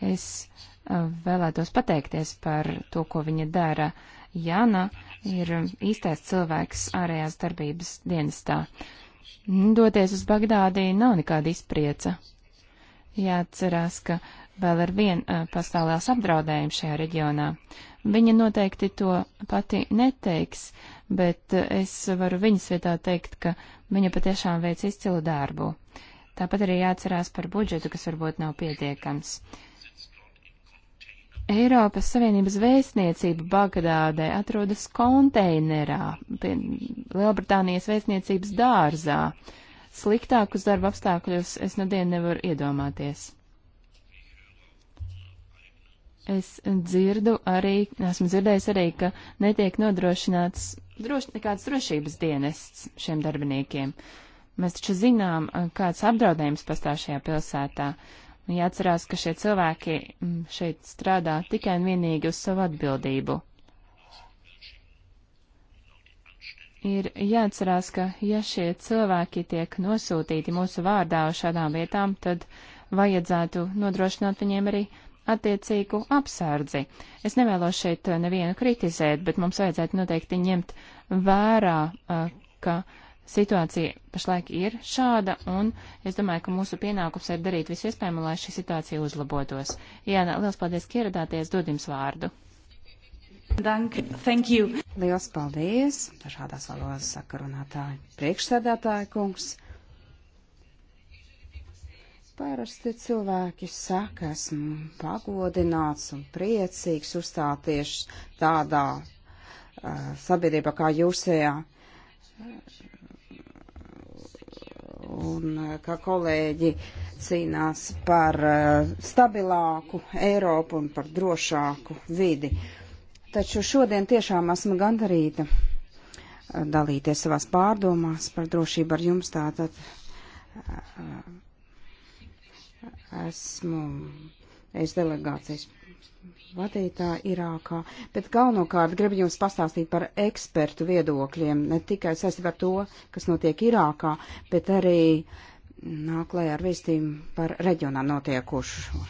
Es eh, vēlētos pateikties par to, ko viņa dara. Jana ir īstais cilvēks ārējās darbības dienestā. Doties uz Bagdādī nav nekāda izprieca. Jāatcerās, ka vēl ar vien eh, pastāv liels apdraudējums šajā reģionā. Viņa noteikti to pati neteiks, bet es varu viņas vietā teikt, ka viņa patiešām veic izcilu darbu. Tāpat arī jāatcerās par budžetu, kas varbūt nav pietiekams. Eiropas Savienības vēstniecība Bagdādē atrodas konteinerā, pie Lielbritānijas vēstniecības dārzā. Sliktākus darba apstākļus es nedien nu nevaru iedomāties. Es dzirdu arī, esmu dzirdējis arī, ka netiek nodrošināts droš, nekāds drošības dienests šiem darbiniekiem. Mēs taču zinām, kāds apdraudējums pastāv šajā pilsētā. Jāatcerās, ka šie cilvēki šeit strādā tikai un vienīgi uz savu atbildību. Ir jāatcerās, ka ja šie cilvēki tiek nosūtīti mūsu vārdā uz šādām vietām, tad vajadzētu nodrošināt viņiem arī attiecīgu apsārdzi. Es nevēlos šeit eh, nevienu kritizēt, bet mums vajadzētu noteikti ņemt vērā, eh, ka situācija pašlaik ir šāda, un es domāju, ka mūsu pienākums ir darīt visu iespējamo, lai šī situācija uzlabotos. Jāna, liels paldies, ka ieradāties, dod jums vārdu. Dank, thank you. Liels paldies, dažādās valodās sakarunātāji, priekšsēdētāji kungs. Parasti cilvēki saka, esmu pagodināts un priecīgs uzstāties tādā uh, sabiedrībā kā jūsējā. Un kā kolēģi cīnās par uh, stabilāku Eiropu un par drošāku vidi. Taču šodien tiešām esmu gandarīta dalīties savās pārdomās par drošību ar jums tātad. Uh, Esmu es delegācijas vadītāja Irākā, bet galvenokārt gribu jums pastāstīt par ekspertu viedokļiem, ne tikai saistībā ar to, kas notiek Irākā, bet arī nāk lai ar vēstījumu par reģionā notiekošo.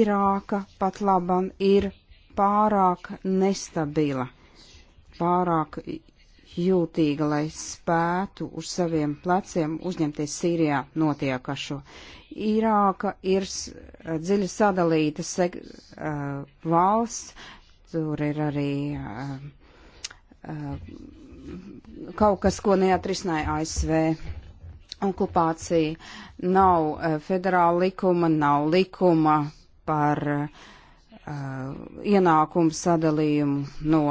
Irāka pat laban ir pārāk nestabila, pārāk jūtīga, lai spētu uz saviem pleciem uzņemties Sīrijā notiekašo. Irāka ir eh, dziļi sadalīta seg, uh, valsts, tur ir arī uh, uh, kaut kas, ko neatrisināja ASV. Okupācija nav uh, federāla likuma, nav likuma par uh, ienākumu sadalījumu no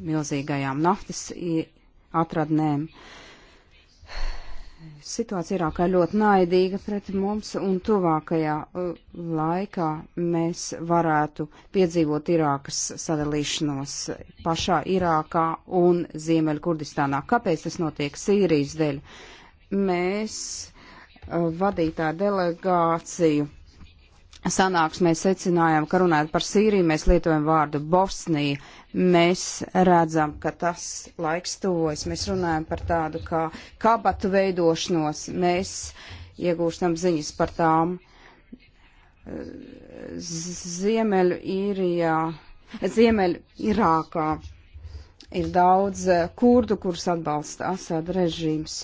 milzīgajām naftas atradnēm. Situācija Irākā ir ļoti naidīga pret mums, un tuvākajā uh, laikā mēs varētu piedzīvot Irākas sadalīšanos pašā Irākā un Ziemeļkurdistānā. Kāpēc tas notiek Sīrijas dēļ? Mēs uh, vadītāju delegāciju sanāksmē secinājām, ka runājot par Sīriju, mēs lietojam vārdu Bosnija. Mēs redzam, ka tas laiks tuvojas. Mēs runājam par tādu kā kabatu veidošanos. Mēs iegūstam ziņas par tām. Ziemeļu īrijā, Ziemeļu Irākā ir daudz kurdu, kurus atbalsta Asad režīms.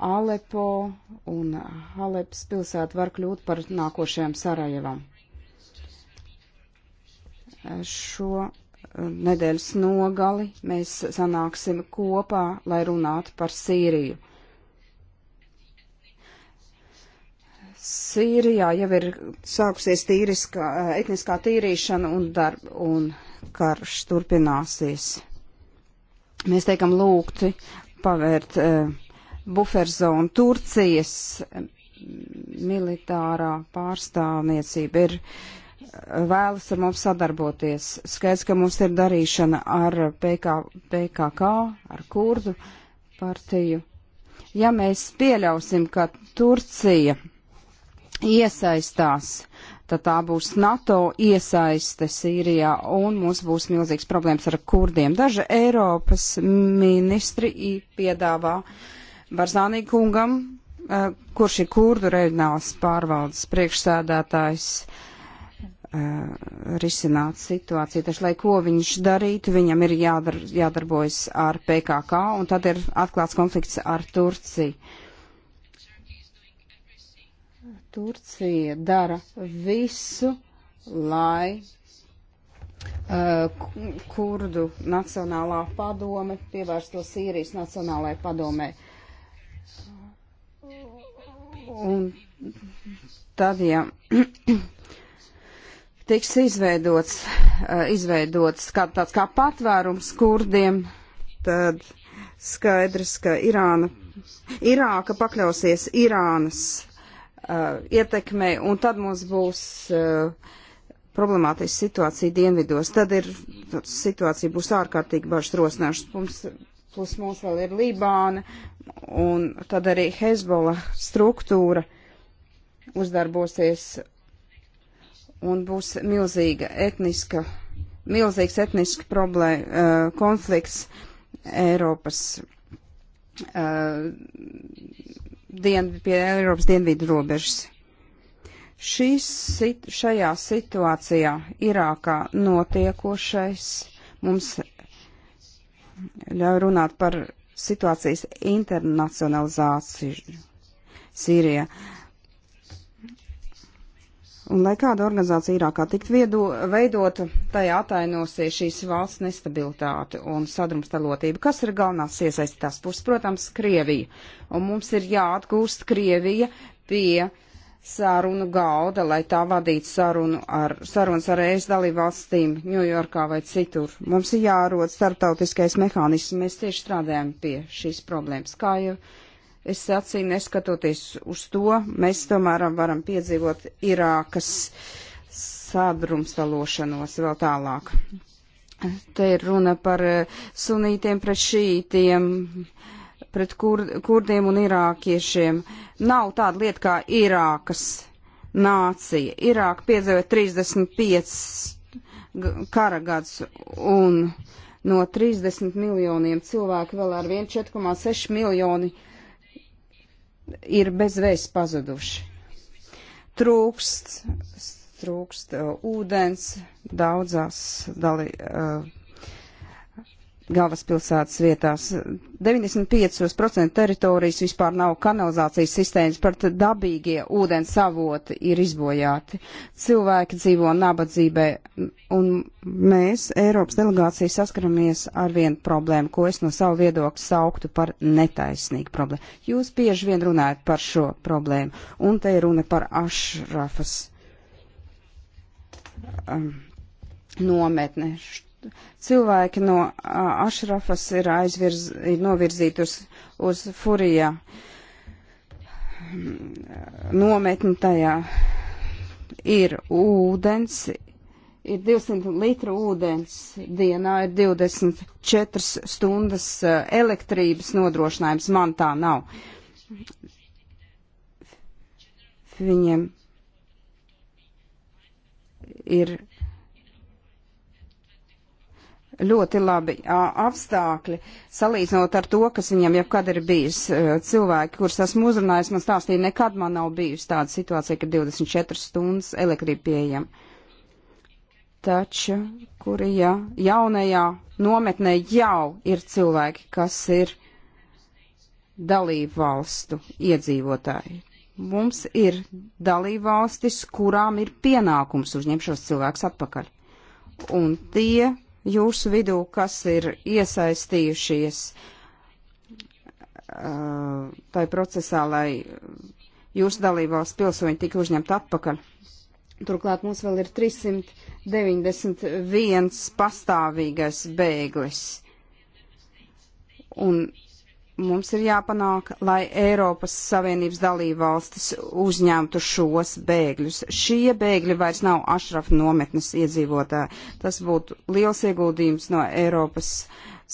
Alepo un Haleps pilsēta var kļūt par nākošajām Sarajevam. Šo e, nedēļas nogali mēs sanāksim kopā, lai runātu par Sīriju. Sīrijā jau ir sākusies tīriska, e, etniskā tīrīšana un, darb, un karš turpināsies. Mēs teikam lūgti pavērt. Uh, buferzonu Turcijas militārā pārstāvniecība ir vēlas ar mums sadarboties. Skaidrs, ka mums ir darīšana ar PK, PKK, ar kurdu partiju. Ja mēs pieļausim, ka Turcija iesaistās, tad tā būs NATO iesaiste Sīrijā un mums būs milzīgs problēmas ar kurdiem. Daži Eiropas ministri piedāvā uh, Barzānī kungam, eh, kurš ir kurdu reģionāls pārvaldes priekšsēdētājs, eh, risināt situāciju. Taču, lai ko viņš darītu, viņam ir jādar, jādarbojas ar PKK, un tad ir atklāts konflikts ar Turciju. Turcija dara visu, lai uh, kurdu nacionālā padome pievērsto Sīrijas nacionālajai padomei Un tad, ja tiks izveidots, eh, izveidots kā, tāds kā patvērums kurdiem, tad skaidrs, ka Irāna, Irāka pakļausies Irānas uh, eh, ietekmei, un tad mums būs uh, problemātiska situācija dienvidos. Tad ir tad situācija būs ārkārtīgi bažs rosināšas. Plus mums vēl ir Lībāna un tad arī Hezbola struktūra uzdarbosies un būs milzīga etniska, milzīgs etniska problēma, uh, eh, konflikts Eiropas uh, dien, pie Eiropas dienvidu robežas. Šis, šajā situācijā Irākā notiekošais mums ļauj runāt par situācijas internacionalizāciju Sīrijā. Un lai kāda organizācija Irākā tikt viedo, veidota, tajā atainosies šīs valsts nestabilitāte un sadrumstalotība. Kas ir galvenās iesaistītās puses? Protams, Krievija. Un mums ir jāatgūst Krievija pie uh, sārunu galda, lai tā vadītu sarunu ar, sarunas ar ES dalībvalstīm Ņujorkā vai citur. Mums ir jārod starptautiskais mehānisms, mēs tieši strādājam pie šīs problēmas. Kā jau es sacīju, neskatoties uz to, mēs tomēr varam piedzīvot Irākas sadrumstalošanos vēl tālāk. Te ir runa par eh, sunītiem pret šītiem, uh, pret kur, kurdiem un irākiešiem. Nav tāda lieta kā Irākas nācija. Irāka piedzīvoja 35 kara gadus un no 30 miljoniem cilvēku vēl ar 1,6 miljoni ir bezvēs pazuduši. Trūkst, trūkst uh, ūdens daudzās dalībās. Uh, galvaspilsētas vietās. 95% teritorijas vispār nav kanalizācijas sistēmas, pat dabīgie ūdens avoti ir izbojāti. Cilvēki dzīvo nabadzībē, un mēs, Eiropas delegācija, saskaramies ar vienu problēmu, ko es no savu viedokli sauktu par netaisnīgu problēmu. Jūs bieži vien runājat par šo problēmu, un te ir runa par ašrafas um, nometne cilvēki no Ašrafas ir, aizvirz, ir novirzīti uz, uz Furijā mm, nometni tajā ir ūdens, ir 200 litru ūdens dienā, ir 24 stundas elektrības nodrošinājums, man tā nav. Viņiem ir ļoti labi apstākļi, salīdzinot ar to, kas viņam jebkad ir bijis. Cilvēki, kurus esmu uzrunājis, man stāstīja, nekad man nav bijusi tāda situācija, ka 24 stundas elektrība pieejama. Taču, kuri ja, jaunajā nometnē jau ir cilvēki, kas ir dalību valstu iedzīvotāji. Mums ir dalību valstis, kurām ir pienākums uzņemt šos cilvēkus atpakaļ. Un tie jūsu vidū, kas ir iesaistījušies uh, tai procesā, lai jūsu dalībvalsts pilsoņi tika uzņemti atpakaļ. Turklāt mums vēl ir 391 pastāvīgais bēglis. Un mums ir jāpanāk, lai Eiropas Savienības dalībvalstis uzņemtu šos bēgļus. Šie bēgļi vairs nav Ašrafa nometnes iedzīvotāji. Tas būtu liels ieguldījums no Eiropas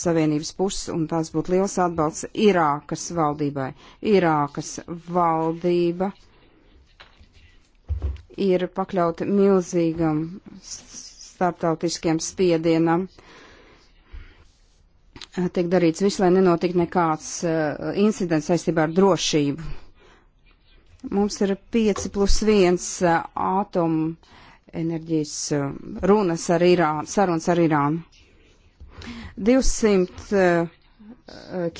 Savienības puses, un tas būtu liels atbalsts Irākas valdībai. Irākas valdība ir pakļauta milzīgam starptautiskiem spiedienam tiek darīts viss, lai nenotiktu nekāds uh, incidents saistībā ar drošību. Mums ir 5 plus 1 uh, eh, atomu enerģijas uh, runas ar Irānu, sarunas ar Irānu. 200 uh,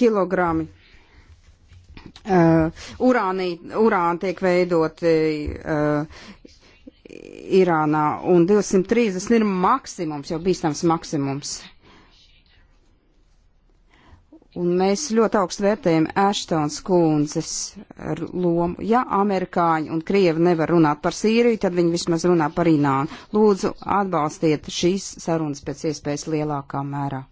kilogrami uh, urāni, urāni tiek veidoti uh, Irānā un 230 ir maksimums, jau bīstams maksimums. Uh, Un mēs ļoti augstu vērtējam Ashtons kundzes lomu. Ja amerikāņi un krievi nevar runāt par Sīriju, tad viņi vismaz runā par Irānu. Lūdzu, atbalstiet šīs sarunas pēc iespējas lielākā mērā.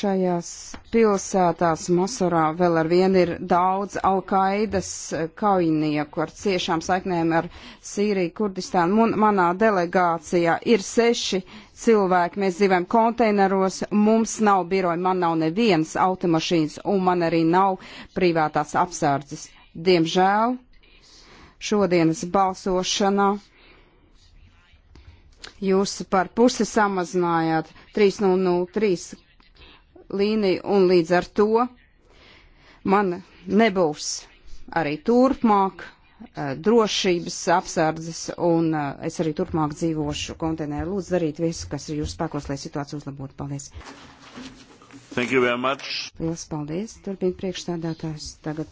Šajās pilsētās Mosorā vēl ar vienu ir daudz Alkaidas kaujinieku ar ciešām saiknēm ar Sīriju, Kurdistānu. Man, manā delegācijā ir seši uh, cilvēki, mēs dzīvojam konteineros, mums nav biroja, man nav nevienas automašīnas un man arī nav privātās apsardzes. Diemžēl šodienas balsošanā jūs par pusi samazinājāt 3003 līniju un līdz ar to man nebūs arī turpmāk Eh, drošības apsardzes, un eh, es arī turpmāk dzīvošu konteineru. Lūdzu, dariet visu, kas ir jūsu spēkos, lai situāciju uzlabotu. Paldies! Thank you very much. Lielas paldies. Turpiniet priekšstādātājs. Tagad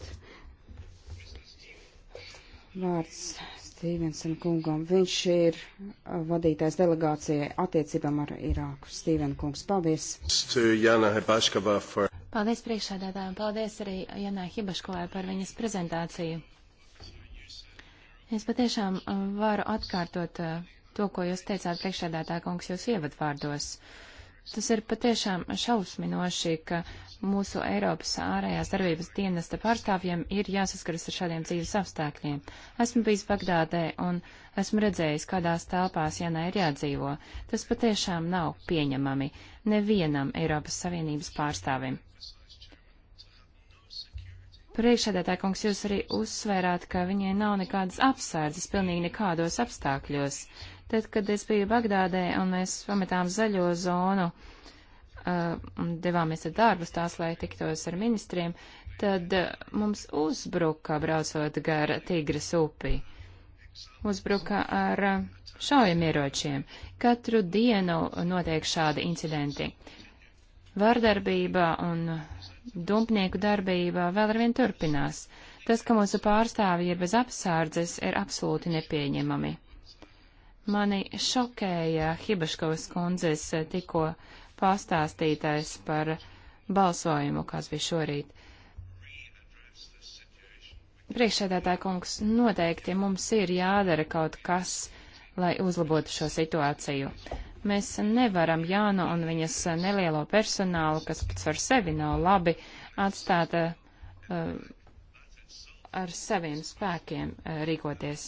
vārds Stīvensam kungam. Viņš ir eh, vadītājs delegācijai attiecībām ar Irāku. Stīven kungs, paldies. Paldies priekšstādātājiem. Paldies arī Janai Hibaškovai par viņas prezentāciju. Es patiešām uh, varu atkārtot uh, to, ko jūs teicāt priekšādātā kungs jūs ievadvārdos. Tas ir patiešām šausminoši, ka mūsu Eiropas ārējās darbības dienesta pārstāvjiem ir jāsaskaras ar šādiem dzīves apstākļiem. Esmu bijis Bagdādē un esmu redzējis, kādās telpās Janai ir jādzīvo. Tas patiešām nav pieņemami nevienam Eiropas Savienības pārstāvim. Priekšsēdētāji kungs, jūs arī uzsvērāt, ka viņai nav nekādas apsardzes pilnīgi nekādos apstākļos. Tad, kad es biju Bagdādē un mēs pametām zaļo zonu uh, un devāmies ar darbus tās, lai tiktos ar ministriem, tad uh, mums uzbruka braucot gar Tigras upi. Uzbruka ar uh, šaujamieročiem. Katru dienu notiek šādi incidenti. Vārdarbība un dumpnieku darbība vēl arvien turpinās. Tas, ka mūsu pārstāvji ir bez apsārdzes, ir absolūti nepieņemami. Mani šokēja Hibaškovas kundzes tikko pastāstītais par balsojumu, kas bija šorīt. Priekšsēdētāja kungs, noteikti mums ir jādara kaut kas, lai uzlabotu šo situāciju. Mēs nevaram Jānu un viņas nelielo personālu, kas pats par sevi nav labi, atstāt uh, ar saviem spēkiem uh, rīkoties.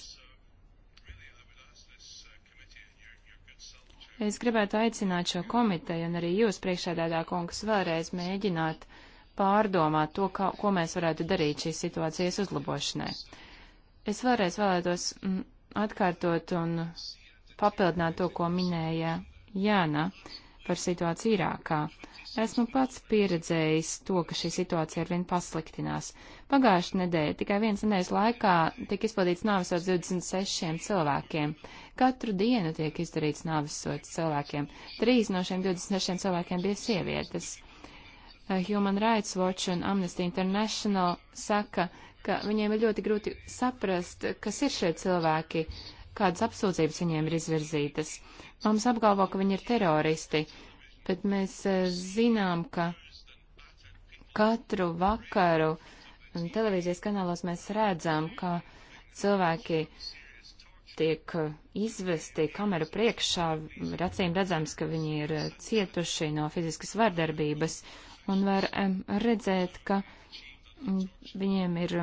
Es gribētu aicināt šo komiteju un arī jūs priekšēdētā kungs vēlreiz mēģināt pārdomāt to, kā, ko mēs varētu darīt šīs situācijas uzlabošanai. Es vēlreiz vēlētos mm, atkārtot un papildināt to, ko minēja Jāna par situāciju Irākā. Esmu pats pieredzējis to, ka šī situācija arvien pasliktinās. Pagājušajā nedēļā tikai viens nedēļas laikā tika izpildīts nāvisots 26 cilvēkiem. Katru dienu tiek izdarīts nāvisots cilvēkiem. Trīs no šiem 26 cilvēkiem bija sievietes. Eh, Human Rights Watch un Amnesty International saka, ka viņiem ir ļoti grūti saprast, kas ir šie cilvēki kādas apsūdzības viņiem ir izvirzītas. Mums apgalvo, ka viņi ir teroristi, bet mēs e, zinām, ka katru vakaru televīzijas kanālos mēs redzam, ka cilvēki tiek e, izvesti kameru priekšā, ir acīm redzams, ka viņi ir e, cietuši no fiziskas vardarbības, un var redzēt, ka viņiem ir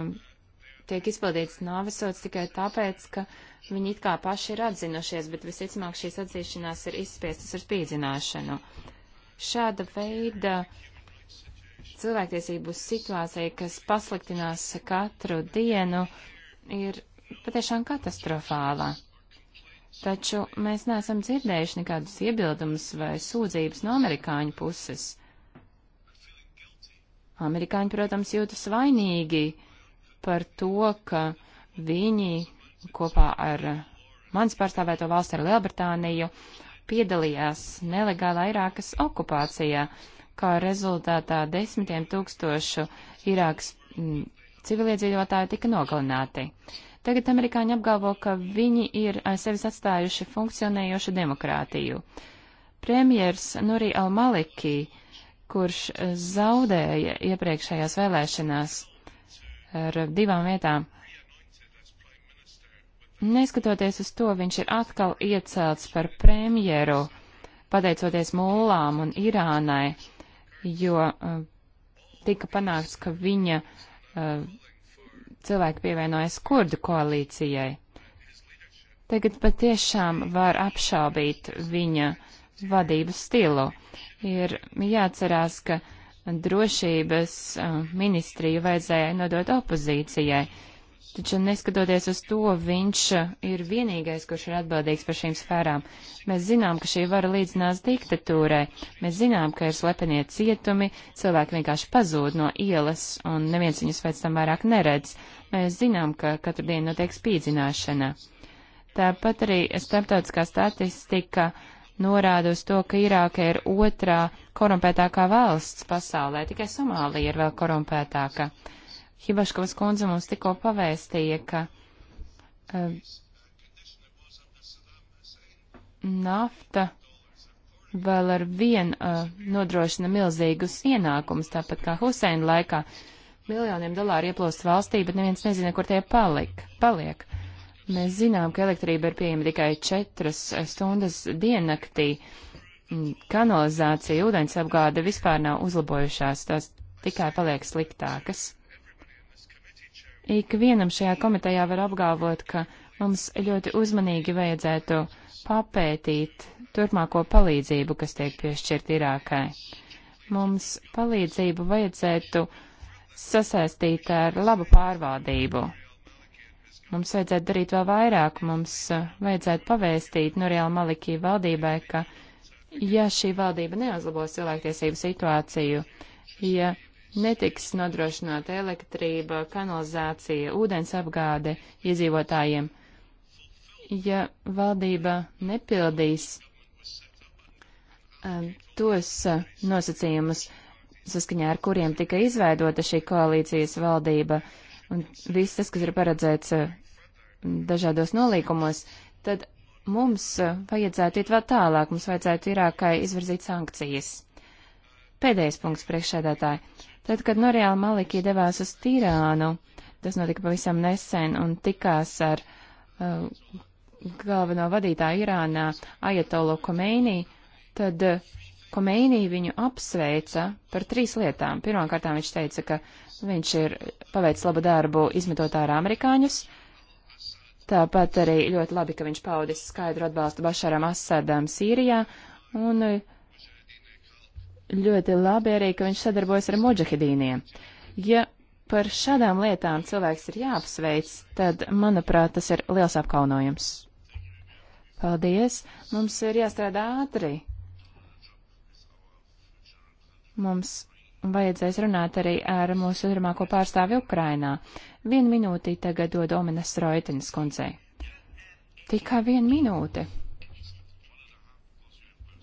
tiek izpildīts nāvesots tikai tāpēc, ka viņi it kā paši ir atzinušies, bet visticamāk šīs atzīšanās ir izspiestas ar spīdzināšanu. Šāda veida cilvēktiesību situācija, kas pasliktinās katru dienu, ir patiešām katastrofālā. Taču mēs neesam dzirdējuši nekādus iebildumus vai sūdzības no amerikāņu puses. Amerikāņi, protams, jūtas vainīgi, uh, par to, ka viņi kopā ar mans pārstāvēto valsti ar Lielbritāniju piedalījās nelegālā Irākas okupācijā, kā rezultātā desmitiem tūkstošu Irākas mm, civiliedzīvotāju tika nogalināti. Tagad amerikāņi apgalvo, ka viņi ir aiz eh, sevis atstājuši funkcionējošu demokrātiju. Premjers Nurī Al-Maliki, kurš eh, zaudēja iepriekšējās vēlēšanās, ar divām vietām. Neskatoties uz to, viņš ir atkal iecelts par premjeru, pateicoties mūlām un Irānai, jo uh, tika panākts, ka viņa uh, cilvēki pievienojas kurdu koalīcijai. Tagad patiešām var apšaubīt viņa vadības stilu. Ir jāatcerās, ka uh, drošības ministriju vajadzēja nodot opozīcijai. Taču neskatoties uz to, viņš ir vienīgais, kurš ir atbildīgs par šīm sfērām. Mēs zinām, ka šī vara līdzinās diktatūrai. Mēs zinām, ka ir slepenie cietumi, cilvēki vienkārši pazūd no ielas un neviens viņus pēc tam vairāk neredz. Mēs zinām, ka katru dienu notiek spīdzināšana. Tāpat arī starptautiskā statistika uh, norāda uz to, ka Irāka ir otrā korumpētākā valsts pasaulē, tikai Somālija ir vēl korumpētāka. Hibaškovas kundze mums tikko pavēstīja, ka uh, nafta vēl ar vien uh, nodrošina milzīgus ienākumus, tāpat kā Huseina laikā. Miljoniem dolāru ieplūst valstī, bet neviens nezina, kur tie palik, paliek. paliek. Mēs zinām, ka elektrība ir pieejama tikai 4 stundas diennaktī. Kanalizācija, ūdens apgāde vispār nav uzlabojušās, tās tikai paliek sliktākas. Ik vienam šajā komitejā var apgalvot, ka mums ļoti uzmanīgi vajadzētu papētīt turpmāko palīdzību, kas tiek piešķirt Irākai. Mums palīdzību vajadzētu sasaistīt ar labu pārvaldību. Mums vajadzētu darīt vēl vairāk, mums eh, vajadzētu pavēstīt Nurjāla Malikī valdībai, ka ja šī valdība neuzlabos cilvēktiesību situāciju, ja netiks nodrošināta elektrība, kanalizācija, ūdens apgāde iedzīvotājiem, ja valdība nepildīs eh, tos eh, nosacījumus, saskaņā ar kuriem tika izveidota šī koalīcijas valdība, un viss tas, kas ir paredzēts dažādos nolīkumos, tad mums eh, vajadzētu iet vēl tālāk, mums vajadzētu Irākai izvirzīt sankcijas. Pēdējais punkts priekšsēdētāji. Tad, kad Norijāla Malikī devās uz Tirānu, tas notika pavisam nesen un tikās ar uh, galveno vadītāju Irānā Ajatolo Komēnī, tad uh, eh, Komēnī viņu apsveica par trīs lietām. Pirmkārt, viņš teica, ka viņš ir paveicis labu darbu izmetot ārā amerikāņus. Uh, Tāpat arī ļoti labi, ka viņš paudis skaidru atbalstu Bašaram Asadam Sīrijā, un eh, ļoti labi arī, ka viņš sadarbojas ar muģahidīniem. Ja par šādām lietām cilvēks ir jāapsveic, tad, manuprāt, tas ir liels apkaunojums. Paldies! Mums ir jāstrādā ātri! Mums vajadzēs runāt arī ar mūsu uzrunāko pārstāvi Ukrainā. Vienu minūti tagad dod Omenas Roitenes kundzei. Tikai viena minūte.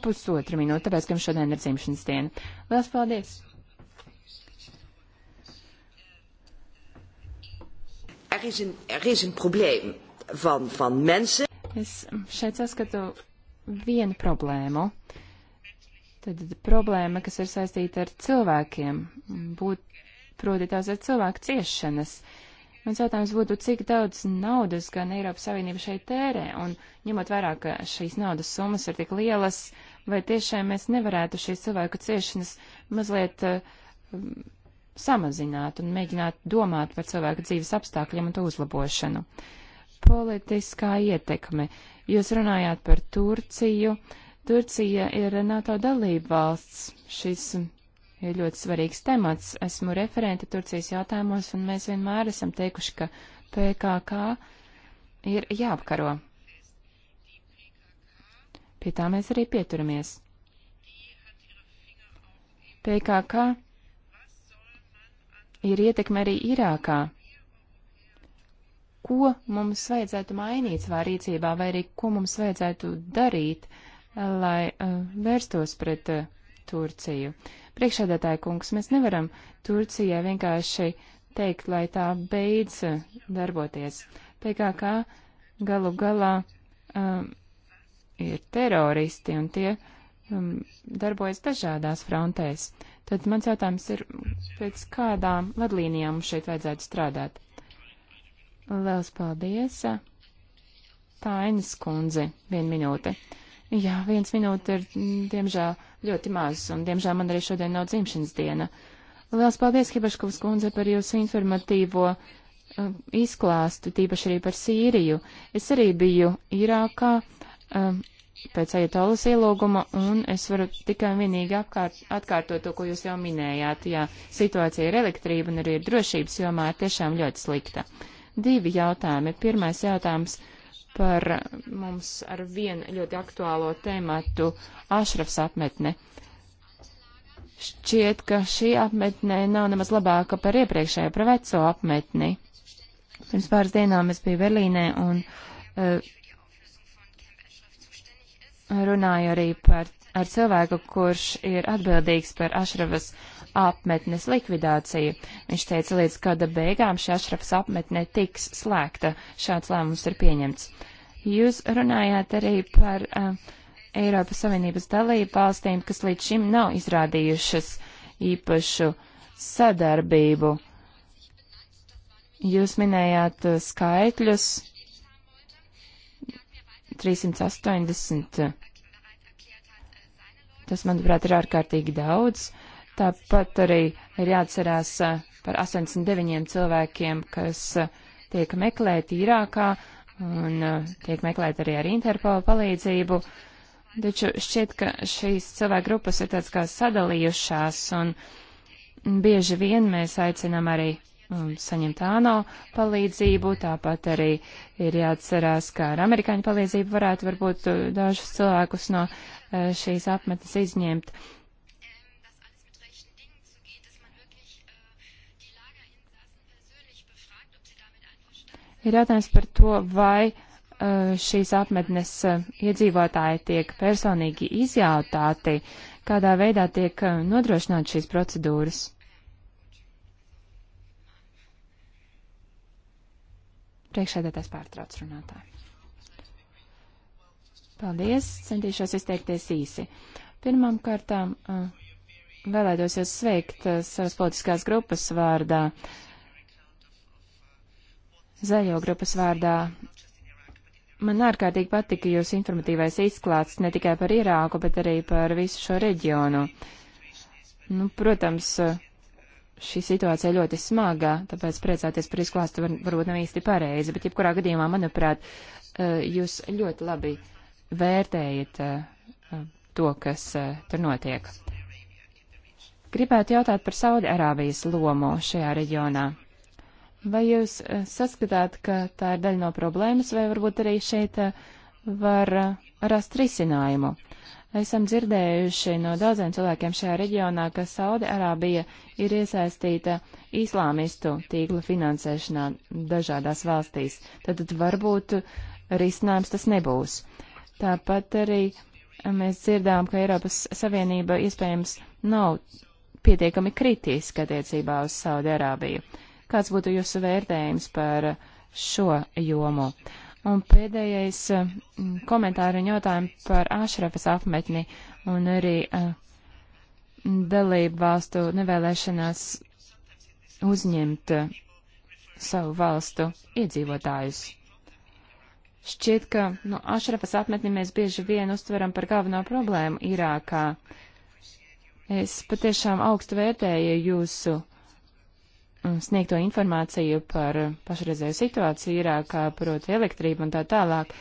Pusotra minūte, tāpēc, ka mums šodien ir dzimšanas diena. Lielas paldies! Er is een, er is een probleem van, van mensen. Es šeit saskatu vienu problēmu. Uh, Tad problēma, kas ir saistīta ar cilvēkiem, būt, proti tās ir cilvēku ciešanas. Mans jautājums būtu, cik daudz naudas gan Eiropas Savienība šeit tērē, un ņemot vērā, ka šīs naudas summas ir tik lielas, vai tiešām mēs nevarētu šīs cilvēku ciešanas mazliet uh, samazināt un mēģināt domāt par cilvēku dzīves apstākļiem un to uzlabošanu. Politiskā ietekme. Jūs runājāt par Turciju. Uh, Turcija ir NATO dalība valsts. Šis ir ļoti svarīgs temats. Esmu referente Turcijas jautājumos, un mēs vienmēr esam teikuši, ka PKK ir jāapkaro. Pie tā mēs arī pieturamies. PKK ir ietekme arī Irākā. Ko mums vajadzētu mainīt savā rīcībā, vai arī ko mums vajadzētu darīt? Uh, lai eh, vērstos pret eh, Turciju. Priekšādātāja kungs, mēs nevaram Turcijai vienkārši teikt, lai tā beidz eh, darboties. PKK galu galā um, ir teroristi un tie um, darbojas dažādās frontēs. Tad mans jautājums ir, pēc kādām vadlīnijām mums šeit vajadzētu strādāt? Liels paldies! Tainas kundze, viena minūte. Uh, Jā, viens minūte ir, diemžēl, ļoti maz, un, diemžēl, man arī šodien nav dzimšanas diena. Lielas paldies, Hibaškovs kundze, par jūsu informatīvo uh, izklāstu, tīpaši arī par Sīriju. Es arī biju Irākā uh, pēc Ajatolas ielūguma, un es varu tikai un vienīgi apkārt, atkārtot to, ko jūs jau minējāt. Jā, situācija ar elektrību un arī ar drošības jomā ir tiešām ļoti slikta. Divi jautājumi. Pirmais jautājums. Uh, par mums ar vienu ļoti aktuālo tēmatu - Ašrafs apmetne. Šķiet, ka šī apmetne nav nemaz labāka par iepriekšējo, par veco apmetni. Pirms pāris dienām es biju Berlīnē un uh, runāju arī par, ar cilvēku, kurš ir atbildīgs par Ašravas apmetnes likvidāciju. Viņš teica, līdz gada beigām šī Ašrafs apmetne tiks slēgta. Šāds lēmums ir pieņemts. Jūs runājāt arī par uh, Eiropas Savienības dalību valstīm, kas līdz šim nav izrādījušas īpašu sadarbību. Jūs minējāt eh, skaitļus 380. Tas, manuprāt, ir ārkārtīgi daudz. Tāpat arī ir jāatcerās eh, par 89 cilvēkiem, kas eh, tiek meklēti Irākā un eh, tiek meklēti arī ar Interpolu palīdzību. Taču šķiet, ka šīs cilvēku grupas ir tāds kā sadalījušās un bieži vien mēs aicinām arī um, saņemt ANO palīdzību, tāpat arī ir jāatcerās, ka ar amerikāņu palīdzību varētu varbūt dažus cilvēkus no uh, šīs apmetas izņemt. Ir jautājums par to, vai eh, šīs apmetnes eh, iedzīvotāji tiek personīgi izjautāti, kādā veidā tiek eh, nodrošināt šīs procedūras. Priekšēdētājs pārtrauc runātāju. Paldies, centīšos izteikties īsi. Pirmām kārtām vēlētos jūs sveikt savas politiskās grupas vārdā. Uh, Zaļo grupas vārdā. Man ārkārtīgi patika jūsu informatīvais izklāsts ne tikai par Irāku, bet arī par visu šo reģionu. Nu, protams, šī situācija ļoti smaga, tāpēc priecāties par izklāstu var, varbūt nav īsti pareizi, bet jebkurā gadījumā, manuprāt, eh, jūs ļoti labi vērtējat eh, to, kas eh, tur notiek. Gribētu jautāt par Saudi Arābijas lomu šajā reģionā. Vai jūs eh, saskatāt, ka tā ir daļa no problēmas, vai varbūt arī šeit eh, var eh, rast risinājumu? Esam dzirdējuši no daudziem cilvēkiem šajā reģionā, ka Saudi-Arābija ir iesaistīta islāmistu tīkla finansēšanā dažādās valstīs. Tad, tad varbūt risinājums tas nebūs. Tāpat arī mēs dzirdām, ka Eiropas Savienība iespējams nav pietiekami kritiska attiecībā uz Saudi-Arābiju. Kāds būtu jūsu vērtējums par šo jomu? Un pēdējais mm, komentāri un jautājumi par Ašrafas apmetni un arī uh, dalību valstu nevēlēšanās uzņemt savu valstu iedzīvotājus. Šķiet, ka nu, Ašrafas apmetni mēs bieži vien uztveram par galveno problēmu Irākā. Es patiešām augstu vērtēju jūsu Mm, sniegto informāciju par pašreizēju situāciju Irākā, proti elektrību un tā tālāk.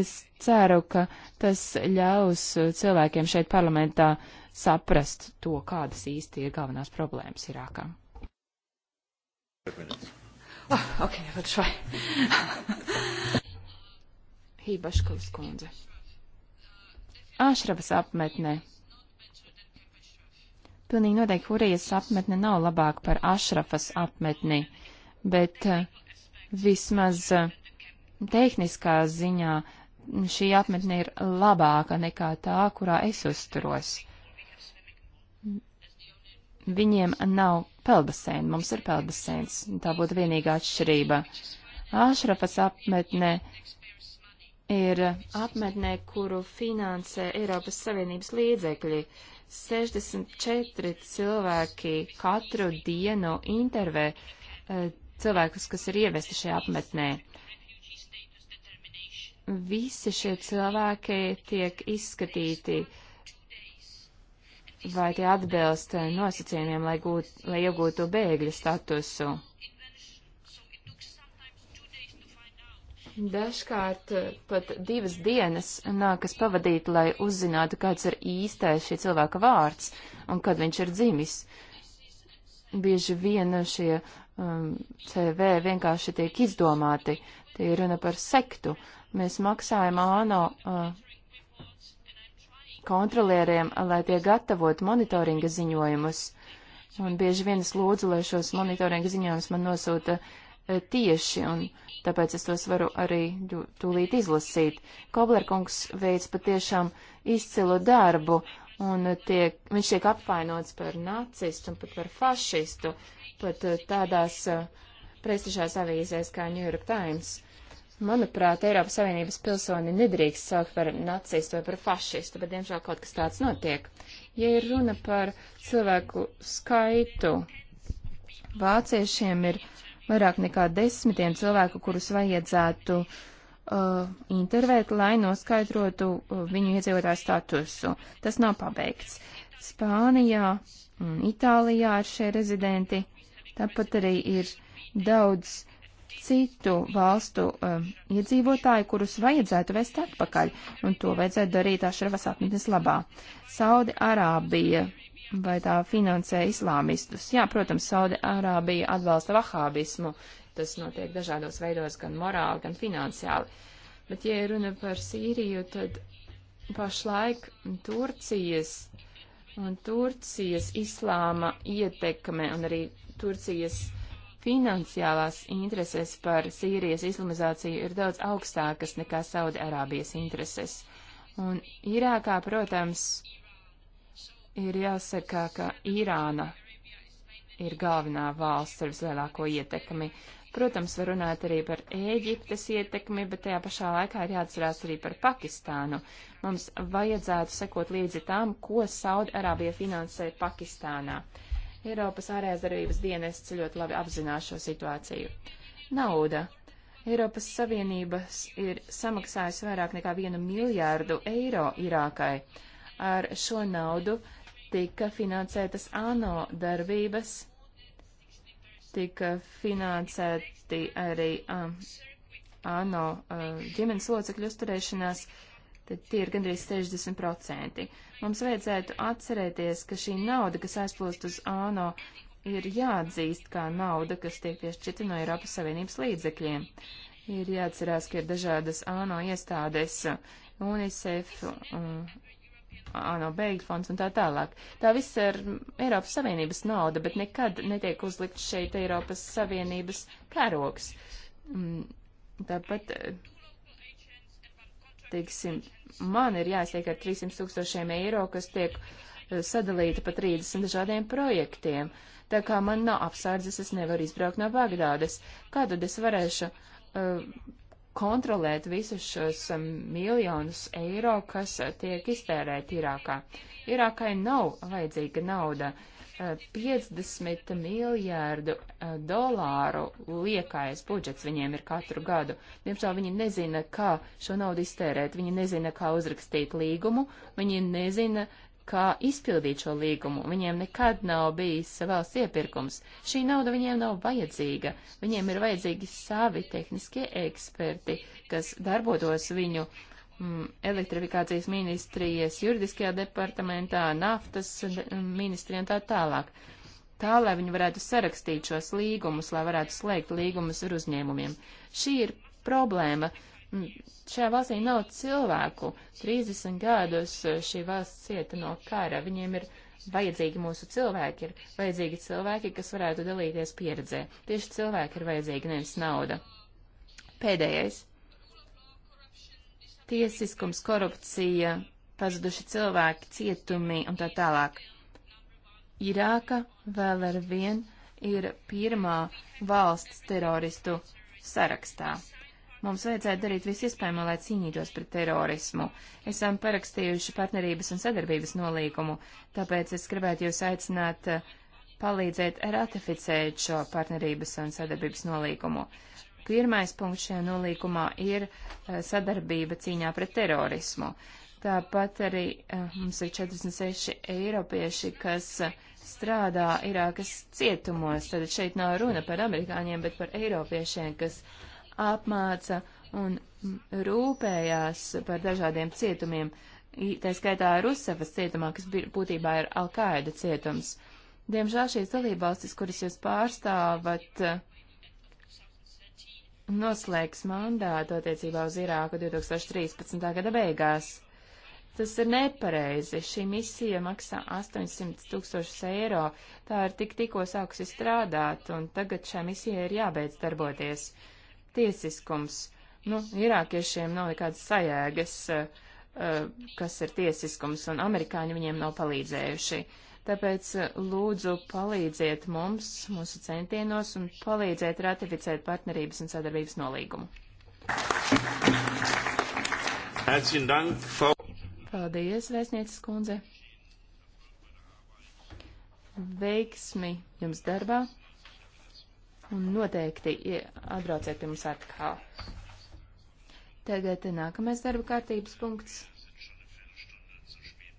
Es ceru, ka tas ļaus cilvēkiem šeit parlamentā saprast to, kādas īsti ir galvenās problēmas Irākā. Oh, okay, I will try. Hībaškovs kundze. Ašravas apmetne Pilnīgi noteikti Hurijas apmetne nav labāka par Ašrafas apmetni, bet eh, vismaz eh, tehniskā ziņā šī apmetne ir labāka nekā tā, kurā es uzturos. Viņiem nav peldbaseina, mums ir peldbaseins, tā būtu vienīgā atšķirība. Ašrafas apmetne ir apmetnē, kuru finansē Eiropas Savienības līdzekļi. 64 cilvēki katru dienu intervē eh, cilvēkus, kas ir ievesti šajā apmetnē. Visi šie cilvēki tiek izskatīti, vai tie atbilst nosacījumiem, lai, gūt, lai iegūtu bēgļu statusu. Dažkārt eh, pat divas dienas nākas pavadīt, lai uzzinātu, kāds ir īstais šī cilvēka vārds un kad viņš ir dzimis. Bieži vien šie um, CV vienkārši tiek izdomāti. Tie ir runa par sektu. Mēs maksājam ANO uh, kontrolieriem, lai tie gatavot monitoringa ziņojumus. Un bieži vien es lūdzu, lai šos monitoringa ziņojumus man nosūta uh, E, tieši, un tāpēc es tos varu arī tūlīt izlasīt. Koblerkungs veids patiešām izcilu darbu, un tiek, viņš tiek apvainots par nacistu un pat par fašistu, pat e, tādās e, prestižās avīzēs kā New York Times. Manuprāt, Eiropas Savienības pilsoni nedrīkst saukt par nacistu vai par fašistu, bet diemžēl kaut kas tāds notiek. Ja ir runa par cilvēku skaitu, vāciešiem ir uh, vairāk nekā desmitiem cilvēku, kurus vajadzētu uh, intervēt, lai noskaidrotu uh, viņu iedzīvotāju statusu. Tas nav pabeigts. Spānijā un Itālijā ir šie rezidenti, tāpat arī ir daudz citu valstu um, uh, iedzīvotāju, kurus vajadzētu vest atpakaļ, un to vajadzētu darīt Ašravas apmetnes labā. Saudi Arābija vai tā finansē islāmistus. Jā, protams, Saudi-Arābija atbalsta vahābismu, tas notiek dažādos veidos, gan morāli, gan finansiāli. Bet, ja runa par Sīriju, tad pašlaik Turcijas un Turcijas islāma ietekme un arī Turcijas finansiālās intereses par Sīrijas islamizāciju ir daudz augstākas nekā Saudi-Arābijas intereses. Un Irākā, protams, ir jāsaka, ka Irāna ir galvenā valsts ar vislielāko ietekmi. Protams, var runāt arī par Ēģiptes ietekmi, bet tajā pašā laikā ir jāatcerās arī par Pakistānu. Mums vajadzētu sekot līdzi tam, ko Saudarābija finansē Pakistānā. Eiropas ārējās darbības dienests ļoti labi apzinās šo situāciju. Nauda. Eiropas Savienības ir samaksājusi vairāk nekā vienu miljārdu eiro Irākai. Ar šo naudu tika finansētas ANO darbības, tika finansēti arī um, ANO uh, ģimenes locekļu uzturēšanās, tad tie ir gandrīz 60%. Mums vajadzētu atcerēties, ka šī nauda, kas aizplūst uz ANO, ir jāatzīst kā nauda, kas tiek piešķirta no Eiropas Savienības līdzekļiem. Ir jāatcerās, ka ir dažādas ANO iestādes, UNICEF, um, ANO beigļu fonds un tā tālāk. Tā viss ir Eiropas Savienības nauda, bet nekad netiek uzlikt šeit Eiropas Savienības karoks. Mm, tāpat, teiksim, man ir jāiztiek ar 300 tūkstošiem eiro, kas tiek eh, sadalīta pa 30 dažādiem projektiem. Tā kā man nav apsardzes, es nevaru izbraukt no Bagdādes. Kā tad es varēšu uh, kontrolēt visus šos um, miljonus eiro, kas uh, tiek iztērēti Irākā. Irākai nav vajadzīga nauda. 50 uh, miljārdu uh, dolāru liekais budžets viņiem ir katru gadu. Diemžēl viņi nezina, kā šo naudu iztērēt, viņi nezina, kā uzrakstīt līgumu, viņi nezina, kā izpildīt šo līgumu. Viņiem nekad nav bijis valsts iepirkums. Šī nauda viņiem nav vajadzīga. Viņiem ir vajadzīgi savi tehniskie eksperti, kas darbotos viņu mm, elektrifikācijas ministrijas juridiskajā departamentā, naftas ministrijā un tā tālāk. Tā, lai viņi varētu sarakstīt šos līgumus, lai varētu slēgt līgumus ar uzņēmumiem. Šī ir problēma. Šajā valstī nav cilvēku. 30 gadus eh, šī valsts cieta no kara. Viņiem ir vajadzīgi mūsu cilvēki, ir vajadzīgi cilvēki, kas varētu dalīties pieredzē. Tieši cilvēki ir vajadzīgi, nevis nauda. Pēdējais. Tiesiskums, korupcija, pazuduši cilvēki, cietumi un tā tālāk. Irāka vēl ar vien ir pirmā valsts teroristu sarakstā. Mums vajadzētu darīt visu iespējamo, lai cīnītos pret terorismu. Esam parakstījuši partnerības un sadarbības nolīgumu, tāpēc es gribētu jūs aicināt eh, palīdzēt ratificēt šo partnerības un sadarbības nolīgumu. Pirmais punkts šajā nolīgumā ir eh, sadarbība cīņā pret terorismu. Tāpat arī eh, mums ir 46 eiropieši, kas strādā Irākas cietumos. Tad šeit nav runa par amerikāņiem, bet par eiropiešiem, kas apmāca un rūpējās par dažādiem cietumiem, tā skaitā Rusavas cietumā, kas būtībā ir Alkaida cietums. Diemžēl šīs dalībvalstis, kuras jūs pārstāvat, noslēgs mandātu attiecībā uz Irāku 2013. gada beigās. Tas ir nepareizi. Šī misija maksā 800 tūkstošus eiro. Tā ir tik tikko sākusi strādāt, un tagad šai misijai ir jābeidz darboties tiesiskums. Nu, irākiešiem nav nekādas sajēgas, eh, eh, kas ir tiesiskums, un amerikāņi viņiem nav palīdzējuši. Tāpēc eh, lūdzu palīdziet mums, mūsu centienos, un palīdziet ratificēt partnerības un sadarbības nolīgumu. Paldies, vēstnieces kundze. Veiksmi jums darbā un noteikti atbrauciet pie mums atkal. Tagad nākamais darba kārtības punkts.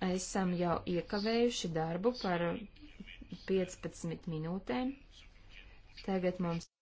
Esam jau iekavējuši darbu par 15 minūtēm. Tagad mums